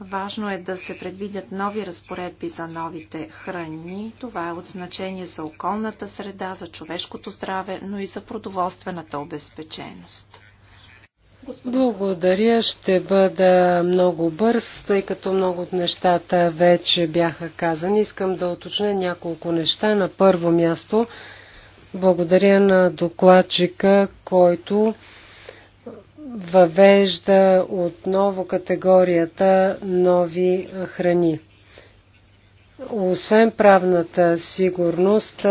Важно е да се предвидят нови разпоредби за новите храни. Това е от значение за околната среда, за човешкото здраве, но и за продоволствената обезпеченост. Благодаря. Ще бъда много бърз, тъй като много от нещата вече бяха казани. Искам да уточня няколко неща. На първо място благодаря на докладчика, който въвежда отново категорията нови храни. Освен правната сигурност,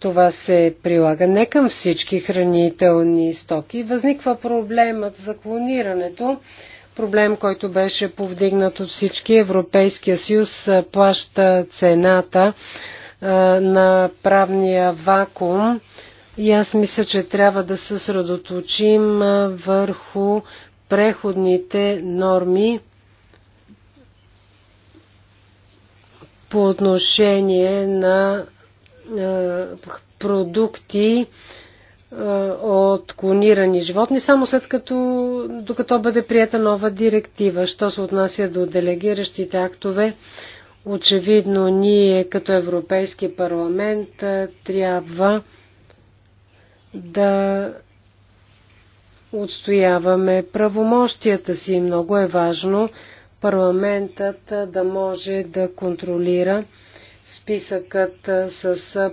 това се прилага не към всички хранителни стоки. Възниква проблемът за клонирането проблем, който беше повдигнат от всички. Европейския съюз плаща цената на правния вакуум и аз мисля, че трябва да се съсредоточим върху преходните норми по отношение на продукти, е, от клонирани животни, само след като, докато бъде прията нова директива. Що се отнася до делегиращите актове, очевидно ние като Европейски парламент е, трябва да отстояваме правомощията си. Много е важно парламентът е, да може да контролира списъкът с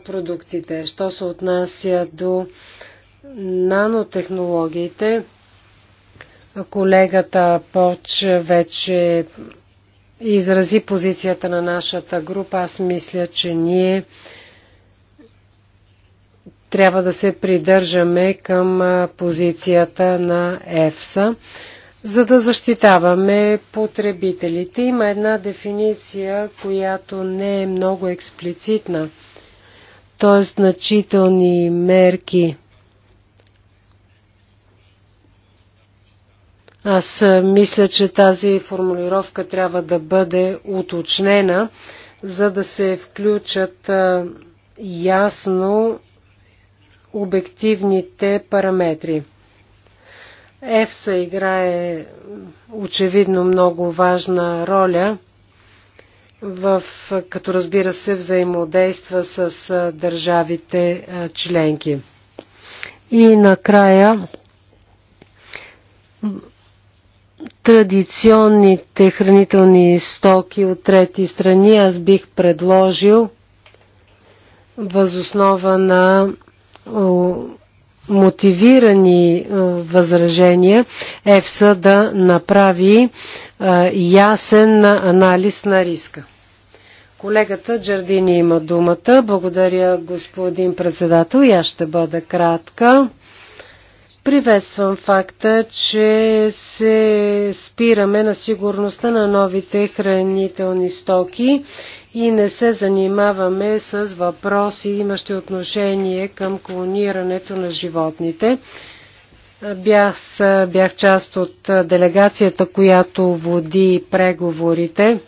продуктите. Що се отнася до нанотехнологиите, колегата Поч вече изрази позицията на нашата група. Аз мисля, че ние трябва да се придържаме към позицията на ЕФСА за да защитаваме потребителите. Има една дефиниция, която не е много експлицитна, т.е. значителни мерки. Аз мисля, че тази формулировка трябва да бъде уточнена, за да се включат ясно обективните параметри. ЕФСА играе очевидно много важна роля в, като разбира се взаимодейства с държавите членки. И накрая традиционните хранителни стоки от трети страни аз бих предложил възоснова на мотивирани е, възражения ЕФСА да направи е, ясен анализ на риска. Колегата Джардини има думата. Благодаря, господин председател. И аз ще бъда кратка. Приветствам факта, че се спираме на сигурността на новите хранителни стоки и не се занимаваме с въпроси, имащи отношение към клонирането на животните. Бях, бях част от делегацията, която води преговорите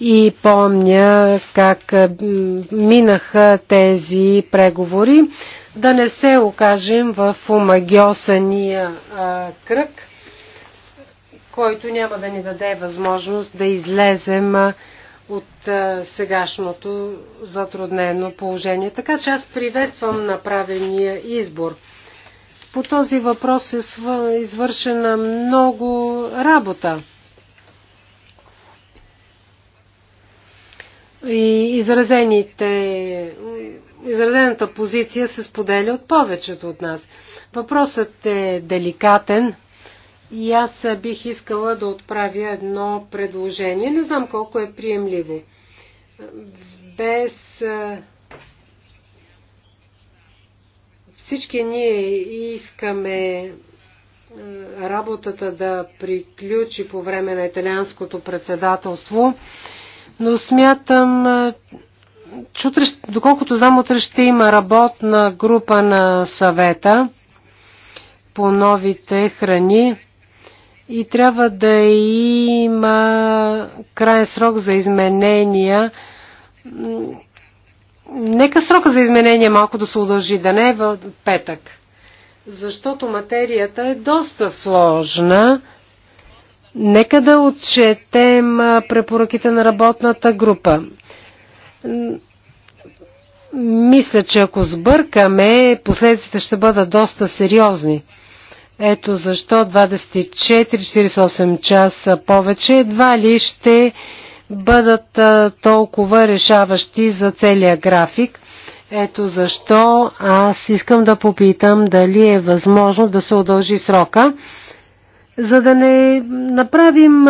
и помня как минаха тези преговори. Да не се окажем в омагиосания кръг, който няма да ни даде възможност да излезем от сегашното затруднено положение. Така че аз приветствам направения избор. По този въпрос е извършена много работа. И изразените, изразената позиция се споделя от повечето от нас. Въпросът е деликатен. И аз бих искала да отправя едно предложение. Не знам колко е приемливо. Без всички ние искаме работата да приключи по време на италианското председателство, но смятам, че утре, доколкото знам, утре ще има работна група на съвета по новите храни и трябва да има крайен срок за изменения. Нека срока за изменения малко да се удължи, да не е в петък. Защото материята е доста сложна. Нека да отчетем препоръките на работната група. Мисля, че ако сбъркаме, последиците ще бъдат доста сериозни. Ето защо 24-48 часа повече едва ли ще бъдат толкова решаващи за целия график. Ето защо аз искам да попитам дали е възможно да се удължи срока, за да не направим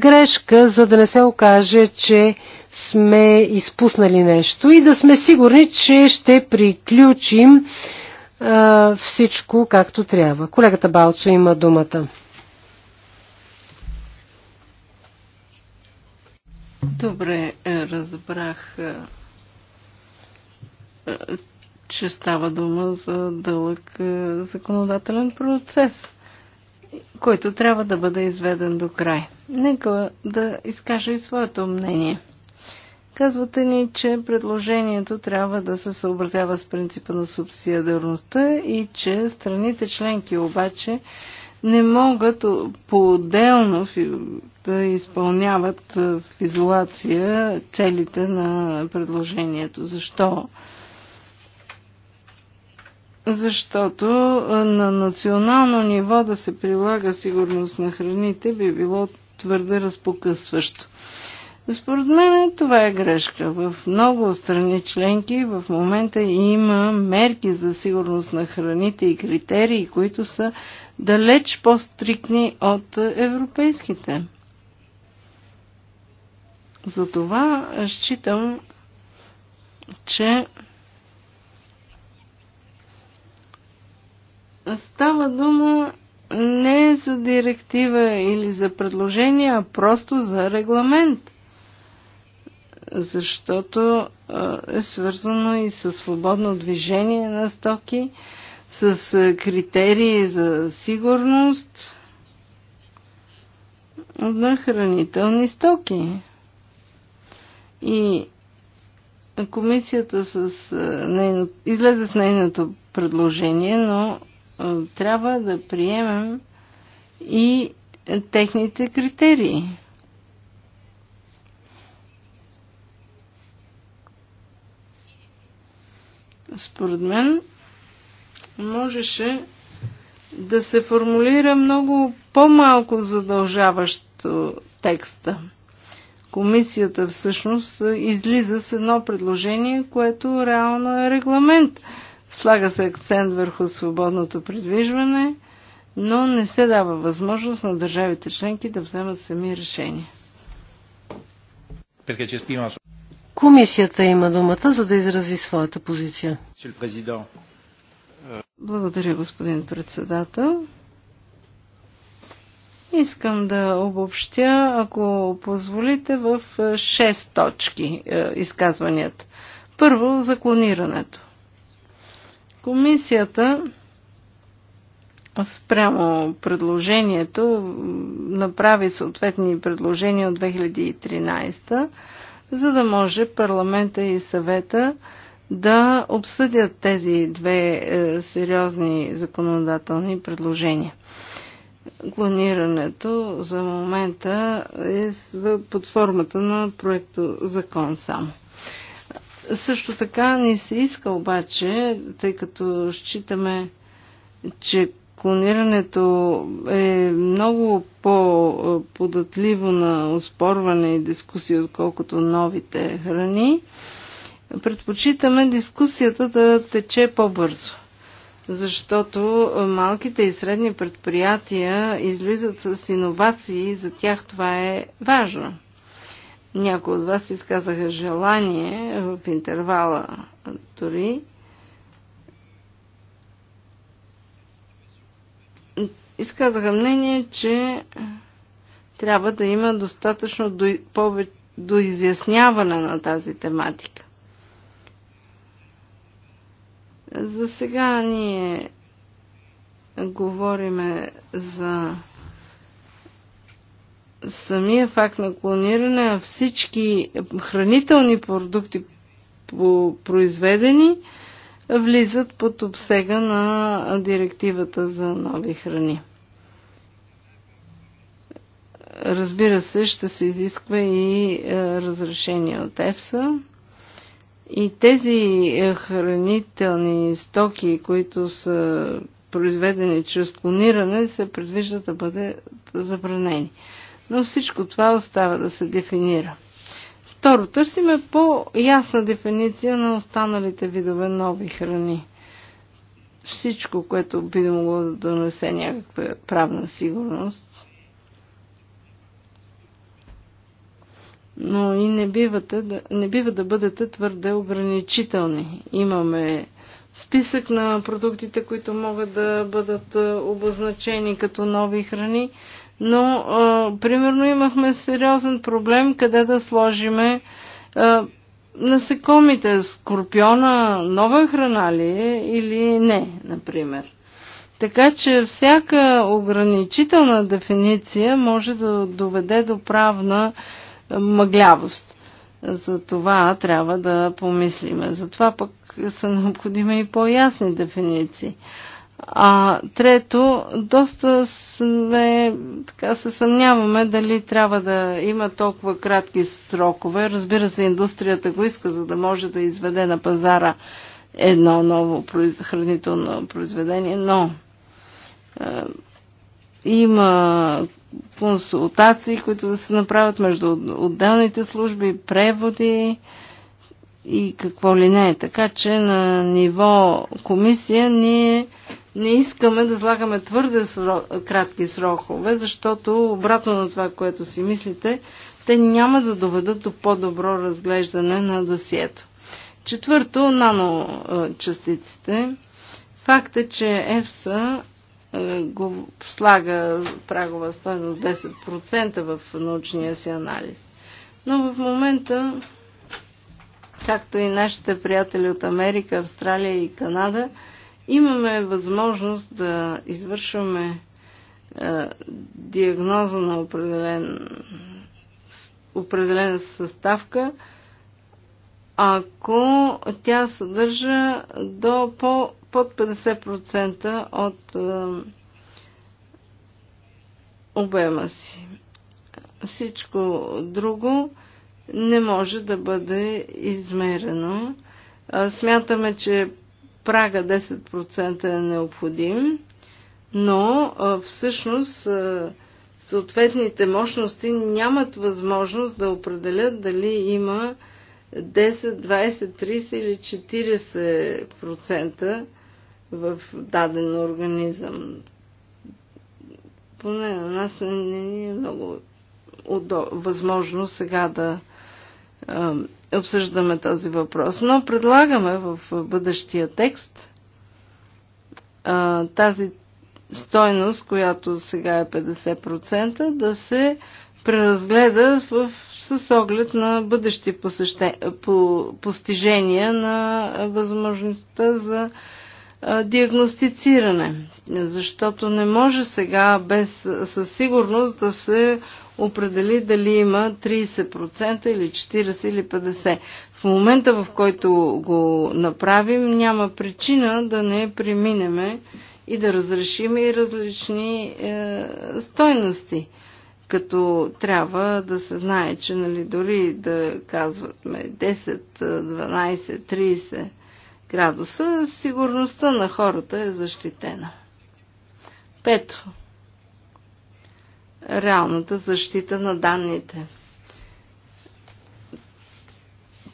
грешка, за да не се окаже, че сме изпуснали нещо и да сме сигурни, че ще приключим е, всичко както трябва. Колегата Балцо има думата. Добре, е, разбрах, е, че става дума за дълъг законодателен процес, който трябва да бъде изведен до край. Нека да изкажа и своето мнение. Казвате ни, че предложението трябва да се съобразява с принципа на субсидиарността и че страните членки обаче не могат по-отделно да изпълняват в изолация целите на предложението. Защо? Защото на национално ниво да се прилага сигурност на храните би било твърде разпокъсващо. Според мен това е грешка. В много страни членки в момента има мерки за сигурност на храните и критерии, които са далеч по-стрикни от европейските. Затова считам, че става дума не за директива или за предложение, а просто за регламент – защото е свързано и с свободно движение на стоки, с критерии за сигурност на хранителни стоки. И комисията с нейно, излезе с нейното предложение, но трябва да приемем и техните критерии. според мен, можеше да се формулира много по-малко задължаващо текста. Комисията всъщност е, излиза с едно предложение, което реално е регламент. Слага се акцент върху свободното придвижване, но не се дава възможност на държавите членки да вземат сами решения. Комисията има думата, за да изрази своята позиция. Благодаря, господин председател. Искам да обобщя, ако позволите, в 6 точки е, изказванията. Първо, за клонирането. Комисията спрямо предложението направи съответни предложения от 2013 за да може парламента и съвета да обсъдят тези две е, сериозни законодателни предложения. Клонирането за момента е под формата на проекто закон само. Също така ни се иска обаче, тъй като считаме, че клонирането е много по-податливо на оспорване и дискусия, отколкото новите храни, предпочитаме дискусията да тече по-бързо. Защото малките и средни предприятия излизат с иновации и за тях това е важно. Някои от вас изказаха желание в интервала дори изказаха мнение, че трябва да има достатъчно до, повече, до изясняване на тази тематика. За сега ние говориме за самия факт на клониране, а всички хранителни продукти произведени влизат под обсега на директивата за нови храни. Разбира се, ще се изисква и е, разрешение от ЕФСА. И тези е, хранителни стоки, които са произведени чрез клониране, се предвижда да бъдат забранени. Но всичко това остава да се дефинира. Второ, търсиме по-ясна дефиниция на останалите видове нови храни. Всичко, което би могло да донесе някаква правна сигурност. Но и не, бивате, да, не бива да бъдете твърде ограничителни. Имаме списък на продуктите, които могат да бъдат обозначени като нови храни, но а, примерно имахме сериозен проблем къде да сложиме а, насекомите, скорпиона, нова храна ли е или не, например. Така че всяка ограничителна дефиниция може да доведе до правна мъглявост. За това трябва да помислиме. Затова пък са необходими и по-ясни дефиниции. А трето, доста сме, така се съмняваме дали трябва да има толкова кратки срокове. Разбира се, индустрията го иска, за да може да изведе на пазара едно ново хранително произведение, но е, има консултации, които да се направят между отделните служби, преводи и какво ли не е. Така че на ниво комисия ние не искаме да слагаме твърде срок, кратки срокове, защото обратно на това, което си мислите, те няма да доведат до по-добро разглеждане на досието. Четвърто, наночастиците. Факт е, че ЕФСА го слага прагова стойност 10% в научния си анализ. Но в момента, както и нашите приятели от Америка, Австралия и Канада, имаме възможност да извършваме е, диагноза на определен, определена съставка, ако тя съдържа до по, под 50% от е, обема си. Всичко друго не може да бъде измерено. Е, смятаме, че прага 10% е необходим, но всъщност съответните мощности нямат възможност да определят дали има 10, 20, 30 или 40% в даден организъм. Поне на нас не, е много удоб... възможно сега да обсъждаме този въпрос, но предлагаме в бъдещия текст тази стойност, която сега е 50%, да се преразгледа в, с оглед на бъдещи посъще, по, постижения на възможността за а, диагностициране. Защото не може сега без, със сигурност да се определи дали има 30% или 40 или 50. В момента, в който го направим, няма причина да не преминеме и да разрешим и различни е, стойности. Като трябва да се знае, че нали, дори да казваме 10, 12, 30 градуса, сигурността на хората е защитена. Пето реалната защита на данните.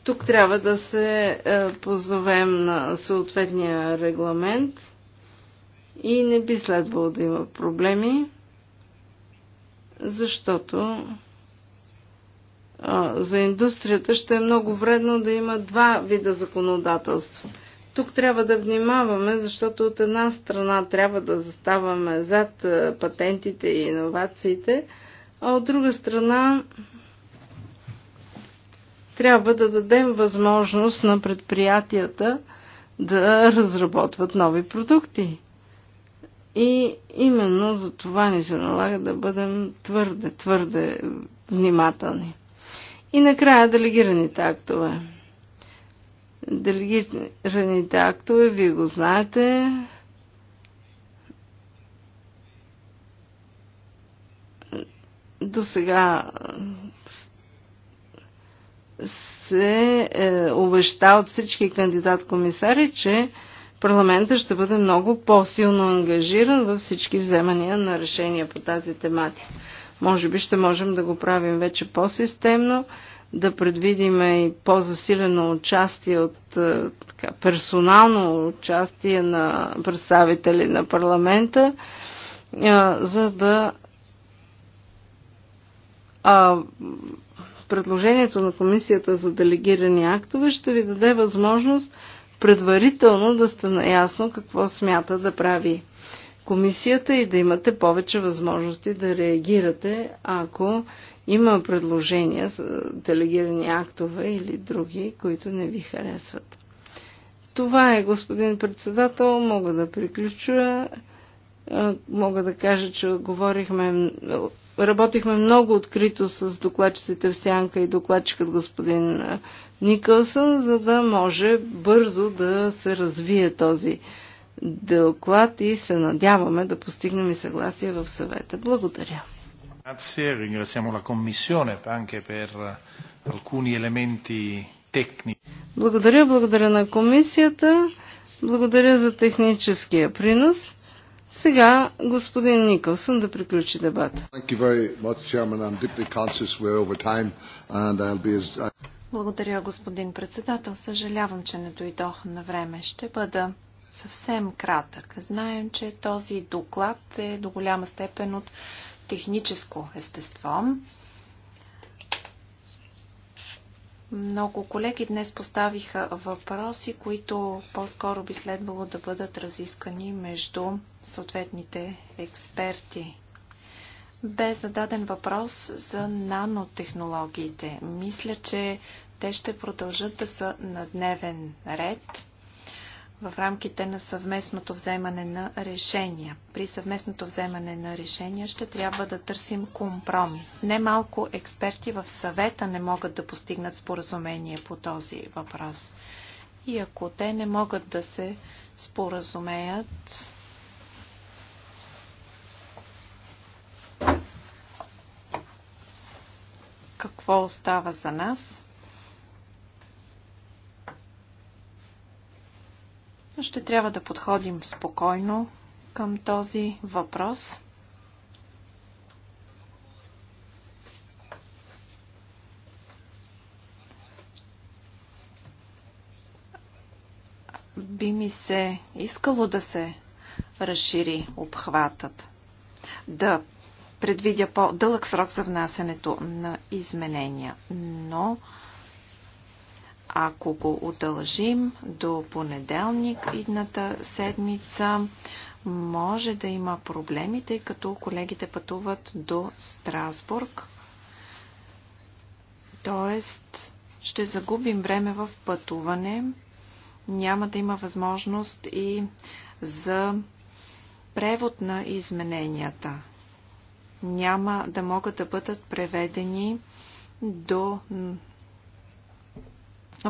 Тук трябва да се е, позовем на съответния регламент и не би следвало да има проблеми, защото е, за индустрията ще е много вредно да има два вида законодателство – тук трябва да внимаваме, защото от една страна трябва да заставаме зад е, патентите и иновациите, а от друга страна трябва да дадем възможност на предприятията да разработват нови продукти. И именно за това ни се налага да бъдем твърде, твърде внимателни. И накрая делегираните актове. Делегираните актове, вие го знаете, до сега се е, обеща от всички кандидат-комисари, че парламента ще бъде много по-силно ангажиран във всички вземания на решения по тази тематика. Може би ще можем да го правим вече по-системно да предвидим и по-засилено участие от е, така, персонално участие на представители на парламента, е, за да а, предложението на комисията за делегирани актове ще ви даде възможност предварително да сте наясно какво смята да прави комисията и да имате повече възможности да реагирате, ако има предложения за делегирани актове или други, които не ви харесват. Това е, господин председател. Мога да приключа. Мога да кажа, че говорихме, работихме много открито с докладчиците в Сянка и докладчикът господин Никълсън, за да може бързо да се развие този доклад и се надяваме да постигнем и съгласие в съвета. Благодаря. Grazie, ringraziamo la Commissione anche per eh, alcuni elementi tecnici. Благодаря, благодаря на комисията, благодаря за техническия принос. Сега господин Николсън да приключи дебата. Uh, благодаря, господин председател. Съжалявам, че не дойдох на време. Ще бъда съвсем кратък. Знаем, че този доклад е до голяма степен от техническо естество. Много колеги днес поставиха въпроси, които по-скоро би следвало да бъдат разискани между съответните експерти. Бе зададен въпрос за нанотехнологиите. Мисля, че те ще продължат да са на дневен ред в рамките на съвместното вземане на решения. При съвместното вземане на решения ще трябва да търсим компромис. Немалко експерти в съвета не могат да постигнат споразумение по този въпрос. И ако те не могат да се споразумеят, какво остава за нас? ще трябва да подходим спокойно към този въпрос. Би ми се искало да се разшири обхватът, да предвидя по-дълъг срок за внасянето на изменения, но ако го удължим до понеделник идната седмица, може да има проблеми, тъй като колегите пътуват до Страсбург. Тоест, ще загубим време в пътуване. Няма да има възможност и за превод на измененията. Няма да могат да бъдат преведени до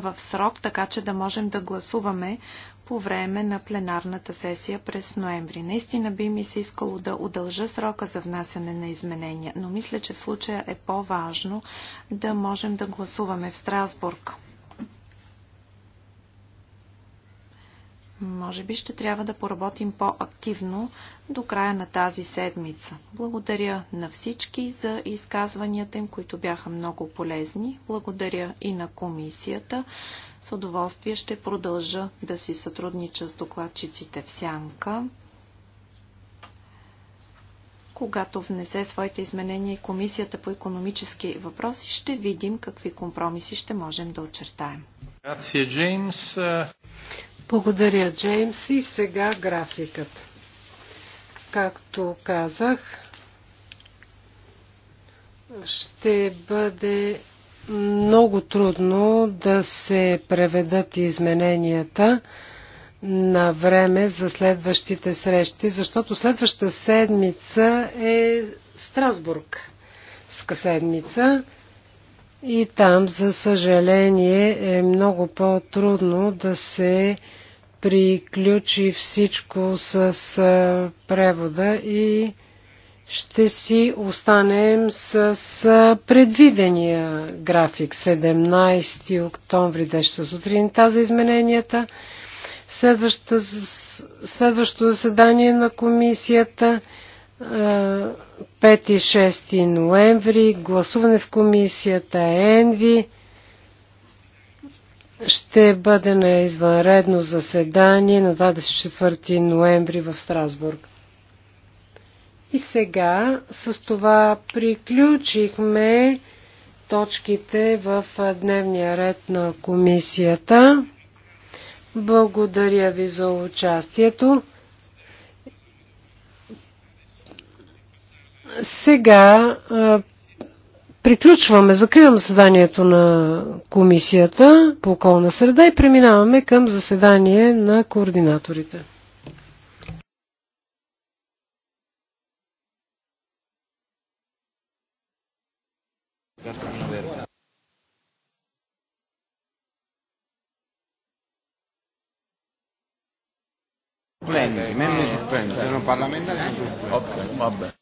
в срок, така че да можем да гласуваме по време на пленарната сесия през ноември. Наистина би ми се искало да удължа срока за внасяне на изменения, но мисля, че в случая е по-важно да можем да гласуваме в Страсбург. Може би ще трябва да поработим по-активно до края на тази седмица. Благодаря на всички за изказванията им, които бяха много полезни. Благодаря и на комисията. С удоволствие ще продължа да си сътруднича с докладчиците в Сянка. Когато внесе своите изменения и Комисията по економически въпроси, ще видим какви компромиси ще можем да очертаем. Грация, Джеймс. Благодаря, Джеймс. И сега графикът. Както казах, ще бъде много трудно да се преведат измененията на време за следващите срещи, защото следващата седмица е Страсбург. Ска седмица. И там, за съжаление, е много по-трудно да се приключи всичко с превода и ще си останем с предвидения график 17 октомври 10 сутринта за измененията. Следващото заседание на комисията 5 и 6 ноември, гласуване в комисията ЕНВИ. Ще бъде на извънредно заседание на 24 ноември в Страсбург. И сега с това приключихме точките в дневния ред на комисията. Благодаря ви за участието. Сега приключваме, закривам заседанието на Комисията по околна среда и преминаваме към заседание на координаторите. Prendi, membri supplenti, sono parlamentari Vabbè.